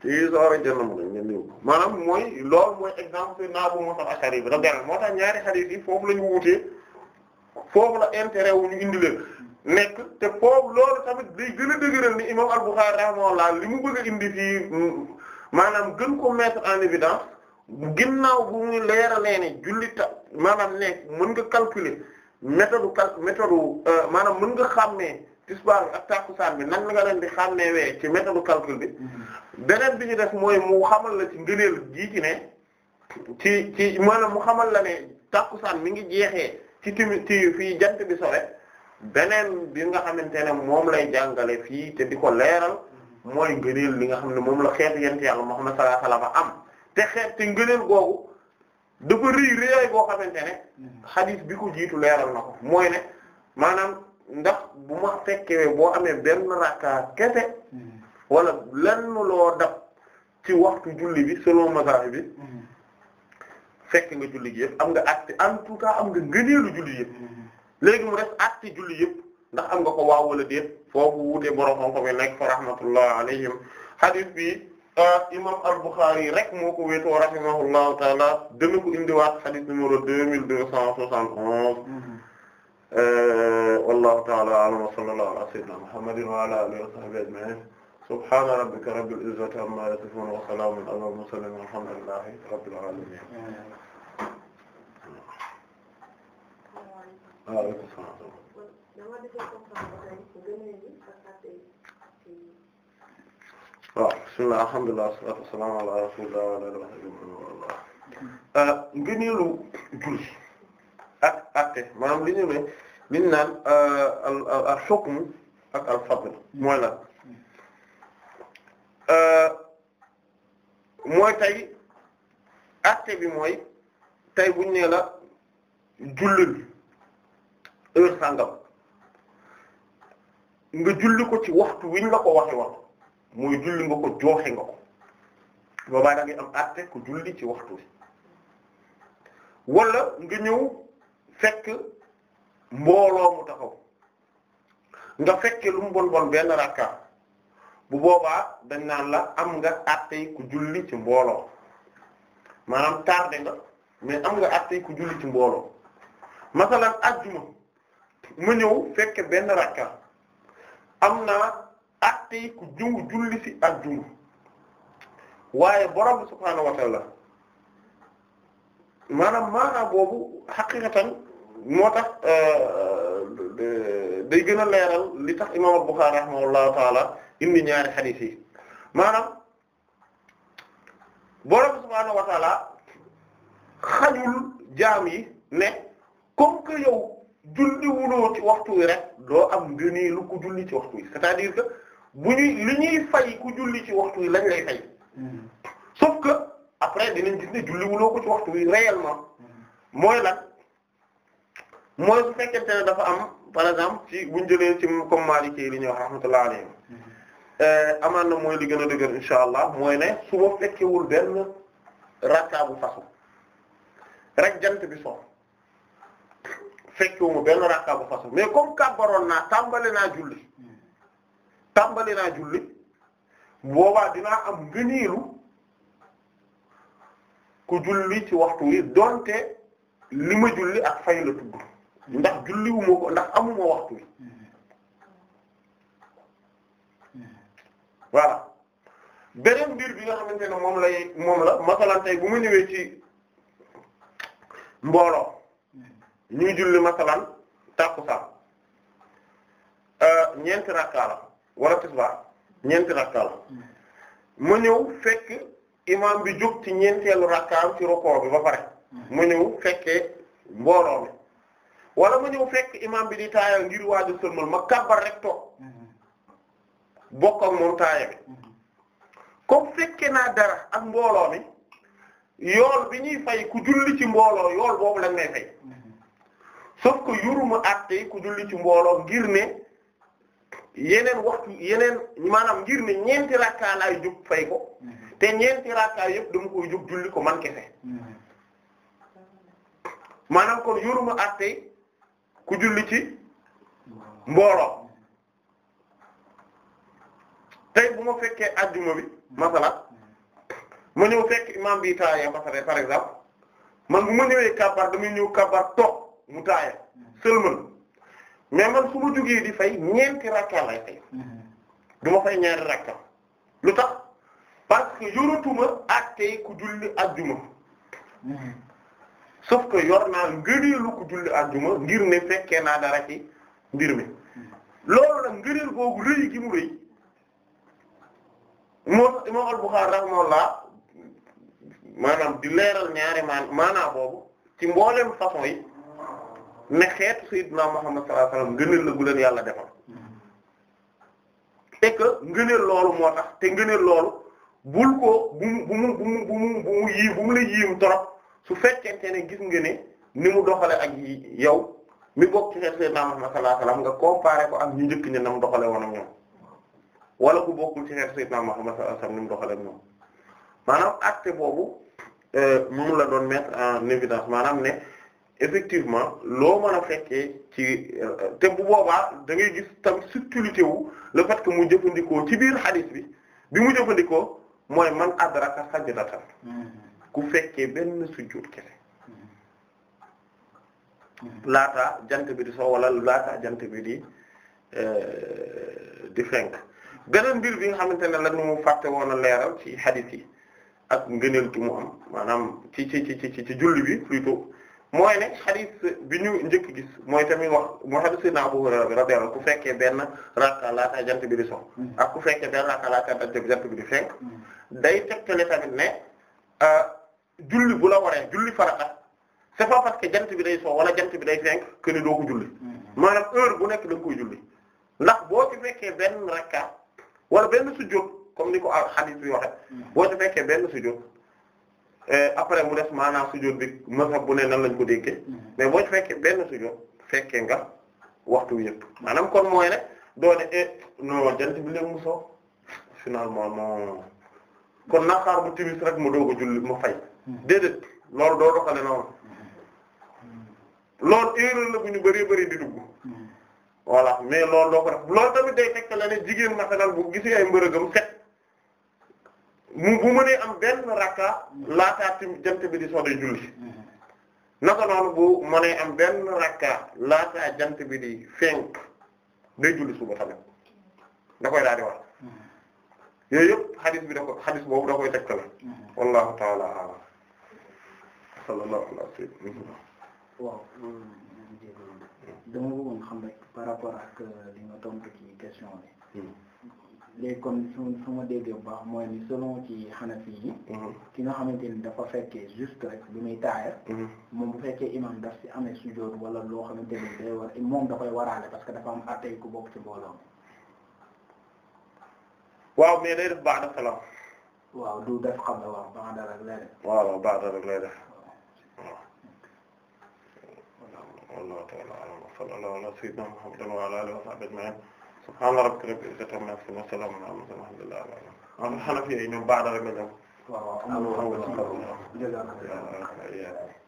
ci soora jànnama dañ leen yóbbu mooy loolu mooy exemple naa bu Muusaa Ashari bi da benn moo tax ñaari xarit yi foofu la ñu wutee foofu la intérêt indi leen nekk te foofu loolu tamit day gën a dëgëral ni imam Al-Bukhârî rahimahullah li mu bëgg a indi fii maanaam gën ko mettre en évidence naaw bu mu leeralee ne julli ta maanaam ne mën nga calculer méthode cal méthode euh, maanaam mën nga xàmmee tisbaar bi ak takkusaan bi nan nga leen di xàmmee wee ci méthode calcul bi mm-hmm. beneen bi ñu def mooy mu xamal la ci ngëneel gii ci ci ci mu xamal la ne mi ngi jeexee ci timi fii jant bi beneen bi nga xamante moom lay jàngale fii te di ko leeral mooy ngëneel li nga xam ne moom la xeetu yent yàlla Muhammad sallallahu alayhi ma am te xeet te ngëneel googu dafa rëy rëyaay boo xamante ne hadith bi ko jiitu leeral na ko mooy ne maanaam ndax bu ma fekkewee boo amee benn rakka kese wala lenn loo dab ci waxtu julli bi selon mazhab bi fekk nga julli gi yëpp am nga atti en am nga ngëneelu julli yëpp mm-hmm. léegi mu def atti julli yëpp ndax am nga ko waaw wala déet foofu wuute borom xam-xam yi nekk fa rahmatullah alayhim hadith bi ah, imam al-Bukhari rek moo ko wéetoo rahimahullahu taala dana ko indiwaat hadith numéro deux mille deux cent soixante onze mm-hmm. eh, wallahu taala a'lam wa sallallahu ala sayyidina muhammadin wa ala alihi wa sahbihi ajma'in subhana rabbika rabbil izzati amma yasifun wa salamun ala al-mursalin walhamdulillahi rabbil alamin waaleykum salaam waaw bismillah alhamdulillah wassalatu wassalamu ala rasulillah wa ala alihi ah, ngëneelu julli ak atte maanaam li ñu ne li ñu naan ah, al hukm ak al fadl mooy lan ah, mooy tey atte bi mooy tey buñ ne la jullil heure sàngam nga julli ko ci waxtu wiñ la ko waxe woon mooy julli nga ko jooxe nga ko boobaa da ngay am àtte ku julli ci waxtu wi wala nga ñëw fekk mbooloo mu taxaw nga fekke lu bon bon benn rakka bu boobaa dañ naan la am nga àtte ku julli ci mbooloo maanaam tardé nga mais am nga àtte ku julli ci mbooloo masalan ajjuma mu ñëw fekke benn rakka am na attey ku jung julli si ak jung waaye borom subhaanahu wa ta'ala maanaam boobu xaqiqatan moo tax euh, day gën a leeral li tax imam al-Bukhari rahimahullahu ta'ala indi ñaari xadiis yi maanaam borom subhaanahu xajul jaam ne comme que yow julli wuloo waxtu wi rek doo am lu ku julli ci waxtu yi c'est-à-dire que bu ñuy li ñuy fay ku julli ci waxtu yi lañ lay fay mm-hmm. sauf que après dinañ gis ne julliwuloo ko ci waxtu yi réellement mm-hmm. mooy lan mooy su fekkente ne dafa am par exemple ci buñ jëlee ci comme Maliki li ñuy wax rahmatullah alayhi mm-hmm. eh, amaan na mooy li gën a dëgër insha allah mooy ne su ma fekkewul benn rakka fasu rek jant bi fekkewu ma benn rakka bu façon mais comme kàbbaroon naa tàmbali naa julli tàmbali julli boobaa dinaa am ngëneelu ku julli ci waxtu wi donte li julli ak fay la tudd ndax julliwuma ko ndax amuma waxtu wi voilà beneen mbir bi nga xamante ne moom lay moom la masalan bu ma ñëwee ci mbooloo ñuy julli masalan tàkkusaan euh, ñeenti rakkaa la wala ñeenti rakkaa ma ñëw fekk imaam bi jóg ci ñeenteelu rakkaam ci rukoo bi ba pare ma ñëw fekkee mbooloo mi wala ma ñëw fekk imaam bi di taayal ngir waaju sëlmal ma kàbbar rek toog bokk ak moom taaya comme fekke naa dara ak mbooloo mi yool bi ñuy fay ku julli ci mbooloo yool boobu lañ may fay sauf que yoruma àtte ku julli ci mbooloo ngir ne yeneen waxtu yeneen maanaam ngir ne ñeenti rakkaa laay jóg fay ko mhm. te ñeenti rakkaa yëpp dama koy jub julli ko man kese mhm. maanaam kon yoruma àtte ku julli ci mbooloo tey bu ma fekkee ajjuma bi mhm. masala ma ñëw fekk imam bi taaya masala par exemple man bu ma ñëwee kabar damay ñëw kabar toog mu taaya sëlmal mais man su ma jugee di fay ñeenti rakka lay fay mm-hmm. du ma fay ñaari rakka lu tax parce que yoratuma àttee ku julli àjjuma mm-hmm. sauf que yor naa ngëneelu ku julli àjjuma ngir ne fekkee naa dara ci mbir mi mm-hmm. loolu nag ngëneel googu rëy gi mu rëy moo tax imam al-Bukhari rahimahullah maanaam di leeral ñaari maan maanaa boobu ci mboolem façon yi ne xeetu sayyidina Muhammad sallallahu alayhi wasallam ngëneel la gu yàlla defal te que ngëneel loolu moo tax te ngëneel loolu bul ko bu mu bu mu bu mu bu mu yii bu mu la yiim torop su fekkente ne gis nga ne ni mu doxale ak yow mi bokk ci xeetu sayyidina Muhammad sallallahu alayhi wasallam nga comparé ko ak ñu njëkk ñi na mu doxale woon ak ñoom ku bokkul ci xeetu sayyidina Muhammad sallallahu alayhi wasallam ni mu doxale ak ñoom maanaam acte boobu euh, moom la doon mettre en évidence maanaam effectivement loo mën a fekkee ci euh, te bu boobaa dangay gis tamit subtilité wu le fait que mu jëfandikoo ci biir xadis bi bi mu jëfandikoo mooy man adraka sajdatan mm-hmm. ku fekkee benn sujjóot kese mm-hmm. laataa jant bi di so wala laataa jant bi di euh, di fenk beneen mbir bi nga xamante ne la nu mu fàtte woon a leeral ci xadis yi ak ngëneel gi mu am maanaam ci ci ci ci ci julli bi plutôt mooy ne xadis bi ñu njëkk gis mooy tamit wax moo xadis Seydina Abu Hurayra bi radiyallahu anhu ku fekkee benn rakka laata jant bi di sox mm. ak ku fekkee benn rakka laata jant bi di fenk mm. day tegtale tamit ne euh, julli bu la waree julli farata c'est pas parce que jant bi day sox wala jant bi day fenk que ni doo ko julli mm. maanaam heure bu nekk da nga koy julli ndax boo ci fekkee benn rakka wala benn sujjóot comme ni ko xadis bi waxe boo ci fekkee benn sujjóot Euh, après mu des maanaa sujjóot bi mazhab bu ne nan lañ ko déggee mm-hmm. mais boo fekkee benn sujjóot fekkee nga waxtu wi yëpp maanaam kon mooy ne doone e eh, non jant bi léegi mu soo finalement moo mm-hmm. déedéet loolu doo doxale noonu mm-hmm. loolu erreur la di dugg voilà mais loolu tamit day fekk la ne jigéen masalan bu gisee ay mbërëgam set mu bu mënee am benn rakka laataa jant bi di soog a julli mm-hmm. naka noonu bu mënee am benn rakka laataa jant bi di fenk day julli suba tamit da koy daal di wax mm-hmm. yooyu bi da ko hadith boobu da koy tegtal mm-hmm. wallahu ta'ala a'lam sallallahu alayhi wa sallam waaw dama bëggoon xam rek par rapport ak euh, li nga tontu ci question bi léegi kon su su ma déggee bu baax mooy ni selon ci xanafi mhm. ki nga xamante ni dafa fekkee juste rek lu muy taaya mhm. moom bu fekkee imam daf si amee sujood wala loo xamante ni day war moom da koy waraale parce que dafa am attey ku bokk ci mbooloo waaw mais day def waaw du def xam waaw baax da rek lay def waaw waaw wallahu ta'ala a'lam wa sallallahu ala sayyidina Muhammadin wa ala alihi wa subhaana rabbika rabbil izzati amma yasifuun wa salaamun alal mursaliin walhamdulillahi rabbil aalamiin xanaa fi ñoom baada rek la ñu am. waaw waaw